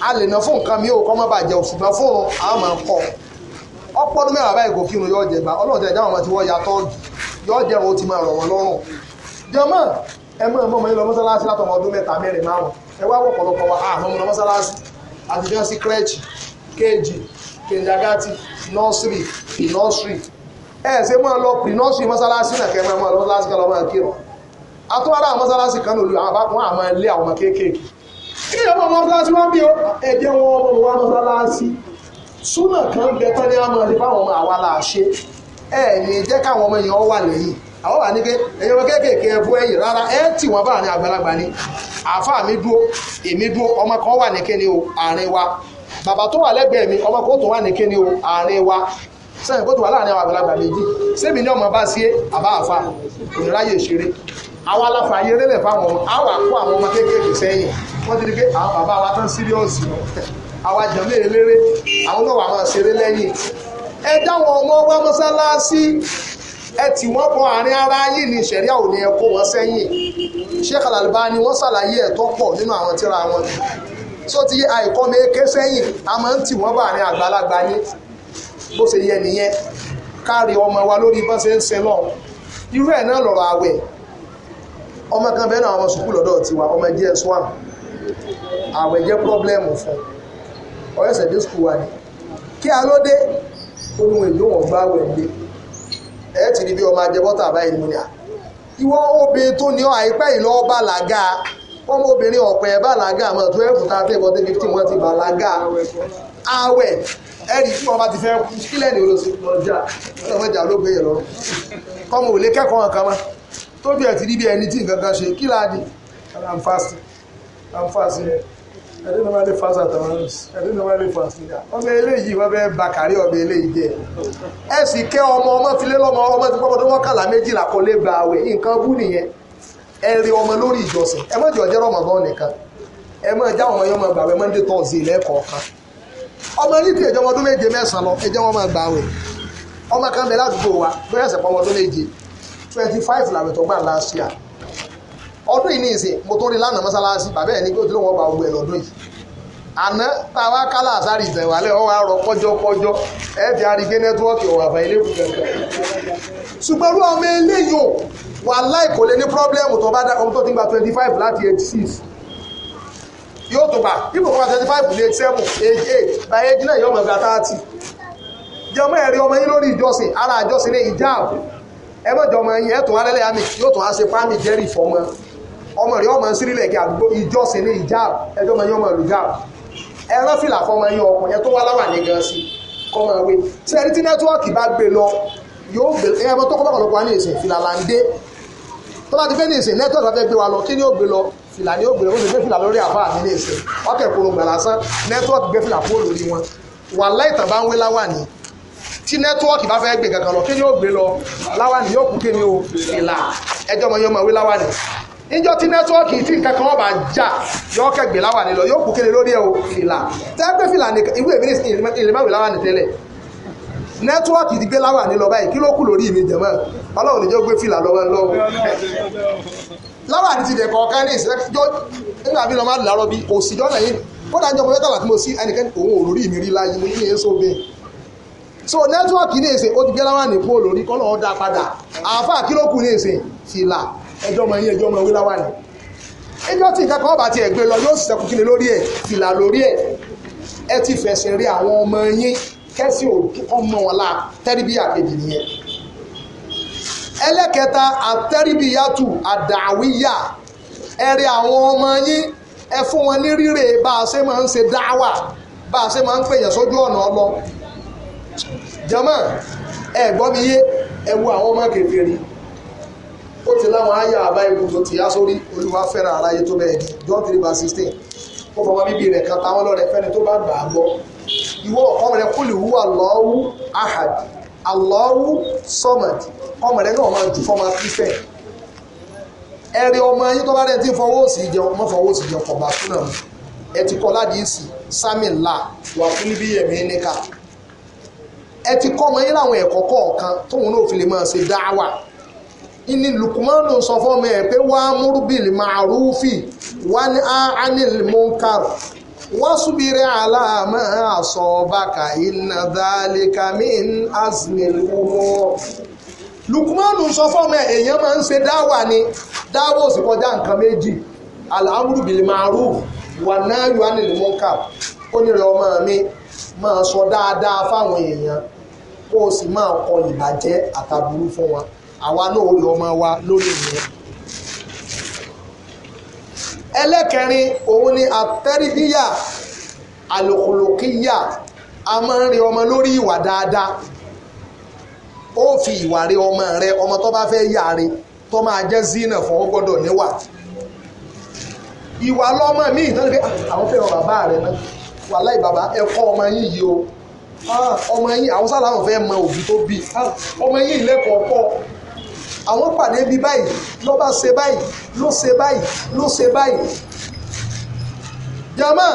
a lè ná fún nǹkan mi ò kọ́ má bàjẹ́ o ṣùgbọ́n fóònù a máa kọ́ ọ̀pọ̀ ọdún mẹ́wàá báyìí gòkè yóò jẹ bá ọlọ́run tẹ̀lé àwọn tí wọ́n ya tọ́ọ̀gì yóò jẹ wọn ó ti máa rọ̀ wọn lọ́rùn jọmọ ẹ mọ ọmọ yín lọ mọ́sálásí látọmọ ọdún mẹ́ta mẹ́rin márùn ẹ wá wọ̀ pọ̀lọpọ̀ wa àwọn ọmọ mọ́sálásí àtijọ́ sí kírẹ́ẹ̀chì kéèjì kìndàgátì nọ́ọ̀sìrì pìnọ́ọ̀sìrì ẹ̀ ṣe máa lọ pìnọ́ọ̀sìrì mọ́sálásí náà kẹ́ máa lọ mọ́sálásí kan lọ́ máa kírun atúwárá àwọn mọ́sálásí kan lòlù àwọn àbá wọn àmọ́ ilé àwọn ọmọ kéékèèké kí ọmọ mọ́sálásí wọn bí ó ẹ̀jẹ̀ wọn ọmọ wọn mọ́sálásí súnà kan bẹ tán ní àmọ́ ilé fáwọn ọmọ àwa là ṣe ẹ̀ ní jẹ́ káwọn ọmọ yẹn wà lẹ́yìn àwọn wà ní pé ẹ̀yẹ wọn kéékèèké ẹ ẹ̀yìn rárá ẹ tì wọ́n bá ní àgbàlagbà ni àáfà mi dúró èmi dúró ọmọ kan wà ní kíni o àárín wa bàbá tó wà lẹ́gbẹ̀ẹ́ mi ọmọ kan tó wà ní kíni o àárín wa sẹ́yìn kó tó wà láàrin àwọn àgbàlagbà méjì sẹ́mi ní ọmọ bá sí àbá àfa òníráyè ṣeré àwọn aláfààyè rẹ̀lẹ̀ fáwọn àwọn àkó àwọn ọmọ kéékèèké sẹ́yìn wọ́n ti di pé àwọn bàbá wa tán síríọ̀sì àwọn àjàmé eléré àwọn náà wà máa ṣeré lẹ́yìn ẹ dáwọn ọmọ ọgbà mọ́sálásí ẹ tì wọ́n bọ àárín ara yìí ní ìṣẹ̀ríà òní ẹ kó wọn sẹ́yìn Sheikh Al-Albani wọ́n ṣàlàyé ẹ̀ tó pọ̀ nínú àwọn tíra wọn tó ti àìkọ́mọ eke sẹ́yìn a máa ń tì wọ́n bá àárín àgbàlagbà ní bó ṣe yẹ nìyẹn káàrí ọmọ wa lórí bọ́n ṣe ń ṣe lọ́hùn irú ẹ̀ náà lọ̀rọ̀ àwẹ̀ ọmọ kan bẹ́ẹ̀ náà àwọn sùkúl lọ́dọ̀ tiwa ọmọ jẹ́ swan àwẹ̀ jẹ́ pọ́blẹ́mù fún ọ̀yẹ́sẹ̀ dé sùkúl wa ni kí a ló dé ó ní wọn èlò wọn gbá wẹ̀ lé ẹ ti rí bí ọmọ ajẹbọ́tà báyìí mú ni à ìwọ obìnrin tó ní ọ àìpẹ́ ìlọ bàlágà ọmọ obìnrin ọ̀pẹ̀ bàlágà mọ̀ tó ẹ̀kú tá a fẹ́ bọ́tẹ́ fifteen wọ́n ti bàlágà àwẹ̀ ẹ̀rí tí wọ́n bá ti fẹ́ kílẹ̀ ní olóṣèlú lọ́jà ọ̀sẹ̀ mọ́jà ló gbé yẹn lọ kọ́mọ òlé kẹ́kọ̀ọ́ kan mọ́ tó ẹ̀ ti rí bí ẹni tí nǹkan kan ṣe kí láàdì i'm fasting i'm fasting i don't normally fast at times i don't normally fast nígbà ọbẹ̀ eléyìí wọ́n bẹ́ẹ̀ ba kárí ọbẹ̀ eléyìí jẹ́ ẹ sì kẹ́ ọmọ ọmọ filé lọ́mọ ọmọ ti pọ́pọ́ tó mọ́kànlá méjìlá kọ́ lé gba àwẹ̀ nǹkan bú nìyẹn ẹ rí ọmọ lórí ìjọsìn ẹ mọ̀jọ̀ jẹ́ rọmọdán nìkan ẹ mọ̀ ẹja ọmọ yẹn mọ̀ gbàwẹ̀ monday thursday lẹ́ẹ̀kọ̀ọ̀kan ọmọ ní ti ẹjọ́ ọmọdún méje mẹ́sàn lọ ẹjọ́ wọn máa gbàwẹ̀ ọmọ kan bẹ ládùúgbò wa bóyá ẹsẹ̀ pọ̀ méje twenty five làwẹ̀ tó gbà last year ọdún yìí ní ìsìn mo tó rí lánàá mọ́sálásí bàbá ẹ̀ ní kí o ti lóun ọba ogun ẹ̀ lọ́dún yìí àná tá a wá kálá àsárì ìtẹ̀wálẹ̀ ọwọ́ àárọ̀ kọjọ́kọjọ́ ẹ fi arigé nẹ́tíwọ́ọ̀kì ọ̀wà àbá ilé ìlú kankan ṣùgbọ́n irú ọmọ eléyìí ò wà láì kò lè ní pírọ́blẹ́mù tó bá dá ọmọ tó ti gba twenty five láti eighty six yóò tó gbà bí mo twenty five lé seven eight eight by eight náà yóò mọ̀ gba thirty jẹ́mọ́ ẹ̀rí ọmọ yín lórí ìjọsìn ara ìjọsìn ní ìjáàbù ẹ mọ̀jọ ọmọ yẹn ẹ̀tún alẹ́lẹ́ àmì yóò tún á ṣe pàmì jẹ́rì fọmọ ọmọ rẹ̀ ọmọ sírílẹ̀ kí àdúgbò ìjọsìn ní ìjáàbù ẹjọ́ ọmọ yẹn ọmọ lùjáàbù ẹran fìlà fọmọ yẹn ọmọ yẹn tó wá láwà ní gan sí kọmọ wé ṣe ẹni tí nẹ́tíwọ́ọ̀kì bá gbé lọ yóò gbé ẹyẹ mọ́ tọ́kọ́ bọ́kọ̀lọ́kọ́ wá ní ìsìn fìlà là ń dé tó bá ti fẹ́ ní ìsìn nẹ́tíwọ́ọ̀kì bá fẹ́ gbé wa lọ kí ni ó gbé lọ fìlà ni ó gbé lọ ó sì gbé fìlà lórí àbá mi ní ìsìn ọkẹ́ kòrògbà lásán nẹ́tíwọ́ọ̀kì tí nẹ́tíwọ́ọ̀kì bá fẹ́ gbé kankan lọ kí ni yóò gbé lọ láwàní yóò kú kí ni o fìlà ẹjọ́ ọmọ yóò máa wí láwàní níjọ́ tí nẹ́tíwọ́ọ̀kì tí nǹkan kan wọ́n bá jà yóò kẹ́gbé láwàní lọ yóò kú kí ni lórí ẹ̀ o fìlà tẹ́gbẹ́ fìlà nìkan ìwé mi ní ìlẹ́mọ̀wé láwàní tẹ́lẹ̀ nẹ́tíwọ́ọ̀kì ti gbé láwàní lọ báyìí kí ló kù lórí mi jẹ̀mọ́ ọlọ́run níjọ́ gbé fìlà lọ́wọ́ lọ́wọ́ láwàní ti dẹ̀ kọ̀ọ̀kan ní kódà ń jọ mọ́ mẹ́tàlá tí mo sí ẹnìkan òun ò lórí mi láyé mo yí ẹ̀ sóbin so nẹ́tíwọ̀kì ní èsè ó ti gbé láwọn àníkó lórí kọ́ lọ́wọ́ dá padà àáfà kí ló kù ní èsè fìlà ẹjọ́ ọmọ yín ẹjọ́ ọmọ wí láwọn àní ẹjọ́ tí nǹkan kan ọba ti ẹ̀gbẹ́ lọ yóò ṣẹ́kù kí ni lórí ẹ̀ fìlà lórí ẹ̀ ẹ ti fẹ̀sìn rí àwọn ọmọ yín kẹ́sì ọmọ wọn la tẹ́ríbíyà kejì nìyẹn ẹlẹ́kẹta àtẹ́ríbíyàtù àdàwíyà ẹ̀rí àwọn ọmọ yín ẹ fún wọn ní rírè bá a ṣe máa ń ṣe dáwà bá a ṣe máa ń pèyàn sójú ọ̀nà ọlọ́ jama ẹ gbọ́ mi yé ẹ wo àwọn ọmọ kékeré ó ti láwọn àyà àbá ikú tó ti yá sórí olúwa fẹ́ràn aráyé tó bẹ́ẹ̀ di John three verse sixteen ó fọwọ́ bíbí rẹ̀ kan táwọn lọ́rẹ̀ fẹ́ni tó bá gbà á gbọ́ ìwọ ọmọ rẹ kúlì wú Allahu ahad Allahu samad ọmọ rẹ náà máa ju fọmọ kírísẹ̀ ẹ̀rí ọmọ yín tó bá rẹ̀ ti fọwọ́ òsì jẹun mọ́ fọwọ́ òsì jẹun kọ̀ọ̀bà fún náà ẹ̀ ti kọ́ ládìí sami ńlá wà fún níbí yẹ̀mí ẹ ti kọ́ ọmọ yín láwọn ẹ̀kọ́ kọ̀ọ̀kan tóun náà fi lè máa ṣe dáwà ìní lukumanu sọ fọmọ ẹ pé wà á múrúbìlì màrúfì wà ní ánìl munkar wọ́n súbìrì aláàmọ́ àsọ̀ọ́bàkà iná dálíkà min aznil umur lukumanu sọ fọmọ ẹ èèyàn máa ń ṣe dáwà ni dáwà òsì kọjá nǹkan méjì màrúfì wà náà máa sọ dáadáa fáwọn èèyàn kó o sì máa kọ ìbàjẹ́ àtàbùrú fún wa àwa náà ó lọ máa wá lórí ìyẹn. ẹlẹ́kẹrin òun ni àtẹ́rìbíyà àlòkòlòkíyà a máa ń rí ọmọ lórí ìwà dáadáa ó fi ìwà rí ọmọ rẹ ọmọ tó bá fẹ́ yà rí tó máa jẹ́ zina fún gbọ́dọ̀ níwà ìwà lọ́mọ míì tó ń gbé ah, àwọn fẹ́ràn bàbá rẹ náà wàláì bàbá ẹ kọ́ ọmọ yín yìí o ah, ọmọ yín àwọn sálámù fẹ́ mọ òbí tó bí ah, ọmọ yín lẹ́kọ̀ọ́ pọ̀ àwọn pàdé bí báyìí ló bá ṣe báyìí ló ṣe báyìí ló ṣe báyìí jama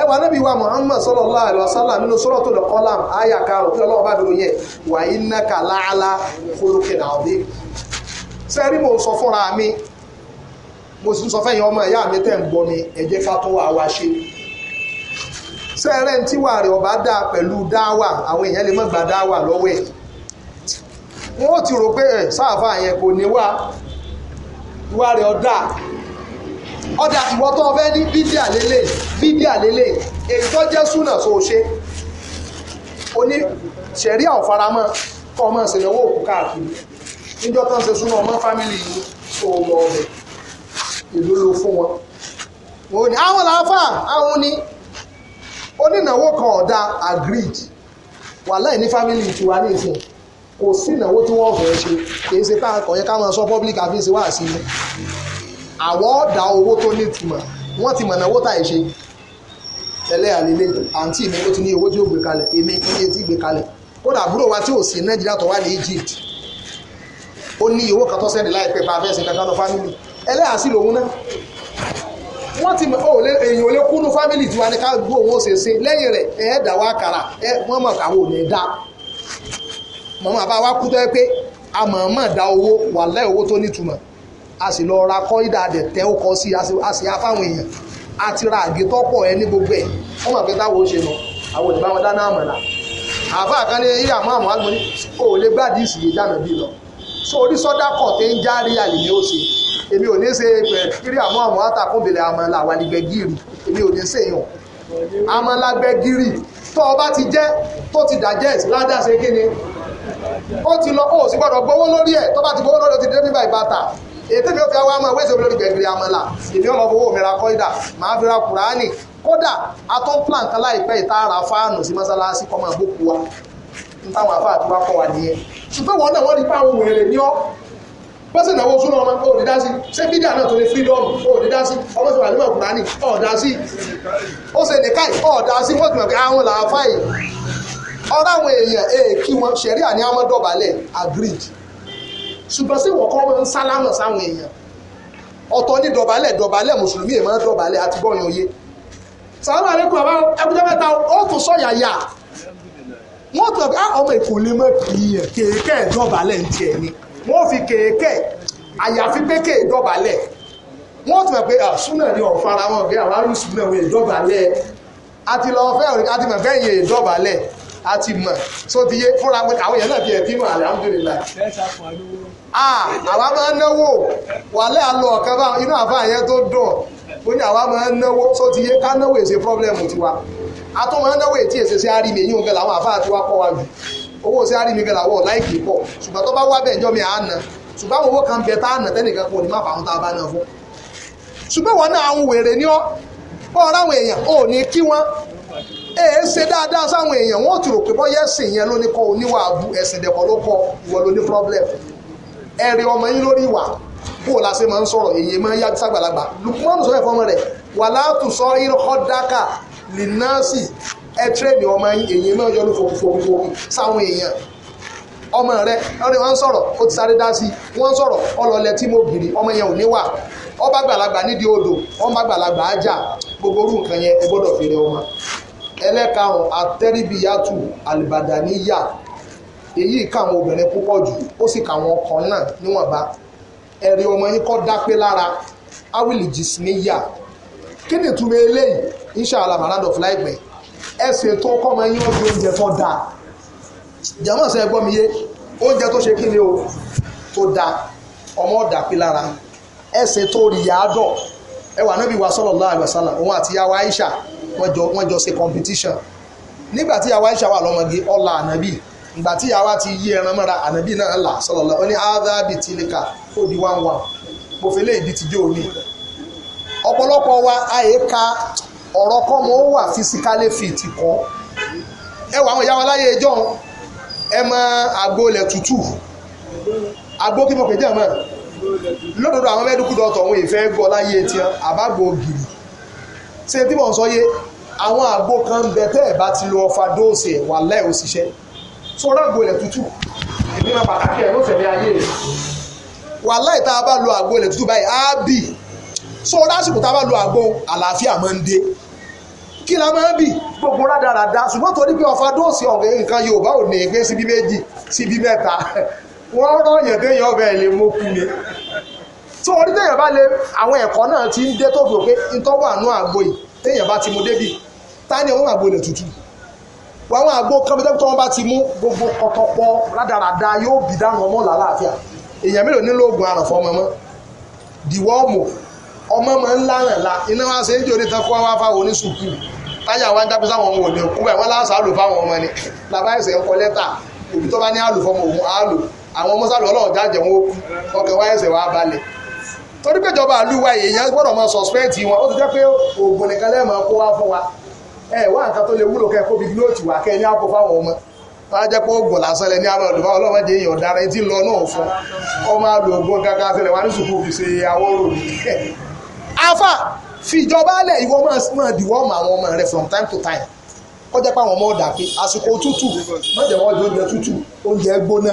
ẹ wà níbi wa muhammad sallallahu alaihi wasallam nínú suratul qalam àyà karùn-ún kí ọlọ́wọ́ bá dúró yẹn wa innaka la'ala khuluqin adhim sẹ́rí mo sọ fúnra mi mo sì ń sọ fẹ́yìn ọmọ ìyá mi tẹ̀ ń gbọ́ mi ẹ jẹ́ ká tó àwa ṣe sẹ́rẹ̀ ń tíwà rẹ̀ ọba dá pẹ̀lú dáwà àwọn èèyàn lè má gba dáwà lọ́wọ́ ẹ̀ wọ́n ti rò pé ẹ̀ eh, sáàfà yẹn kò ní wá ìwà rẹ̀ ọ̀dà ọ̀dà ìwọ́ tó ọbẹ̀ ní fídíà lélẹ̀ fídíà lélẹ̀ èyí tó jẹ́ súnà tó ṣe oní ṣẹ̀rí àwòfaramọ́ kọ́ ọmọ ìṣẹ̀lẹ̀wò òkú káàkiri níjọ́ tó ń ṣe súnà ọmọ fámìlì yìí tó lọ ọbẹ̀ èló ló fún wọn. àwọn làáfà àwọn ni onínáwó kan ọ̀dà agreed wàhálà ní fámìlì tiwa ní ìsìn kò sí ìnáwó tí wọ́n fẹ́ ṣe kìí ṣe káàkọ̀ yẹ káwọn sọ public àfihàn ṣe wá sí i àwọn ọ̀dà owó tó nítumọ̀ wọ́n ti mọ̀nà owó tá ì ṣe tẹ́lẹ̀ àlélẹ́ àǹtí mi ó ti ní owó tí ó gbé kalẹ̀ èmi iye tí gbé kalẹ̀ kódà àbúrò wa tí ò sí nàìjíríà tó wà ní Egypt ó ní owó kan tó sẹ́ni láìpẹ́ bá a fẹ́ ṣe kankan lọ fámìlì ẹlẹ́yà sí lòun náà wọ́n ti mọ̀ ọ́ èyàn ò lè kúnnú fámìlì tiwa ni ká gbó òun ó ṣe ṣe lẹ́yìn rẹ̀ ẹ̀ dà wá kàrà ẹ̀ wọ́n mọ̀ káwọn ní dá mọ̀mọ́ àbá wa kú tó yẹ pé a mọ̀ọ́mọ̀ dá owó wàlẹ́ owó tó nítumọ̀ a sì lọ ra kọ́ ìdá dẹ̀ tẹ́ ó kọ́ sí a sì afáwọn èèyàn a ti ra àgé tọ́pọ̀ ẹ ní gbogbo ẹ̀ wọ́n mọ̀ pé táwọn ó ṣe lọ àwọn ìbá wọn dáná àmọ̀là àbá kan ní ilé àmọ́ àmọ́ àgbọ̀n ní o ò lè gbádìí ìsìyè jáde bí lọ so orí sọ́dá kọ̀ tẹ́ ń járe àlè ni ó ṣe èmi ò ní ṣe fírí àmọ́ àmọ́ àtàkùnbẹ̀lẹ̀ àmọ́lá àwàlígbẹ̀gìrì èmi ò ní ṣe yàn àmọ́lágbẹ̀gìrì tó o bá ti jẹ́ tó ti digest ládàṣe kí ni ó ti lọ ó sì gbọ́dọ̀ gbowó lórí ẹ̀ tó bá ti gbowó lórí ó ti dé nígbà ìbátà ètò mi ò fi àwọn ọmọ ìwé ìṣòwò lórí gbẹ̀gìrì àmọ́lá èmi ọmọ fowó mi ra kọ́ídà màá fi ra kùránì kódà atọ́plan kan láìpẹ́ ìtaara fáànù sí mọ́sálásí kọ́mọ ìgbókùú wa ní táwọn àfáà ti wá kọ́ wa nìyẹn ṣùgbọ́n wọn náà wọ́n rí pé àwọn òmìnira ni ọ́ pẹ́sẹ̀ ìnáwó súnà ọmọ ò ní dá sí ṣé bídà náà tó ní freedom ò ní dá sí ọmọ ìfọwọ́ àdúgbò kùránì ò dá sí ó ṣe nìkáì ò dá sí wọ́n ti mọ̀ pé àwọn làáfà yìí ọ̀rọ̀ àwọn èèyàn èèkì wọn ṣẹ̀rí àní amọ́dọ̀bálẹ̀ agreed ṣùgbọ́n sí wọ́n kọ́ wọn ń sálámọ̀ sáwọn èèyàn ọ̀tọ̀ ní dọ̀bálẹ̀ dọ̀bálẹ̀ mùsùlùmí èèmọ̀ dọ̀bálẹ̀ àti bọ́ọ̀yàn oyé sàlámù àlékún àbá ẹkújẹ́ mẹ́ta ó tún sọ̀yà yà wọ́n tọ̀ bí ah, ọmọ ìkòlè mọ́ kì í yẹ kéèké dọ̀bálẹ̀ ń tiẹ̀ ni wọ́n fi kéèké àyàfi pé kéè dọ̀bálẹ̀ wọ́n tún mọ̀ pé súnà ni ọ̀fara wọn bí àwọn arúgbó súnà wọn ìdọ̀bálẹ̀ àti lọ́wọ́ fẹ́ òrìkà àti mọ̀ fẹ́ yẹn ìdọ̀bálẹ̀ àti mọ̀ tó ti yé fúnra wọn àwọn yẹn náà fi ẹ̀ bímọ alhamdulillah àwa máa ń náwó wàlẹ́ àlọ́ ọ̀kan bá inú àbá yẹn tó dùn ó ní àwa máa ń náwó tó ti yé ká náwó èsè pọ́blẹ́mù tiwa àtọ́ náwó ètí èsè sí àrími èyí òǹkẹ́ làwọn àbá àtiwá pọ̀ wá owó sí àrí mi gẹ̀rẹ̀ àwọ̀ láìkì pọ̀ ṣùgbọ́n tó bá wá bẹ̀ ǹjọ́ mi àánà ṣùgbọ́n àwọn owó kan bẹ tá àánà tẹ́nìkan kò ní má fà àwọn tá a bá náà fún. ṣùgbọ́n wọn náà àwọn wèrè ni ọ́ bọ́ ọ̀rọ̀ àwọn èèyàn ò ní kí wọ́n ẹ ẹ ṣe dáadáa sáwọn èèyàn wọn ò tìrò pé bọ́yá ẹ̀sìn yẹn ló kọ́ oníwà abu ẹ̀sìn dẹ̀kọ́ ló kọ́ ìwọ ló ní problem ẹ̀rí ọmọ yín lórí ìwà bó o la ṣe máa ń sọ̀rọ̀ èyí máa ń yá sàgbàlagbà lùkùmọ́nù sọ ẹ̀fọ́ ọmọ rẹ̀ wàhálà tù sọ irọ́ dáká lìnàṣì ẹ tírẹ̀nì ọmọ yín èyí náà yọ ní fòkùfòkùfòkù sáwọn èèyàn ọmọ rẹ ọ̀rẹ́ wọn sọ̀rọ̀ ó ti sáré dá sí i wọn sọ̀rọ̀ ọlọlẹ tí mo gìrì ọmọ yẹn ò ní wà ọba gbàlagbà nídìí odò wọn bá gbàlagbà ájà gbogbo orú nǹkan yẹn ẹ gbọ́dọ̀ fèrè ọmọ ẹlẹ́karùn atẹ́ríbíyàtù àlìbàdàníyà èyí káwọn obìnrin púpọ̀ jù ó sì káwọn ọkọ náà níwọ̀nba ẹ̀rí ọmọ yín kọ́ dápé lára awìlì jìsìníyà kí ni ìtumọ̀ eléyìí insha Allah round of life Ese ṣètò kọ́mọ yín ó di oúnjẹ tó dáa jàmọ́ sẹ́ gbọ́ mi yé oúnjẹ tó ṣe kí o tó dáa ọmọ Ese t'o lára ẹ ṣètò wa sallallahu òun àti Aisha wọ́n jọ ṣe competition nígbà tí Aisha wà lọ́mọge ọ̀la ànábì ìgbà tí yàwó ti yí ẹran mọ́ra ànábì náà là ní ó di ọ̀rọ̀ kọ́ mo wà fisikálé fìtì kọ́ ẹ wà àwọn ìyá wa láyé ẹjọ́ ẹ mọ àgbo ilẹ̀ tútù àgbo kí mo pè jẹ́ mọ́ lódodo àwọn mẹ́dúkú dọ́tọ̀ òun ìfẹ́ gbọ́ láyé etí àbágbo gìrì ṣé tí mò sọ yé àwọn àgbo kan bẹ tẹ́ ẹ̀ bá ti lo ọfà dóòsì ẹ̀ wà láì òṣìṣẹ́ sọ́dọ̀ àgbo ilẹ̀ tútù èmi máa pàtàkì ẹ̀ lọ́sẹ̀ ní ayé rẹ̀ wà láì tá a bá lo àgbo ilẹ̀ tútù báyìí á bì so lásìkò tá a bá lo àgbo àlàáfíà máa ń dé kí la máa ń bì gbogbo rádaràda ṣùgbọ́n torí pé ọ̀fà dóòsì ọ̀gẹ̀ nǹkan Yorùbá ò ní í pé síbí méjì síbí mẹ́ta wọ́n rọ̀yàn téèyàn ọbẹ̀ lè mú kú ni so orí téèyàn bá lè àwọn ẹ̀kọ́ náà ti ń dé tó fi pé ntọ́wọ́ àánú àgbo yìí téèyàn bá ti mú débì tá ní àwọn àgbo ilẹ̀ tútù àwọn àgbo kọ́mítẹ́ tó wọ́n bá ti mú gbogbo ọ̀tọ̀pọ̀ rádaràda yóò bì dáhùn ọmọ làlàáfíà èèyàn mélòó nílò oògùn àràfọ́ ọmọ mọ́ dìwọ́ ọ̀mọ̀ ọmọ mọ ńlá rẹ̀ la iná wá ṣe é jòdì tán fún wa fáwọn oníṣùkú táyà wá ń dábí sáwọn ọmọ òní òkú báyìí wọ́n láǹsà fáwọn ọmọ ni làbá ẹ̀sẹ̀ ń kọ òbí tó bá ní àlò fọmọ òun àlò àwọn ọmọ sálò ọlọ́run jáde wọn ó kú wá wá torí èèyàn mọ wọn ó ti wa ẹ wá nǹkan tó lè wúlò wá ní àpò fáwọn ọmọ wọ́n á jẹ́ pé oògùn lásán lẹ ní àwọn jẹ́ èèyàn ọ̀daràn afa fìjọba alẹ̀ ìwọ máa dìwọ́ ọmọ àwọn ọmọ rẹ from time to time kọjá pé àwọn ọmọ ọ̀dà pé àsìkò tútù mọ̀jẹ̀ wọ́n jẹ oúnjẹ tútù oúnjẹ gbóná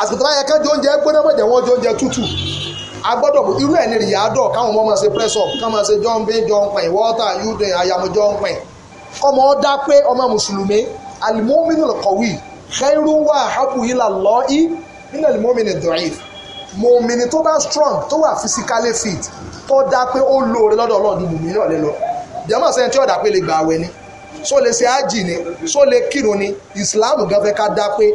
àsìkò tó bá yẹ kánjẹ oúnjẹ gbóná mọ̀jẹ̀ wọ́n jẹ oúnjẹ tútù agbọ́dọ̀ bò irú ẹ̀ ní rìyádọ̀ káwọn ọmọ máa ṣe press up káwọn máa ṣe jumping jumping water yudin ayamu jumping kọ́mọ ọ̀dà pé ọmọ mùsùlùmí alimominu kọ̀wé khairu wa habu ila Allahi nínú alimominu dọ̀yìí mòmìnì tó bá strong tó wà physically fit tó dá pé ó lóore lọ́dọ̀ ọlọ́run ju mòmìnì náà lé lọ jẹ́mọ̀ sẹ́yìn tí ọ̀dà pé lè gbà àwẹ̀ ni só lè ṣe ájì ni só lè kírun ni ìsìláàmù gan fẹ́ ká dá pé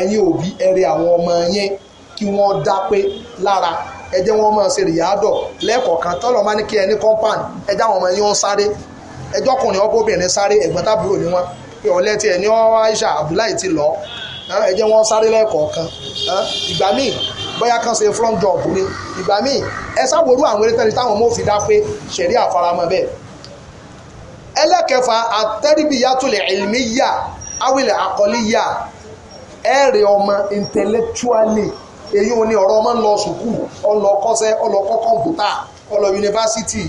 ẹ̀yin òbí ẹ̀rẹ̀ àwọn ọmọ yẹn kí wọ́n dá pé lára ẹ jẹ́ wọn máa ṣe rìyádọ̀ lẹ́ẹ̀kọ̀ọ̀kan tọ́lọ̀ máa ní kí ẹni compound ẹ já wọn máa yín wọn sáré ẹjọ́ ọkùnrin ọgbọ́bìnrin sáré ẹ̀gbọ́n tábúrò ni wọn pé ọ̀lẹ́ tiẹ̀ ní ọ́ Aisha Abdullahi ti lọ ẹ wọn sáré lẹ́ẹ̀kọ̀ọ̀kan ìgbà míì bóyá kan ṣe front job ni ìgbà míì ẹ sáwòrú àwọn eré tẹ́lẹ̀ táwọn ọmọ òfin dá pé ṣẹ̀rí àfaramọ́ bẹ́ẹ̀ ẹlẹ́kẹfà àtẹ́rìbíyàtúlẹ̀ ẹ̀lmíyà awilẹ̀ àkọlíyà ẹ̀rẹ̀ ọmọ intellectually èyí ò ní ọ̀rọ̀ ọmọ ń lọ sùkúù ọlọ kọ́sẹ́ ọlọ kọ́ kọ́mpútà ọlọ yunifásitì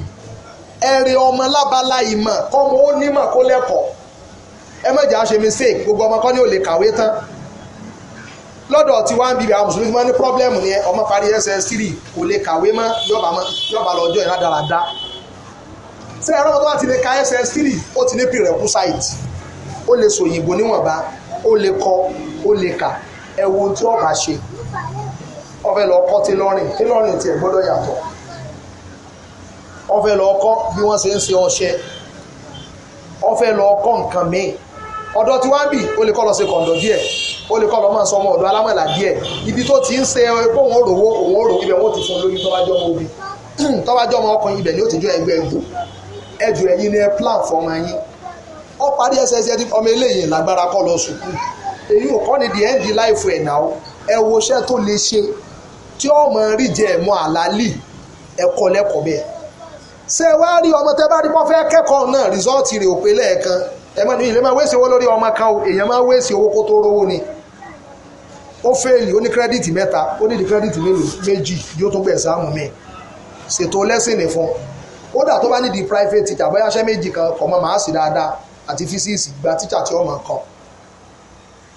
ẹ̀rẹ̀ ọmọ lábala ìmọ̀ kọ́mọ ó nímọ̀ kó lẹ́kọ̀ọ́ ẹ má jẹ́ àṣẹ mistake gbogbo ọmọ kọ́ ni ò lè kàwé tán lọ́dọ̀ tí wọ́n á bíbí àwọn mùsùlùmí máa ní pọ́blẹ́mù ni ọmọ parí ss3 kò lè kàwé mọ́ yọ̀bà lọ́jọ́ ìlà dáradá ṣé ẹ̀rọ tó bá ti lè ka ss3 ó ti ní prerequisite ó lè sọ òyìnbó níwọ̀nba ó lè kọ ó lè kà ẹ wo tí wọ́n bá ṣe ọfẹ́ lọ kọ́ tailoring tailoring tiẹ̀ gbọ́dọ̀ yàtọ̀ ọfẹ́ lọ kọ́ bí wọ́n ṣe ń ṣe ọṣẹ ọfẹ́ lọ kọ́ nǹkan míì ọ̀dọ̀ tí wọ́n á bì ó lè kọ́ lọ ṣe kọ̀ǹdọ̀ díẹ̀ ó lè kọ́ lọ́ máa sọ ọmọ ọ̀dọ́ alámọ̀là díẹ̀ ibi tó ti ń ṣe pé òun ò rówó òun ò rówó ibẹ̀ wọ́n ti fún un lóyún tọ́wájọ́ ọmọ obì tọ́wájọ́ ọmọ ọkùnrin ibẹ̀ ni ó ti jọ ẹgbẹ́ ẹgbò ẹjù ẹ̀yin ni ẹ plan fún ọmọ yín ọ parí ẹsẹ ẹsẹ tí ọmọ eléyìí lágbára kọ́ lọ sùkúù èyí ò kọ́ ni the end life ẹ̀ náà ẹ wo iṣẹ́ tó lè ṣe tí ọmọ rí jẹ ẹ̀mọ àlálì ẹ̀kọ́ lẹ́kọ̀ọ́ bẹ́ẹ̀ ṣé ẹ wá rí ọmọ tẹ bá rí bọ́ fẹ́ kẹ́kọ̀ọ́ náà rìsọ́ọ̀tì rè òpè lẹ́ẹ̀kan ẹ mọ̀ ní ilé máa wéṣe owó lórí ọmọ kan èèyàn máa wéṣe owó kó tó rówó ni ó fẹ́ẹ̀lì ó ní kírẹ́dìtì mẹ́ta ó ní di kírẹ́dìtì mélòó méjì yóò tún gbé ẹ̀sáàmù mi ṣètò lẹ́sìn fún ó dà tó bá ní di private teacher bóyá ṣẹ́ méjì kan kọ́ mọ́ màá sì dáadáa àti físíìsì gba teacher tí ọmọ kan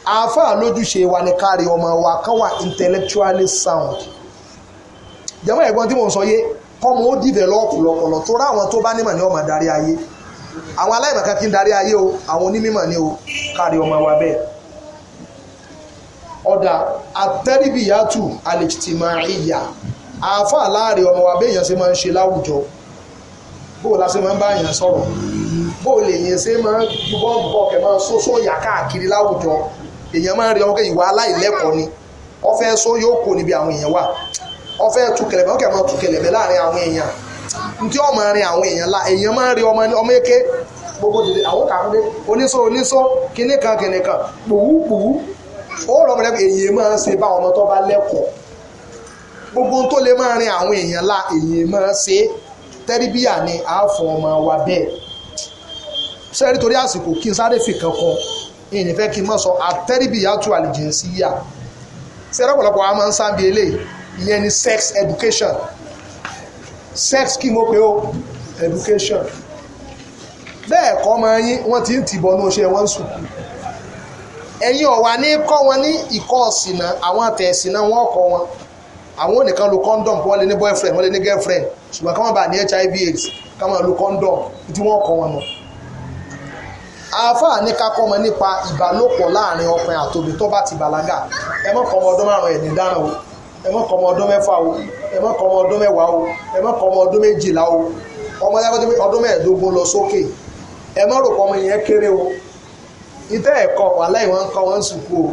àáfàá lójúṣe wa ní kárí ọmọ wa kan wà intellectually sound jẹ́mọ́ ẹ̀gbọ́n tí mò ń sọ yé kọ́mọ ó dìvẹ́lọ́pù lọ́pọ̀lọ́ tó rá àwọn tó bá nímọ̀ ní ọmọ darí ayé àwọn aláìmọ̀kan kí ń darí ayé o àwọn onímọ̀ ni o kárí ọmọ wa bẹ́ẹ̀ ọ̀dà àtẹ́rìbìyàtù àlèjìtìmáìyà àáfàá láàrin ọmọ wa béèyàn ṣe máa ń ṣe láwùjọ bóò la ṣe máa ń bá èèyàn sọ̀rọ̀ bóò lè yẹn ṣe máa ń ju bọ́ọ̀bù bọ́ọ̀kẹ́ máa sóso yà káàkiri láwùjọ èèyàn máa ń rí ọmọ kẹ́ ìwà aláìlẹ́kọ̀ọ́ ni ọfẹ́ só yóò kó níbi àwọn èèyàn wà ọfẹ́ tu kẹlẹ̀bẹ̀ ọkẹ́ máa tu kẹlẹ̀bẹ̀ láàrin àwọn èèyàn ntí ọmọ rin àwọn èèyàn la èèyàn máa ń rí ọmọ ọmọ eke gbogbo dìde àwọn kàkúndé oníṣó oníṣó kíníkan kíníkan pòwú pòwú ó rọ̀mọ̀ lẹ́kọ̀ọ́ èyí máa ń ṣe báwọn ọmọ tó bá lẹ́kọ̀ọ́ gbogbo tó lè máa rin àwọn èèyàn la èyí máa ṣe tẹ́ríbíyà ni àáfọ̀ ọmọ wa bẹ́ẹ̀ sẹ́rí torí àsìkò kí n sáré fi kankan ìyìn fẹ́ kí n mọ̀ sọ àtẹ́ríbíyà tu àlìjẹ̀nsíyà sẹ́rí ọ̀pọ̀lọpọ̀ wa máa ń sáńbi eléyìí ìyẹn ni sex education sex kí mo pe o education bẹ́ẹ̀ kọ́ máa yín wọ́n ti ń tìbọnú ṣe wọ́n ń sùkúù ẹ̀yin ọ̀wà ní kọ́ wọn ní ìkọ́ ọ̀sìnà àwọn àtẹ̀ ẹ̀sìnà wọn kọ́ wọn àwọn onìkan lo condom wọn lè ní boyfriend wọn lè ní girlfriend ṣùgbọ́n káwọn bá ní hiv aids káwọn lo condom tí wọ́n kọ́ wọn nù. àáfàá ní ká kọ́ ọmọ nípa ìbálòpọ̀ láàrin ọkùnrin àtòbí tó bá ti bàlágà ẹ mọ́ kọ́ ọmọ ọdún márùn-ún ẹ̀dín dáná o ẹ mọ́ kọ́ ọmọ ọdún mẹ́fà o ẹ mọ́ kọ́ ọmọ ọdún mẹ́wàá o ẹ mọ́ kọ́ ọmọ ọdún méjìlá o ọmọ ọdún mẹ́ẹ̀ẹ́dógún lọ sókè ẹ mọ́ rò pọ́ ọmọ yẹn kéré o ìtẹ́ ẹ̀kọ́ wàláì wọ́n ń kọ́ wọ́n ń sùkú o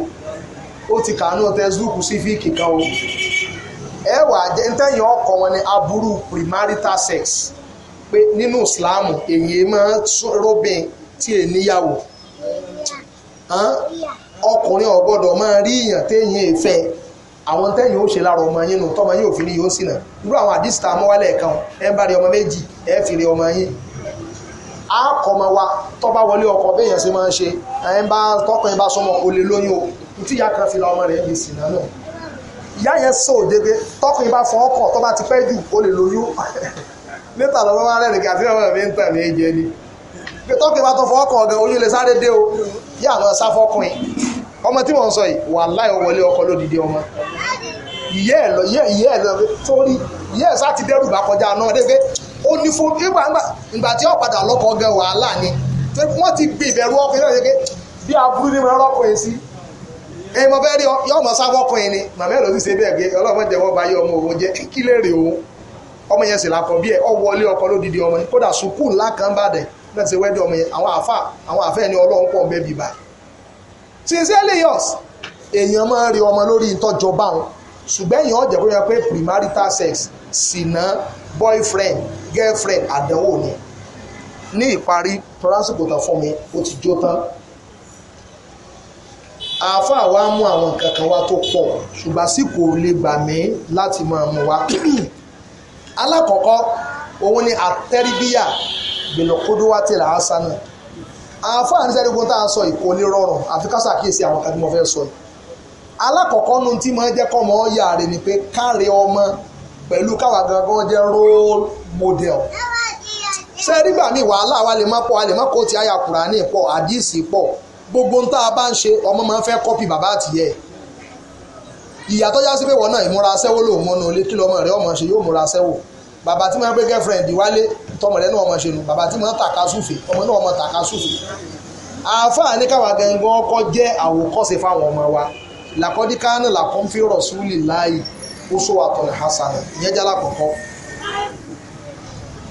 ó ti kàánú textbook civic kan o ẹ wà jẹ́ ntẹ́yìn ọkọ̀ wọn ni aburú primarital sex pé nínú ìsìláàmù èyí máa róbìn tí è níyàwó ọkùnrin ọ̀gbọ́dọ̀ máa rí èèyàn téèyàn èfẹ́ àwọn tẹ́yìn ó ṣe lára ọmọ yín nù tọ́mọ yín òfin ni yóò sì nà irú àwọn àdìsítà amọ́wálẹ̀ kan ẹ ń bá rí ọmọ méjì ẹ fi rí ọmọ yín á kọ́ wa tó bá wọlé ọkọ bẹ́ẹ̀ yẹn ṣe máa ń ṣe ẹ̀yìn bá tọkùnrin bá sọmọ o lè lóyún o tí ìyá kan fi la ọmọ rẹ̀ ń gbèsè náà náà ìyá yẹn sọ òdege tọkùnrin bá fọ ọkọ tó bá ti pẹ́ jù o lè lóyún níta lọ́wọ́ wá rẹ̀ nìkan àti ọmọ mi ń tàn mí jẹ ni tọkùnrin bá tó fọ ọkọ ọ̀gá oyún lè sáré dé o yà lọ sá fọkùnrin ọmọ tí mò ń sọ yìí wàláhì wọlé ọkọ lódìdí ọmọ ìyẹ́ ẹ̀ lọ ìyẹ́ ẹ̀ lọ sórí ìyẹ́ ẹ̀ sá ti dẹ́rù bá kọjá náà dé pé ó ní fún ìgbà tí ó padà lọ́kọ̀ọ́ gan wàhálà ni wọ́n ti gbé ìbẹ̀rù ọkọ̀ yìí náà ṣe pé bí aburú ni mo rọ́kọ̀ yìí sí ẹ mọ fẹ́ rí yọmọ sábọ́kọ̀ yìí ni màmá ẹ̀ ló ti ṣe bẹ́ẹ̀ gbé ọlọ́mọ jẹ́ wọ́n bá yọ ọmọ òun jẹ́ kí lè rè òun ọmọ yẹn sì lakọ bí ẹ ọ wọlé ọkọ lódìdí ọmọ yẹn kódà sùkúù ńlá kan bá dẹ̀ náà ti ṣe wẹ́dẹ̀ ọmọ yẹn àwọn àfà àwọn àfẹ́ ni ọlọ́run pọ̀ bẹ́ẹ̀ bíbá sincerely yours èèyàn máa ń rí ọmọ lórí ìtọ́jọba wọn ṣùgbọ́n èèyàn ọ̀jẹ̀ kó yẹ pé primarital sex sìnà boyfriend girlfriend àdánwò ni ní ìparí tọ́lásìkò tán fún mi ó ti jó tán àáfàá wa mú àwọn nǹkan kan wá tó pọ̀ ṣùgbọ́n sì kò lè gbà mí láti máa mú wa alákọ̀ọ́kọ́ òun ni àtẹ́ríbíyà bìlọ̀kódówátì làásánà àáfàá ní sẹ́dógún tá a sọ yìí kò lè rọrùn àfi ká ṣàkíyèsí àwọn kan tí mo fẹ́ sọ yìí alákọ̀ọ́kọ́ nu tí mo jẹ́ kọ́ ọmọ ọ̀yà rẹ̀ ni pé káre ọmọ pẹ̀lú káwa gangan jẹ́ role model ṣé nígbà míì wàhálà wa lè má pọ̀ a lè má kó ti àyà kùránì pọ̀ àdìsí pọ̀ gbogbo ń tá a bá ń ṣe ọmọ máa ń fẹ́ kọ́pì bàbá àtìyẹ ìyá tó já sí pé wọ́n náà ìmúra sẹ́wó lòun mọ́nà olè kí lọ́mọ rẹ̀ ọmọ ṣe yóò múra sẹ́wó bàbá tí wọ́n gbé girlfriend wálé tọmọ rẹ̀ náà ọmọ ṣe nù bàbá tí wọ́n tàka súfè ọmọ náà ọmọ tàka súfè àáfàá ní káwa gangan ọkọ jẹ́ àwòkọ́ṣe fáwọn ọmọ wa làkọ́díkánù làkọ́ńfì rọ̀ṣúlì láàyè ó sọ àtọ̀nà hasan ìyẹn jálá kọ̀ọ̀kan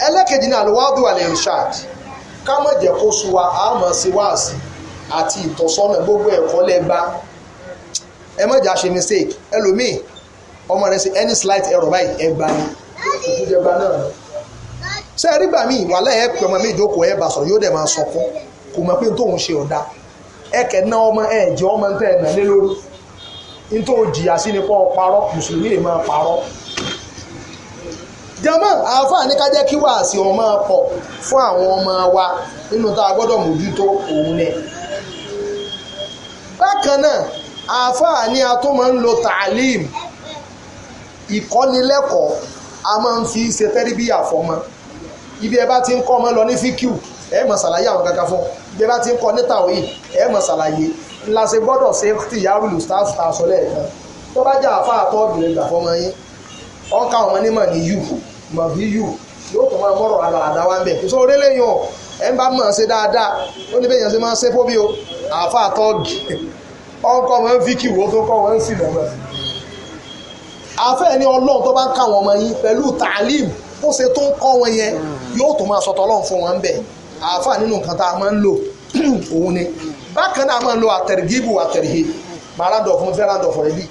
ẹlẹ́kejì ní àlùwádùn àlẹ́rìṣàd ká kó sú wa àmọ́ sí wáàsí àti ìtọ́sọ́nà gbogbo ẹ̀kọ́ lẹ́gbàá ẹ ṣe mistake ẹlòmíì ọmọ rẹ any slight error báyìí ẹ gbà ní náà ṣe rí gbà míì wàhálà ẹ ọmọ mi ìjókòó ẹ bá sọ yóò dẹ̀ máa sọkún kò mọ̀ pé n ṣe ọ̀dà ọmọ ẹ jẹ́ ọmọ ẹ̀ nà lé lórí n tó jìyà sí ni jama àáfàá ní ká jẹ́ kí wàásì ọmọ pọ̀ fún àwọn ọmọ wa nínú tá a gbọ́dọ̀ mójútó òun ni bákan náà àáfàá ní a tó máa ń lo taalim ìkọ́nilẹ́kọ̀ọ́ a máa ń fi ṣe tẹ́rìbíyà fọmọ ibi ẹ bá ti ń kọ́ ọmọ lọ ní fíkìú ẹ mọ̀ ṣàlàyé àwọn kankan fún ibi ẹ bá ti ń kọ́ níta ẹ mọ̀ ṣàlàyé ńlá ṣe gbọ́dọ̀ ṣe tìyàrú lù staff staff sọ lẹ́ẹ̀kan tó bá jẹ́ àáfàá tọ́ọ̀dù rẹ̀ ọ̀n ká àwọn onímọ̀ ní yù mọ̀ bí yù yóò tó máa mọ̀rọ̀ àdàràdà wa ń bẹ̀ kùsọ́ orí lẹ́yìn ọ̀ ẹ̀ ń bá mọ̀ ṣe dáadáa ó ní bẹ́ẹ̀ yẹn ṣe máa ń ṣe fóbi o àáfà tọ́ọ̀gì ọ̀n kọ́ wọn fi kìwó tó kọ́ wọn sì lọ́wọ́ àfẹ́ ni ọlọ́run tó bá ń ká wọn ọmọ yín pẹ̀lú tàlím bó ṣe tó ń kọ́ wọn yẹn yóò tó máa sọ̀tọ̀ ọlọ́run fún wọn ń bẹ̀ àáfà nínú nǹkan tá a máa ń lò òun ni bákan náà máa ń lo àtẹ̀rìgíbù àtẹ̀rìhì màá fún fẹ́ fún ẹbí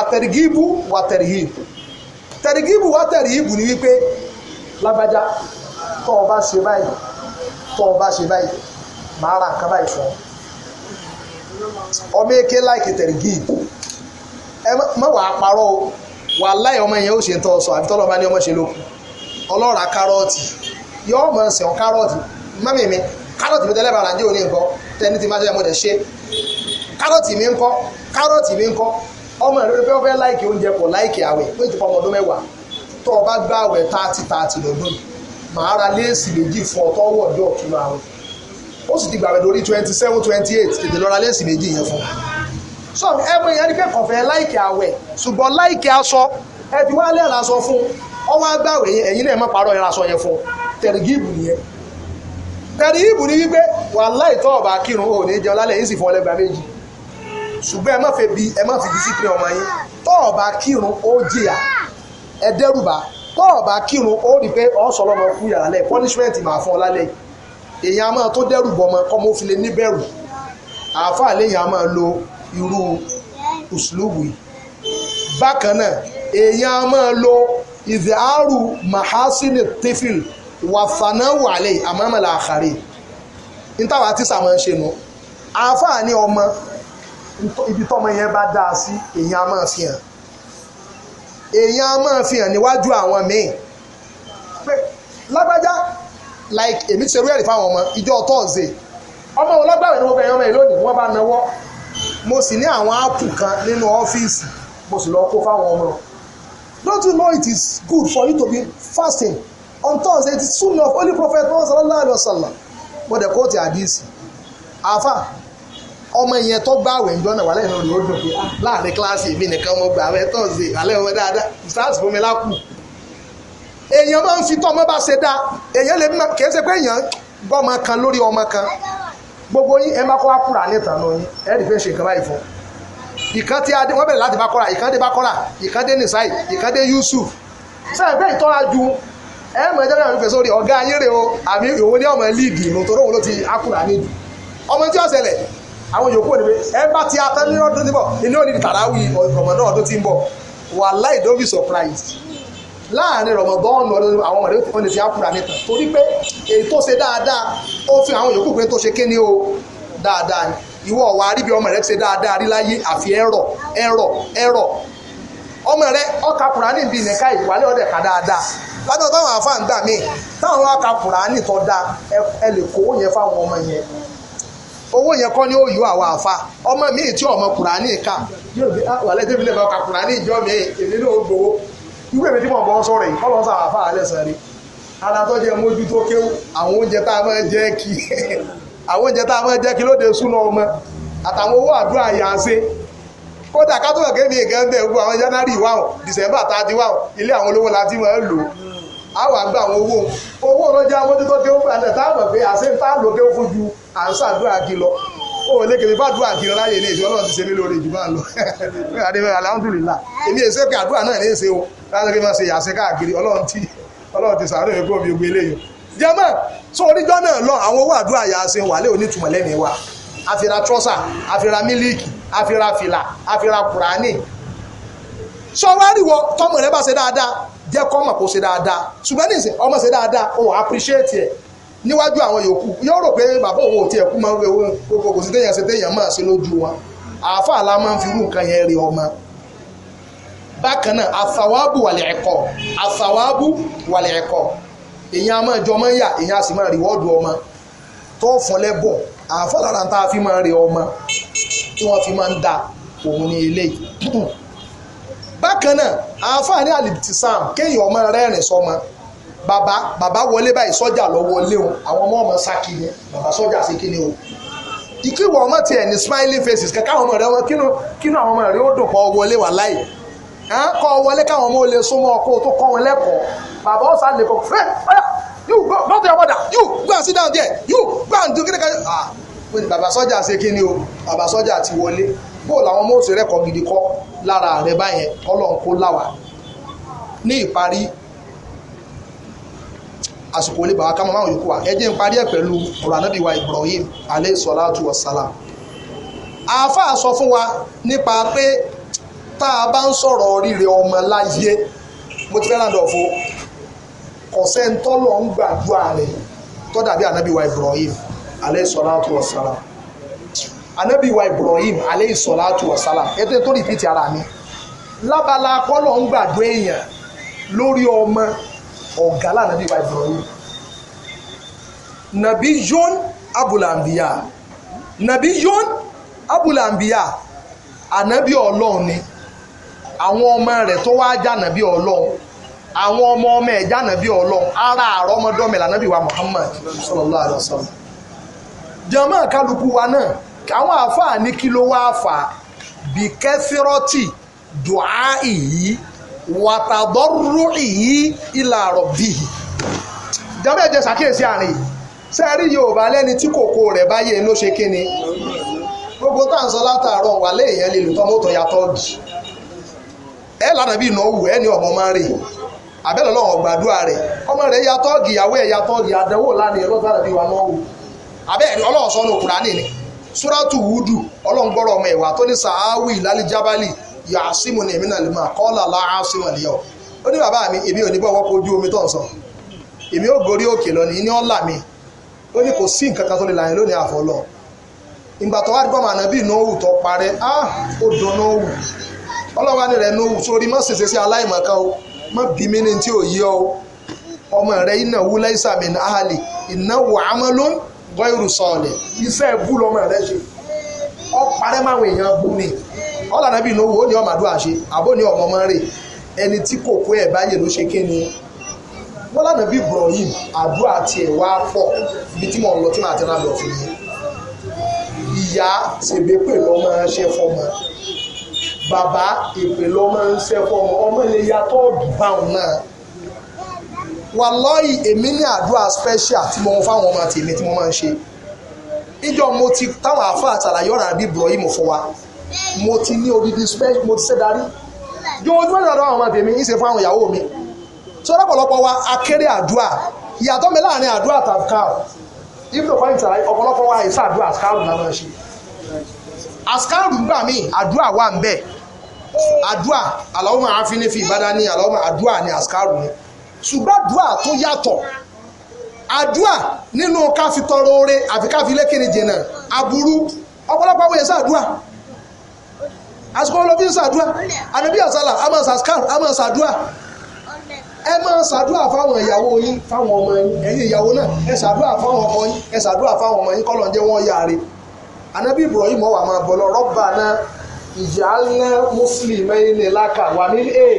àtẹ̀rìgíbù àtẹ̀rìhì tẹ̀rígìbù wá tẹ̀rí ìbù ni wípé lágbájá tọ́ ọ bá ṣe báyìí tọ́ ọ bá ṣe báyìí ra ọ ọmọ eke láìkì tẹ̀rígìbù ẹ má wàá parọ́ o wà láì ọmọ yẹn ó ṣe ń tọ́ sọ àbí ní ọmọ ṣe lókun ọlọ́ra kárọ́ọ̀tì yọ ọmọ kárọ́ọ̀tì mi kárọ́ọ̀tì mi tẹ́lẹ̀ bàrà ń òní nǹkan ṣe mo dẹ̀ ọmọ ìrírí pé ó fẹ́ láìkì oúnjẹ kò láìkì àwẹ̀ pé ti fọmọ ọdún mẹ́wàá tó o bá gbá àwẹ̀ táàtì táàtì lọ́dún màá ra léèsì méjì fún ọ tó wọ̀ ní ọ̀tún àwẹ̀ ó sì ti gbàwẹ̀ lórí twenty seven twenty eight tètè lọ ra léèsì méjì yẹn fún so ẹmọ ìyẹn ni pé kò fẹ́ láìkì àwẹ̀ ṣùgbọ́n láìkì aṣọ ẹ fi wá lẹ́ẹ̀rọ aṣọ fún ọwọ́ agbáwẹ̀ yẹn ẹ̀yin náà má parọ́ ẹ̀rọ aṣọ yẹn fún tẹ̀rìgìbù nìyẹn tẹ̀rìgìbù ni wípé wàhálà ìtọ́ ọ̀bà kírun ò ní jẹun lálẹ́ yìí sì fún ọlẹ́gbàá méjì ṣùgbọ́n ẹ má fẹ́ bi ẹ má fi discipline ọmọ yín tọ́ ọ bá kírun ó jìyà ẹ dẹ́rùbà tọ́ ọ bá kírun ó rí pé ọ̀ sọ lọ́mọ kú yàrá lẹ̀ punishment máa fún ọ lálẹ́ èèyàn máa tó dẹ́rùbọ ọmọ kọ́ mo fi lè níbẹ̀rù àáfàá lèèyàn máa lo irú ùsùlùwù yìí bákan náà èèyàn máa lo ìzẹ̀árù mahasini tifil wàfànáwò àlẹ́ àmọ́mọ́lá àkàrẹ́ nítawà tí sàmọ́ ń ṣe nù àáfàá ní ọmọ ibi tọ́mọ yẹn bá dáa sí èèyàn máa fi hàn èèyàn máa fi hàn níwájú àwọn míì pé lágbájá like èmi ṣerú ẹ̀rí fáwọn ọmọ ìjọ tọ́ọ̀sẹ̀ ọmọ wọn lágbàwẹ̀ ni mo bẹ̀rẹ̀ ọmọ yìí lónìí wọ́n bá náwó mo sì ní àwọn áàpù kan nínú ọ́fíìsì mo sì lọ kó fáwọn ọmọ don't you know it is good for you to be fasting on thursday it is soon of holy prophet muhammad sallallahu alayhi wa sallam the dẹ̀ kóòtù this: àáfà ọmọ yẹn tó bá àwẹ̀ ńjọ́ náà wà lẹ́yìn olùyọ́ dùn pé ah, láàrin kíláàsì mi nìkan mo gbà àwẹ̀ tọ́sí alẹ́ ọmọ dáadáa sars fún mi lákù èèyàn máa ń fi tọ́ ọmọ bá ṣe dáa èèyàn lè kìí ṣe pé èèyàn bọ́mọ kan lórí ọmọ kan gbogbo yín ẹ má kọ́ wá kúrà níta náà yín ẹ rí fẹ́ ṣe nǹkan báyìí fún ìkan tí adé wọ́n bẹ̀rẹ̀ láti bá kọ́ra ìkan dé bá kọ́ra ìkan dé nìsáì ìkan dé Yusuf sẹ́yìn bẹ́ẹ̀ ìtọ́ra ju ẹ mọ̀ ẹ́ dẹ́gbẹ̀rún fẹ́ sórí ọ̀gá o àmì òun ní ọmọ líìdì ìnù torí òun ló ti akúrà nídìí ọmọ àwọn yòókù ò pé ẹ bá a afẹ́ ní ọdún tí ilé òní tàràwì rọ̀mọ̀dọ́ ọdún tí ń bọ̀ wàláì don't be surprised láàrin ọdún àwọn ọ̀rẹ́ ti ápùrà nìkan torí pé èyí tó ṣe dáadáa ó fi o dáadáa ni ìwọ ọmọ rẹ ṣe dáadáa rí láyé àfi ẹrọ. ọmọ rẹ ọkà nìka látọ̀ táwọn owó yẹn kọ́ ni ó yọ àwọn àfa ọmọ mi tí ọmọ kùránì ká yóò bí ah, wàhálà tẹ́bi lè máa ka kùránì ìjọ mi èmi náà ó gbowó irú èmi tí mò ń bọ́ sọ̀rọ̀ yìí kọ́lọ́ sàwọn àfa alẹ́ sàn rí ara tó jẹ mójú tó kéwú àwọn oúnjẹ tá a máa jẹ kí àwọn oúnjẹ tá a máa jẹ kí lóde súná ọmọ àtàwọn owó àdúrà yà á ṣe kódà ká tó kẹ́mi ìgẹ́ńdẹ̀ gbogbo àwọn jánárì wà ó dìsẹ́mbà tá a ti wà ó ilé àwọn olówó la ti máa ń lò ó á wà gba àwọn owó owó ọlọ́jà mójútó kéwù fún àtẹ̀ táwọn pé àṣẹ ń tá lò kéwù fún ju à ń ṣàdúrà kí lọ ó lè kèmí bá dúrà kí lọ láyé ilé ìṣọ́ ọlọ́run ti ṣe mí lórí ìjùmọ̀ lọ adébẹ̀rẹ̀ aláǹdùlélà èmi èsè pé àdúrà náà ní èsè o láti fi máa ṣe yàṣẹ káàkiri ọlọ́run ti ọlọ́run ti sàárẹ̀ mi kúrò mi ògbé eléyìí jẹ́mọ̀ sọ oníjọ́ náà lọ àwọn owó àdúrà yàṣẹ wàlẹ́ onítùmọ̀ lẹ́mìí wa àfira trọ́sà àfira mílíìkì àfira fìlà àfira kùránì sọ wá ríwọ tọmọ rẹ bá ṣe dáadáa jẹ́ kọ́ mọ̀ kó ṣe dáadáa ṣùgbọ́n nísìn ọmọ ṣe dáadáa o appreciate ẹ̀ níwájú àwọn yòókù yóò rò pé bàbá òun ò tiẹ̀ kú máa ń wé owó kò sí téèyàn ṣe téèyàn máa ṣe lójú wọn àáfàá la máa ń fi irú nǹkan yẹn rí ọmọ bákan náà àfàwábù wàlẹ̀ ẹ̀kọ́ àfàwábù wàlẹ̀ ẹ̀kọ́ èyàn a máa jọ máa ń yà èyàn a sì máa rìwọ́ọ̀dù ọmọ tó fún lẹ́bọ̀ àáfàá lára tá a fi máa ń rí ọmọ tí wọ́n fi máa ń da òun ní eléyìí bákan náà àǹfààní alibitisam kéèyàn ọmọ rẹ́rìn sọmọ bàbá bàbá wọlé báyìí sọ́jà lọ wọlé o àwọn ọmọ ọmọ sákìlẹ̀ bàbá sọ́jà sí kíni o ìkíwọ̀ ọmọ tiẹ̀ ní smiling faces kẹ́kẹ́ àwọn ọmọ rẹ wọn kínú kínú àwọn ọmọ rẹ ó dùn kọ́ wọlé wà láì kọ́ wọlé káwọn ọmọ olè súnmọ́ ọkọ tó kọ́ wọn lẹ́kọ̀ọ́ bàbá ọ̀sán lè kọ́ fẹ́ ọ̀yà you go go to your mother you go and sit down there you go and do kíni kan ah bàbá sọ́jà ṣe kíni o bàbá sọ́jà ti wọlé bó làwọn ọmọ òsèré kọ gidi kọ lára rẹ báyẹn ọlọ́run kó láwà ní ìparí àsìkò olè bàbá kámọ́ máwọn yòókù wa ẹ jẹ́ ń parí ẹ̀ pẹ̀lú ọ̀rọ̀ ànábì wa Ibrahim alayhi salatu wassalam àáfàá sọ fún wa nípa pé tá a bá ń sọ̀rọ̀ rírẹ ọmọ láyé mo ti fẹ́ràn dọ̀fo kọ̀sẹ́ńtọ́ lọ ń gbàdúrà rẹ̀ tó dàbí ànábì wa Ibrahim alayhi salatu wassalam anabi wa ibrahim aleyhi sọláàtù salam. ètò tó rìpítì ara mi lábala kọ́lọ̀ ń gbàdó èèyàn lórí ọmọ ọ̀gá lànàbí wa ibrahim nàbí yón abulambiya nàbí yón abulambiya anabi ọlọ́run ni àwọn ọmọ rẹ̀ tó wá já nàbí ọlọ́run àwọn ọmọ ọmọ ẹ̀ já nàbí ọlọ́run ara àrọ́mọdọ́mẹ̀ lànàbí wa muhammad sallallahu alayhi wa sallam jama kálukú wa náà àwọn àáfàá ní kí ló wá fà á bí kẹfìrọ́tì dùá ìyí wàtàdọ́rù ìyí ìlà àròbí yìí. ìjọba ẹ̀jẹ̀ ṣàkíyèsí àárín yìí sẹ́ẹ̀rí yorùbá lẹ́ni tí kòkó rẹ̀ báyé ló ṣe kíni gbogbo tá à ń sọ látàárọ̀ wà lé èèyàn lè lù tọ́ mọ́tò yàtọ̀ jì ẹ lànà bí ìnáwó ẹ ní ọmọ máa rè àbẹ́lẹ̀ lọ́wọ́ gbàdúrà rẹ̀ ọmọ rẹ̀ yàtọ̀ ìyàwó ẹ̀ yàtọ̀ jì lánàá ẹ̀ lọ́sàdàbí wa náà wò àbẹ́ ọlọ́wọ́ sọ́nù kùránì ni suratu hudu ọlọ́ngbọ́rọ̀ ọmọ ìwà tó ní sàáwì lálíjábálì yàásímù ní èmi náà lè máa kọ́là láásímù àlẹ́yọ ó ní bàbá mi èmi ò ní bọ́ wọ́pọ̀ ojú omi tó ń sọ èmi ò gorí òkè lọ ní ọ̀là mi ó ní kò sí nǹkan kan tó lè láyé lónìí àfọlọ́ ìgbà tó wá dùgbọ́ màá nàbí nóòwù tó parẹ́ á ó dùn nóòwù ọlọ́wà ni rẹ̀ nóòwù sórí má ṣèṣe sí aláìmọ̀kan o má bí mi ní tí ò yí ọ ọmọ rẹ̀ ìnáwó láìsàmì náà àhàlì ìnáwó àmọ́ lónìí gọ́ìrù sọ̀ọ̀lẹ̀ iṣẹ́ ẹ̀bú lọ́mọ rẹ̀ ṣe ọ parẹ́ máwọn èèyàn bú ni ọ̀làdà bíi lówó ó ní ọmọ àdúrà ṣe àbó ní ọmọ ọmọ rè ẹni tí kò kó ẹ̀ báyè ló ṣe kí ni wọ́n lànà bíi Ibrahim àdúrà tiẹ̀ wá pọ̀ ibi tí mò ń lọ tí màá ti rán lọ fún yìí ìyá ṣègbépè lọ́mọ ṣẹ́ fọmọ bàbá èpè lọ́mọ ṣẹ́ fọmọ ọmọ ilé yàtọ̀ ọ̀dùn báwọn náà wàlọ́ọ̀yì èmi ní àdúrà special tí mo fáwọn ọmọ tèmi tí mo máa ń ṣe níjọ mo ti táwọn àáfà àtàlàyé ọ̀ràn àbí Ibrahim fún wa mo ti ní odidi special mo ti ṣe darí yóò ojú ọ̀nà àwọn ọmọ tèmi ń ṣe fáwọn ìyàwó mi tí wọ́n lọ́pọ̀lọpọ̀ wa akéré àdúrà ìyàtọ̀ mi láàrin àdúrà tàbíkàrù even though point àlàyé ọ̀pọ̀lọpọ̀ wa ìṣe àdúrà àṣkárù náà máa ṣe àṣkárù gbà mí àdúrà wà ń bẹ̀ àdúrà Allahumma afini fi ìbádá ṣùgbọ́n àdúrà tó yàtọ̀ àdúrà nínú káfi tọrọ oore àfi káfi lékèrè jìnnà aburú ọ̀pọ̀lọpọ̀ àwọn èèyàn ṣàdúrà àsìkò ọlọ́bí ń ṣàdúrà àdàbí àsálà a máa ṣàskar a máa ṣàdúrà ẹ máa ṣàdúrà fáwọn ìyàwó yín fáwọn ọmọ yín ẹ̀yin ìyàwó náà ẹ ṣàdúrà fáwọn ọmọ yín ẹ ṣàdúrà fáwọn ọmọ yín kọ́ lọ́n jẹ́ wọ́n yáre àdàbí Ibrahim ọ̀wà máa bọ̀ lọ rọ́bà náà ìyá ńlá mùsùlùmí ní lákà wà ní èè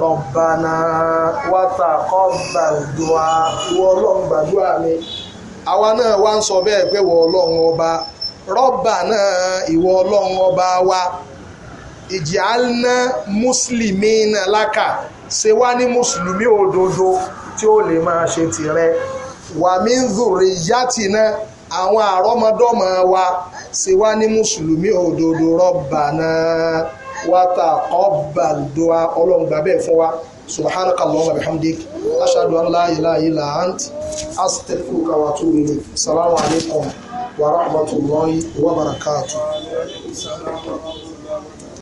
rọ̀bànà wàtà kọ́ńtà dùà ìwọ ọlọ́run gbàdúrà mi àwa náà wá ń sọ bẹ́ẹ̀ pé wọ ọlọ́run ọba rọ̀bànà ìwọ ọlọ́run ọba wa ìjìálná mùsùlùmí náà lákà ṣe wá ní mùsùlùmí òdodo tí ó lè máa ṣe tìrẹ wàmí ń zòrè yátìná àwọn àrọ́mọdọ́mọ wa ṣe wá ní mùsùlùmí òdodo rọ̀bànà. wataqabbal du'a ọlọ́run gbà bẹ́ẹ̀ fún wa subhanaka allahumma bihamdik ashhadu an la ilaha illa ant astaghfiruka wa atubu ilayk assalamu alaikum wa rahmatullahi wa barakatuh